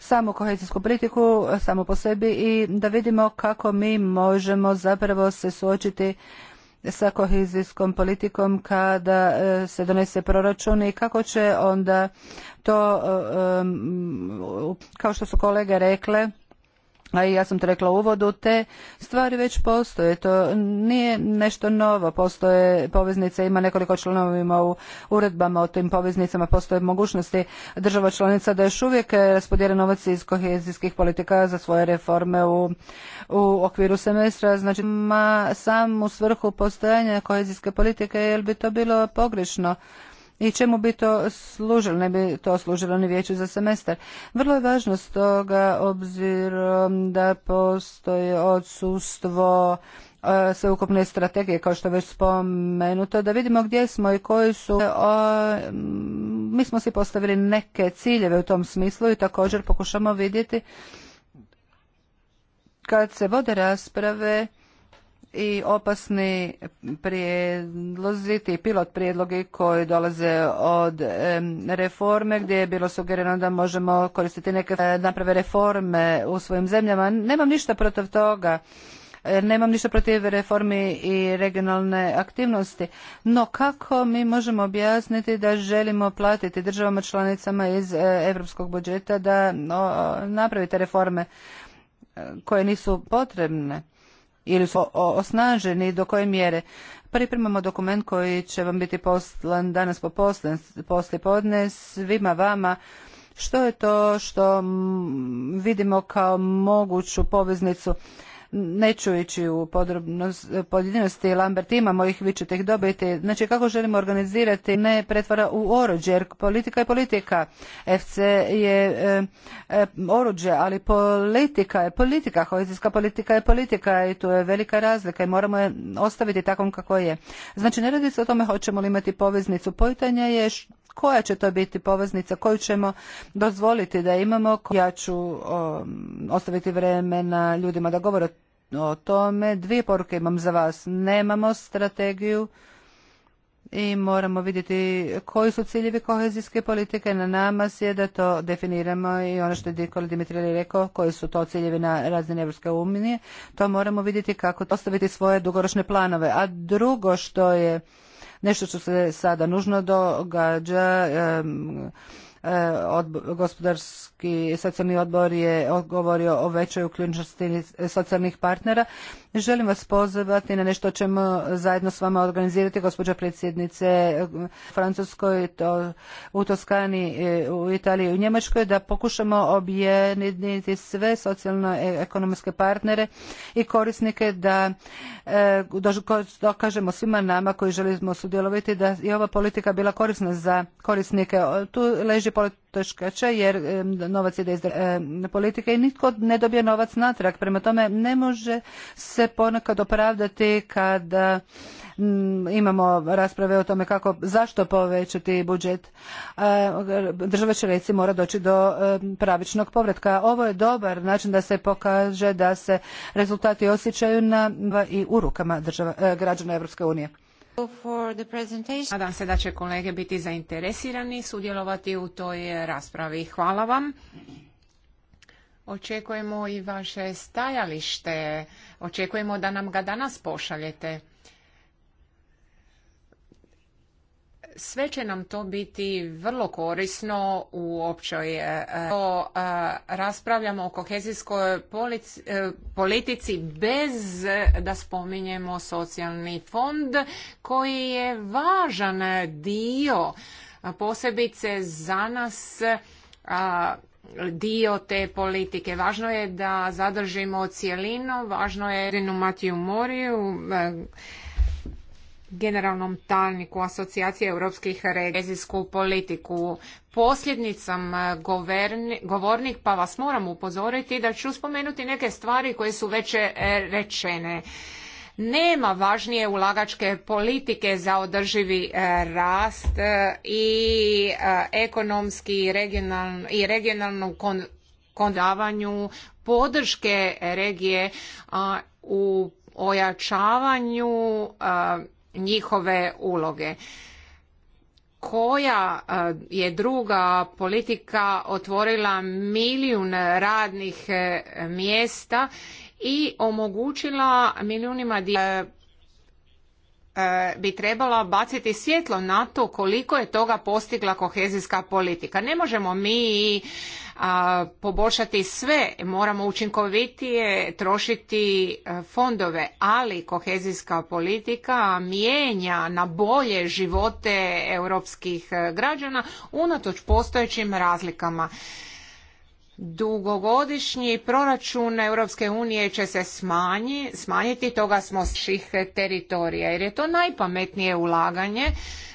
samu kohezijsku politiku samo po sebi i da vidimo kako mi možemo zapravo se suočiti sa kohezijskom politikom kada e, se donese proračun i kako će onda to, e, e, kao što su kolege rekle, a i ja sam to rekla u uvodu, te stvari već postoje. To nije nešto novo. Postoje poveznice, ima nekoliko članovima u uredbama o tim poveznicama, postoje mogućnosti država članica da još uvijek raspodijele novac iz kohezijskih politika za svoje reforme u, u okviru semestra. Znači, ma u svrhu postojanja kohezijske politike, jer bi to bilo pogrešno i čemu bi to služilo, ne bi to služilo ni vijeću za semestar. Vrlo je važno stoga obzirom da postoje odsustvo e, sveukupne strategije, kao što je već spomenuto, da vidimo gdje smo i koji su. E, mi smo si postavili neke ciljeve u tom smislu i također pokušamo vidjeti kad se vode rasprave i opasni prijedlozi, pilot prijedlogi koji dolaze od reforme gdje je bilo sugereno da možemo koristiti neke e, naprave reforme u svojim zemljama. Nemam ništa protiv toga. E, nemam ništa protiv reformi i regionalne aktivnosti, no kako mi možemo objasniti da želimo platiti državama članicama iz e, europskog budžeta da napravite reforme koje nisu potrebne? ili su osnaženi do koje mjere. Pripremamo dokument koji će vam biti poslan danas po poslije podne svima vama što je to što vidimo kao moguću poveznicu Neću ići u pojedinosti, Lambert, imamo mojih, vi ćete ih dobiti. Znači, kako želimo organizirati ne pretvara u oruđe, jer politika je politika. FC je e, e, oruđe, ali politika je politika, hojzijska politika je politika i tu je velika razlika i moramo je ostaviti takvom kako je. Znači, ne radi se o tome hoćemo li imati poveznicu. Pojitanje je koja će to biti poveznica koju ćemo dozvoliti da imamo. Ja ću um, ostaviti vremena ljudima da govore o tome. Dvije poruke imam za vas. Nemamo strategiju i moramo vidjeti koji su ciljevi kohezijske politike. Na nama je da to definiramo i ono što je Dikola Dimitrijali rekao, koji su to ciljevi na razini Evropske unije. To moramo vidjeti kako ostaviti svoje dugoročne planove. A drugo što je nešto što se sada nužno događa, e, gospodarskog Europski socijalni odbor je govorio o većoj uključnosti socijalnih partnera. Želim vas pozivati na nešto ćemo zajedno s vama organizirati, gospođa predsjednice Francuskoj, to, u Toskani, e, u Italiji, i u Njemačkoj, da pokušamo objediniti sve socijalno-ekonomske e, partnere i korisnike da e, dokažemo svima nama koji želimo sudjelovati da je ova politika bila korisna za korisnike. Tu leži potrošača jer novac ide iz politike i nitko ne dobije novac natrag. Prema tome ne može se ponekad opravdati kada mm, imamo rasprave o tome kako, zašto povećati budžet. E, država će mora doći do pravičnog povratka. Ovo je dobar način da se pokaže da se rezultati osjećaju na i u rukama e, građana Europske unije. Nadam se da će kolege biti zainteresirani sudjelovati u toj raspravi. Hvala vam. Očekujemo i vaše stajalište. Očekujemo da nam ga danas pošaljete. sve će nam to biti vrlo korisno u općoj e, e, e, raspravljamo o kohezijskoj politici bez da spominjemo socijalni fond koji je važan dio posebice za nas dio te politike. Važno je da zadržimo cjelinu, važno je Renu Matiju Moriju, generalnom tajniku Asocijacije europskih regijsku politiku. Posljednicam e, govornik pa vas moram upozoriti da ću spomenuti neke stvari koje su već e, rečene. Nema važnije ulagačke politike za održivi e, rast i ekonomski i regionalnom kondavanju podrške regije u ojačavanju njihove uloge koja e, je druga politika otvorila milijun radnih e, mjesta i omogućila milijunima E, bi trebala baciti svjetlo na to koliko je toga postigla kohezijska politika. Ne možemo mi e, poboljšati sve, moramo učinkovitije trošiti e, fondove, ali kohezijska politika mijenja na bolje živote europskih građana unatoč postojećim razlikama dugogodišnji proračun Europske unije će se smanji, smanjiti, toga smo svih teritorija, jer je to najpametnije ulaganje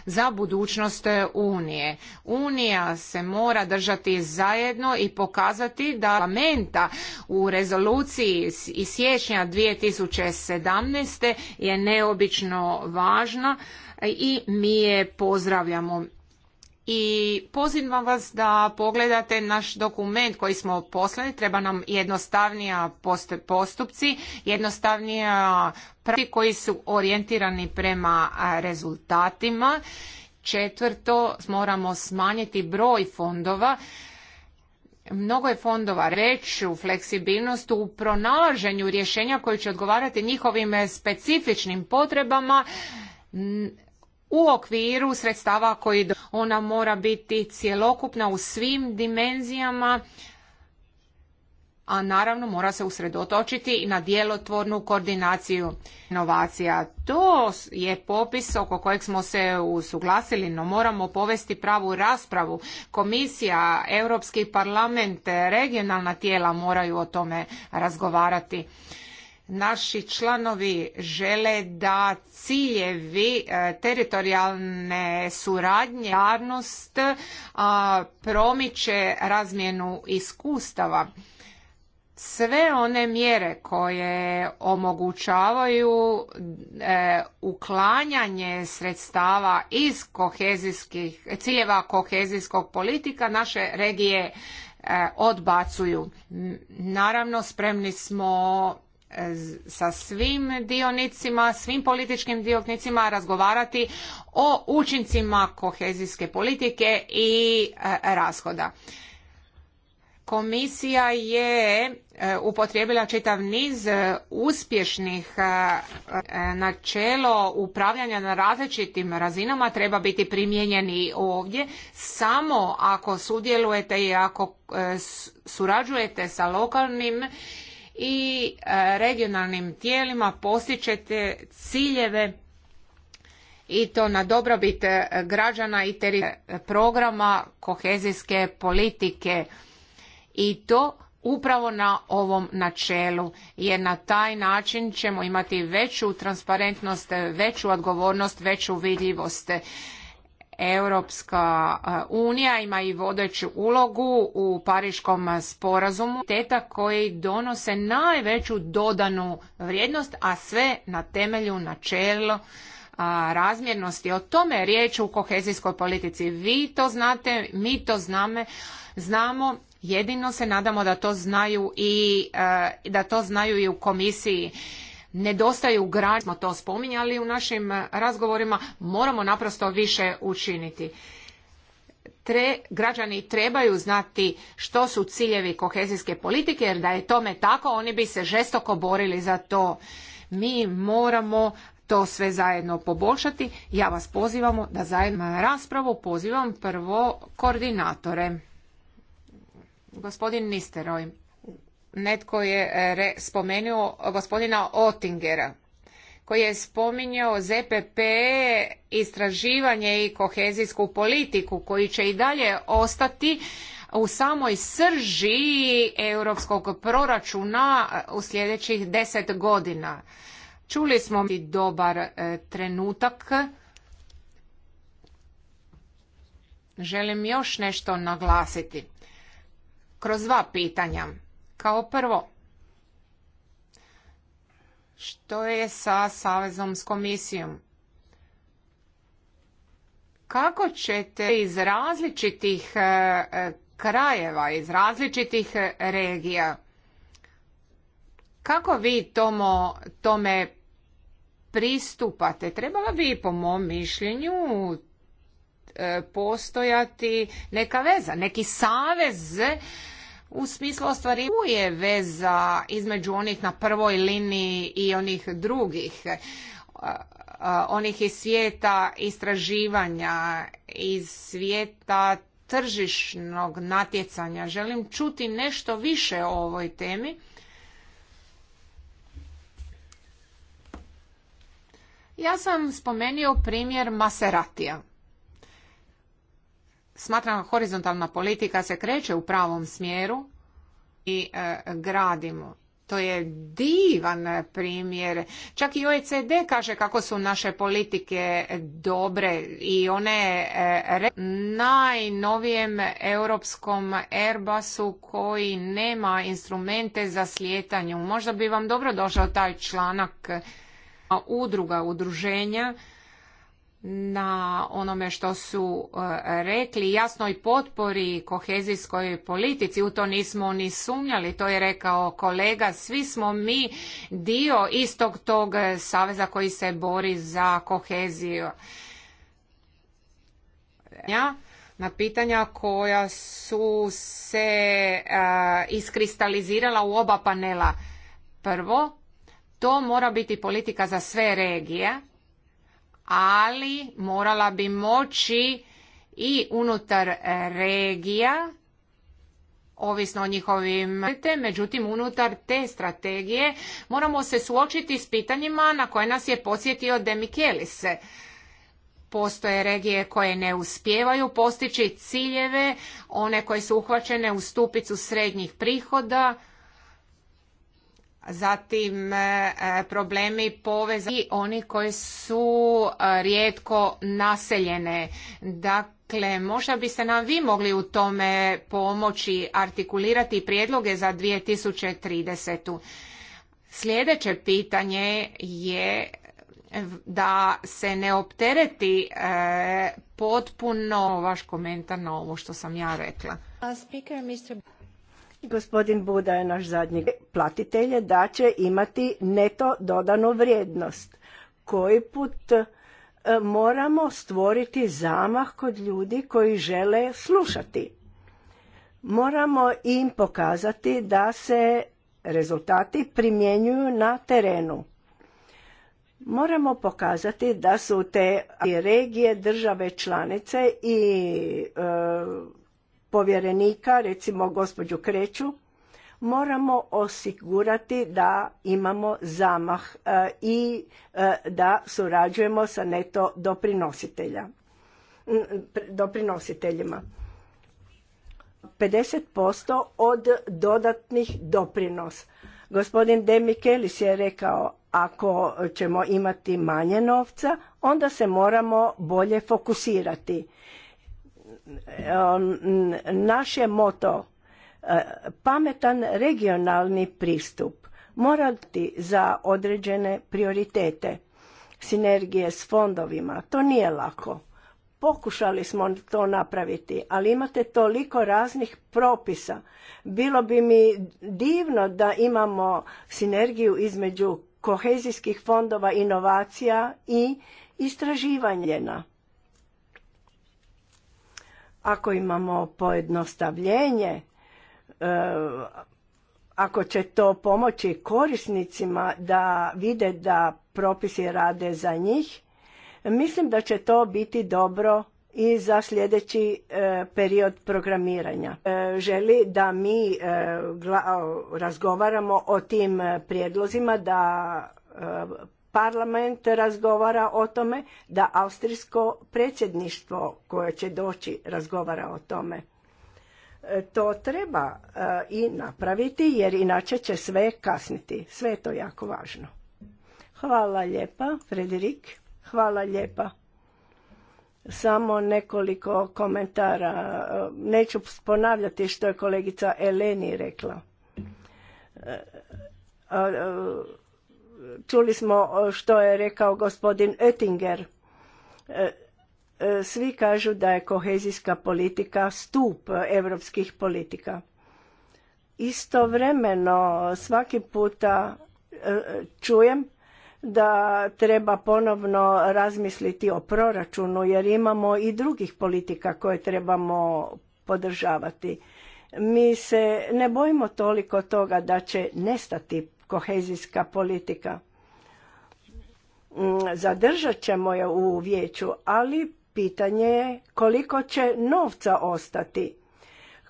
za budućnost Unije. Unija se mora držati zajedno i pokazati da parlamenta u rezoluciji iz siječnja 2017. je neobično važna i mi je pozdravljamo i pozivam vas da pogledate naš dokument koji smo poslali. Treba nam jednostavnija postupci, jednostavnija prati koji su orijentirani prema rezultatima. Četvrto, moramo smanjiti broj fondova. Mnogo je fondova u fleksibilnost u pronalaženju rješenja koji će odgovarati njihovim specifičnim potrebama u okviru sredstava koji ona mora biti cjelokupna u svim dimenzijama a naravno mora se usredotočiti na djelotvornu koordinaciju inovacija. To je popis oko kojeg smo se usuglasili, no moramo povesti pravu raspravu. Komisija, Europski parlament, regionalna tijela moraju o tome razgovarati naši članovi žele da ciljevi e, teritorijalne suradnje javnost e, promiče razmjenu iskustava sve one mjere koje omogućavaju e, uklanjanje sredstava iz kohezijskih ciljeva kohezijskog politika naše regije odbacuju naravno spremni smo sa svim dionicima, svim političkim dionicima razgovarati o učincima kohezijske politike i e, rashoda. Komisija je e, upotrijebila čitav niz e, uspješnih načelo upravljanja na različitim razinama treba biti primijenjeni ovdje samo ako sudjelujete i ako surađujete sa lokalnim i e, regionalnim tijelima postičete ciljeve i to na dobrobit e, građana i programa kohezijske politike i to upravo na ovom načelu jer na taj način ćemo imati veću transparentnost, veću odgovornost, veću vidljivost Europska e, unija ima i vodeću ulogu u Pariškom sporazumu teta koji donose najveću dodanu vrijednost, a sve na temelju načela e, razmjernosti. O tome je riječ u kohezijskoj politici. Vi to znate, mi to zname, znamo, jedino se nadamo da to znaju i e, da to znaju i u komisiji nedostaju gradu, smo to spominjali u našim eh, razgovorima, moramo naprosto više učiniti. Tre, građani trebaju znati što su ciljevi kohezijske politike, jer da je tome tako, oni bi se žestoko borili za to. Mi moramo to sve zajedno poboljšati. Ja vas pozivamo da zajedno raspravu pozivam prvo koordinatore. Gospodin Nisteroj netko je e, spomenuo gospodina Otingera koji je spominjao ZPP, istraživanje i kohezijsku politiku koji će i dalje ostati u samoj srži europskog proračuna e, u sljedećih deset godina. Čuli smo dobar e, trenutak. Želim još nešto naglasiti. Kroz dva pitanja. Kao prvo, što je sa Savezom s komisijom? Kako ćete iz različitih e, e, krajeva, iz različitih e, regija, kako vi tomo, tome pristupate? Trebala bi, po mom mišljenju, postojati neka veza, neki savez u smislu je veza između onih na prvoj liniji i onih drugih e, e, onih iz svijeta istraživanja, iz svijeta tržišnog natjecanja. Želim čuti nešto više o ovoj temi. Ja sam spomenuo primjer Maseratija. Smatram horizontalna politika se kreće u pravom smjeru i e, gradimo. To je divan primjer. Čak i OECD kaže kako su naše politike dobre i one e, najnovijem europskom Airbusu koji nema instrumente za slijetanju. Možda bi vam dobro došao taj članak udruga, udruženja na onome što su e, rekli jasnoj potpori kohezijskoj politici. U to nismo ni sumnjali, to je rekao kolega. Svi smo mi dio istog tog saveza koji se bori za koheziju. Ja, na pitanja koja su se e, iskristalizirala u oba panela. Prvo, to mora biti politika za sve regije ali morala bi moći i unutar regija, ovisno o njihovim međutim unutar te strategije moramo se suočiti s pitanjima na koje nas je podsjetio Demikelis. Postoje regije koje ne uspijevaju postići ciljeve, one koje su uhvaćene u stupicu srednjih prihoda, zatim e, e, problemi povezani oni koji su e, rijetko naseljene. Dakle, možda biste nam vi mogli u tome pomoći artikulirati prijedloge za 2030. Sljedeće pitanje je da se ne optereti potpuno vaš komentar na ovo što sam ja rekla. Uh, Gospodin Buda je naš zadnji platitelj, da će imati neto dodanu vrijednost. Koji put e, moramo stvoriti zamah kod ljudi koji žele slušati. Moramo im pokazati da se rezultati primjenjuju na terenu. Moramo pokazati da su te regije, države članice i e, povjerenika, recimo gospođu Kreću, moramo osigurati da imamo zamah e, i e, da surađujemo sa neto doprinositelja, doprinositeljima. 50% od dodatnih doprinos. Gospodin Demikelis je rekao, ako ćemo imati manje novca, onda se moramo bolje fokusirati naš je moto e, pametan regionalni pristup morati za određene prioritete sinergije s fondovima to nije lako pokušali smo to napraviti ali imate toliko raznih propisa bilo bi mi divno da imamo sinergiju između kohezijskih fondova inovacija i istraživanja ako imamo pojednostavljenje, e, ako će to pomoći korisnicima da vide da propisi rade za njih, mislim da će to biti dobro i za sljedeći e, period programiranja. E, želi da mi razgovaramo o tim prijedlozima da parlament razgovara o tome, da austrijsko predsjedništvo koje će doći razgovara o tome. E, to treba e, i napraviti jer inače će sve kasniti. Sve je to jako važno. Hvala lijepa, Frederik. Hvala lijepa. Samo nekoliko komentara. E, neću ponavljati što je kolegica Eleni rekla Čuli smo što je rekao gospodin Oettinger. E, e, svi kažu da je kohezijska politika stup europskih politika. Istovremeno svaki puta e, čujem da treba ponovno razmisliti o proračunu jer imamo i drugih politika koje trebamo podržavati. Mi se ne bojimo toliko toga da će nestati kohezijska politika. Mm, zadržat ćemo je u vijeću, ali pitanje je koliko će novca ostati.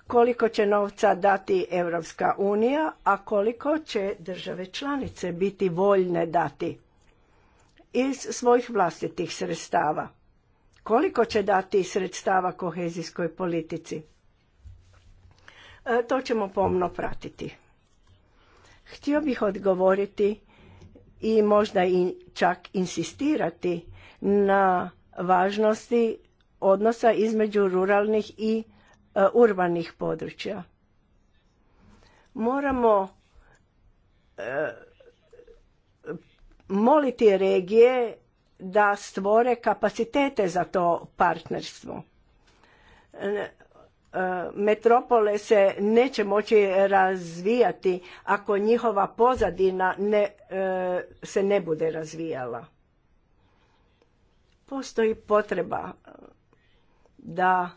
Koliko će novca dati Europska unija, a koliko će države članice biti voljne dati iz svojih vlastitih sredstava. Koliko će dati sredstava kohezijskoj politici? E, to ćemo pomno pratiti. Htio bih odgovoriti i možda i čak insistirati na važnosti odnosa između ruralnih i e, urbanih područja. Moramo e, moliti regije da stvore kapacitete za to partnerstvo. E, E, metropole se neće moći razvijati ako njihova pozadina ne, e, se ne bude razvijala. Postoji potreba da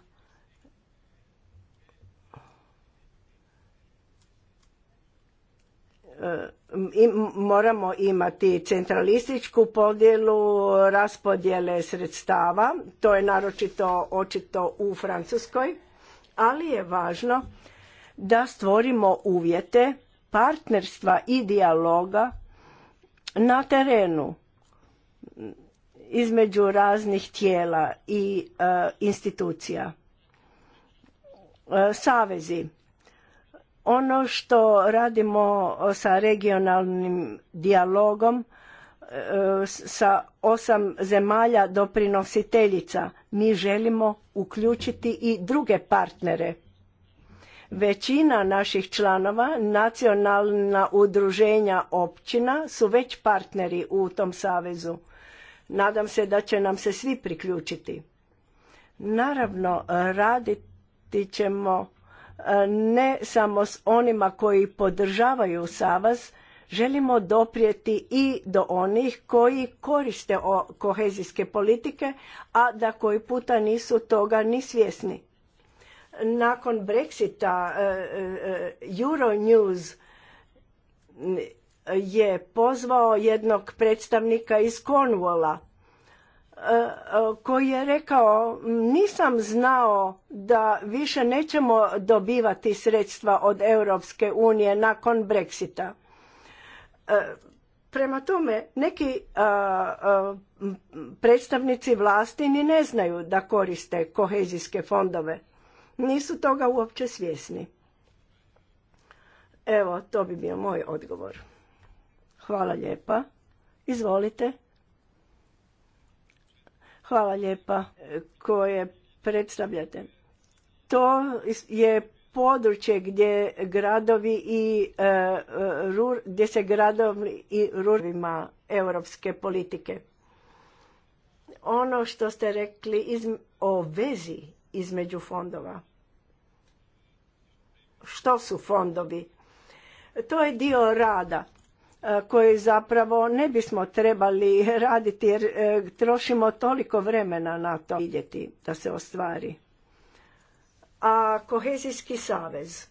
e, moramo imati centralističku podjelu raspodjele sredstava, to je naročito očito u Francuskoj ali je važno da stvorimo uvjete partnerstva i dijaloga na terenu između raznih tijela i e, institucija e, savezi ono što radimo sa regionalnim dijalogom E, sa osam zemalja doprinositeljica. Mi želimo uključiti i druge partnere. Većina naših članova, nacionalna udruženja općina, su već partneri u tom savezu. Nadam se da će nam se svi priključiti. Naravno, raditi ćemo e, ne samo s onima koji podržavaju savez, Želimo doprijeti i do onih koji koriste kohezijske politike, a da koji puta nisu toga ni svjesni. Nakon Brexita e, e, e, Euronews je pozvao jednog predstavnika iz Cornwalla koji je rekao nisam znao da više nećemo dobivati sredstva od Europske unije nakon Brexita. Prema tome, neki predstavnici vlasti ni ne znaju da koriste kohezijske fondove. Nisu toga uopće svjesni. Evo, to bi bio moj odgovor. Hvala lijepa. Izvolite. Hvala lijepa koje predstavljate. To je područje gdje gradovi i e, rur, gdje se gradovi i rurima europske politike. Ono što ste rekli o vezi između fondova. Što su fondovi? To je dio rada e, koji zapravo ne bismo trebali raditi jer e, trošimo toliko vremena na to vidjeti da se ostvari a kohezijski savez.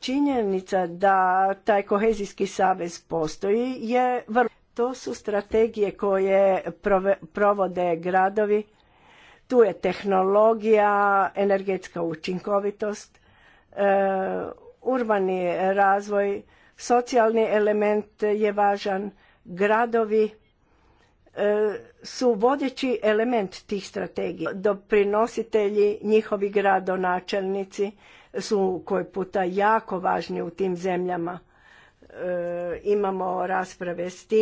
Činjenica da taj kohezijski savez postoji je vrlo... To su strategije koje provode gradovi. Tu je tehnologija, energetska učinkovitost, e, urbani razvoj, socijalni element je važan, gradovi E, su vodeći element tih strategija. Doprinositelji, njihovi gradonačelnici su koji puta jako važni u tim zemljama. E, imamo rasprave s tim.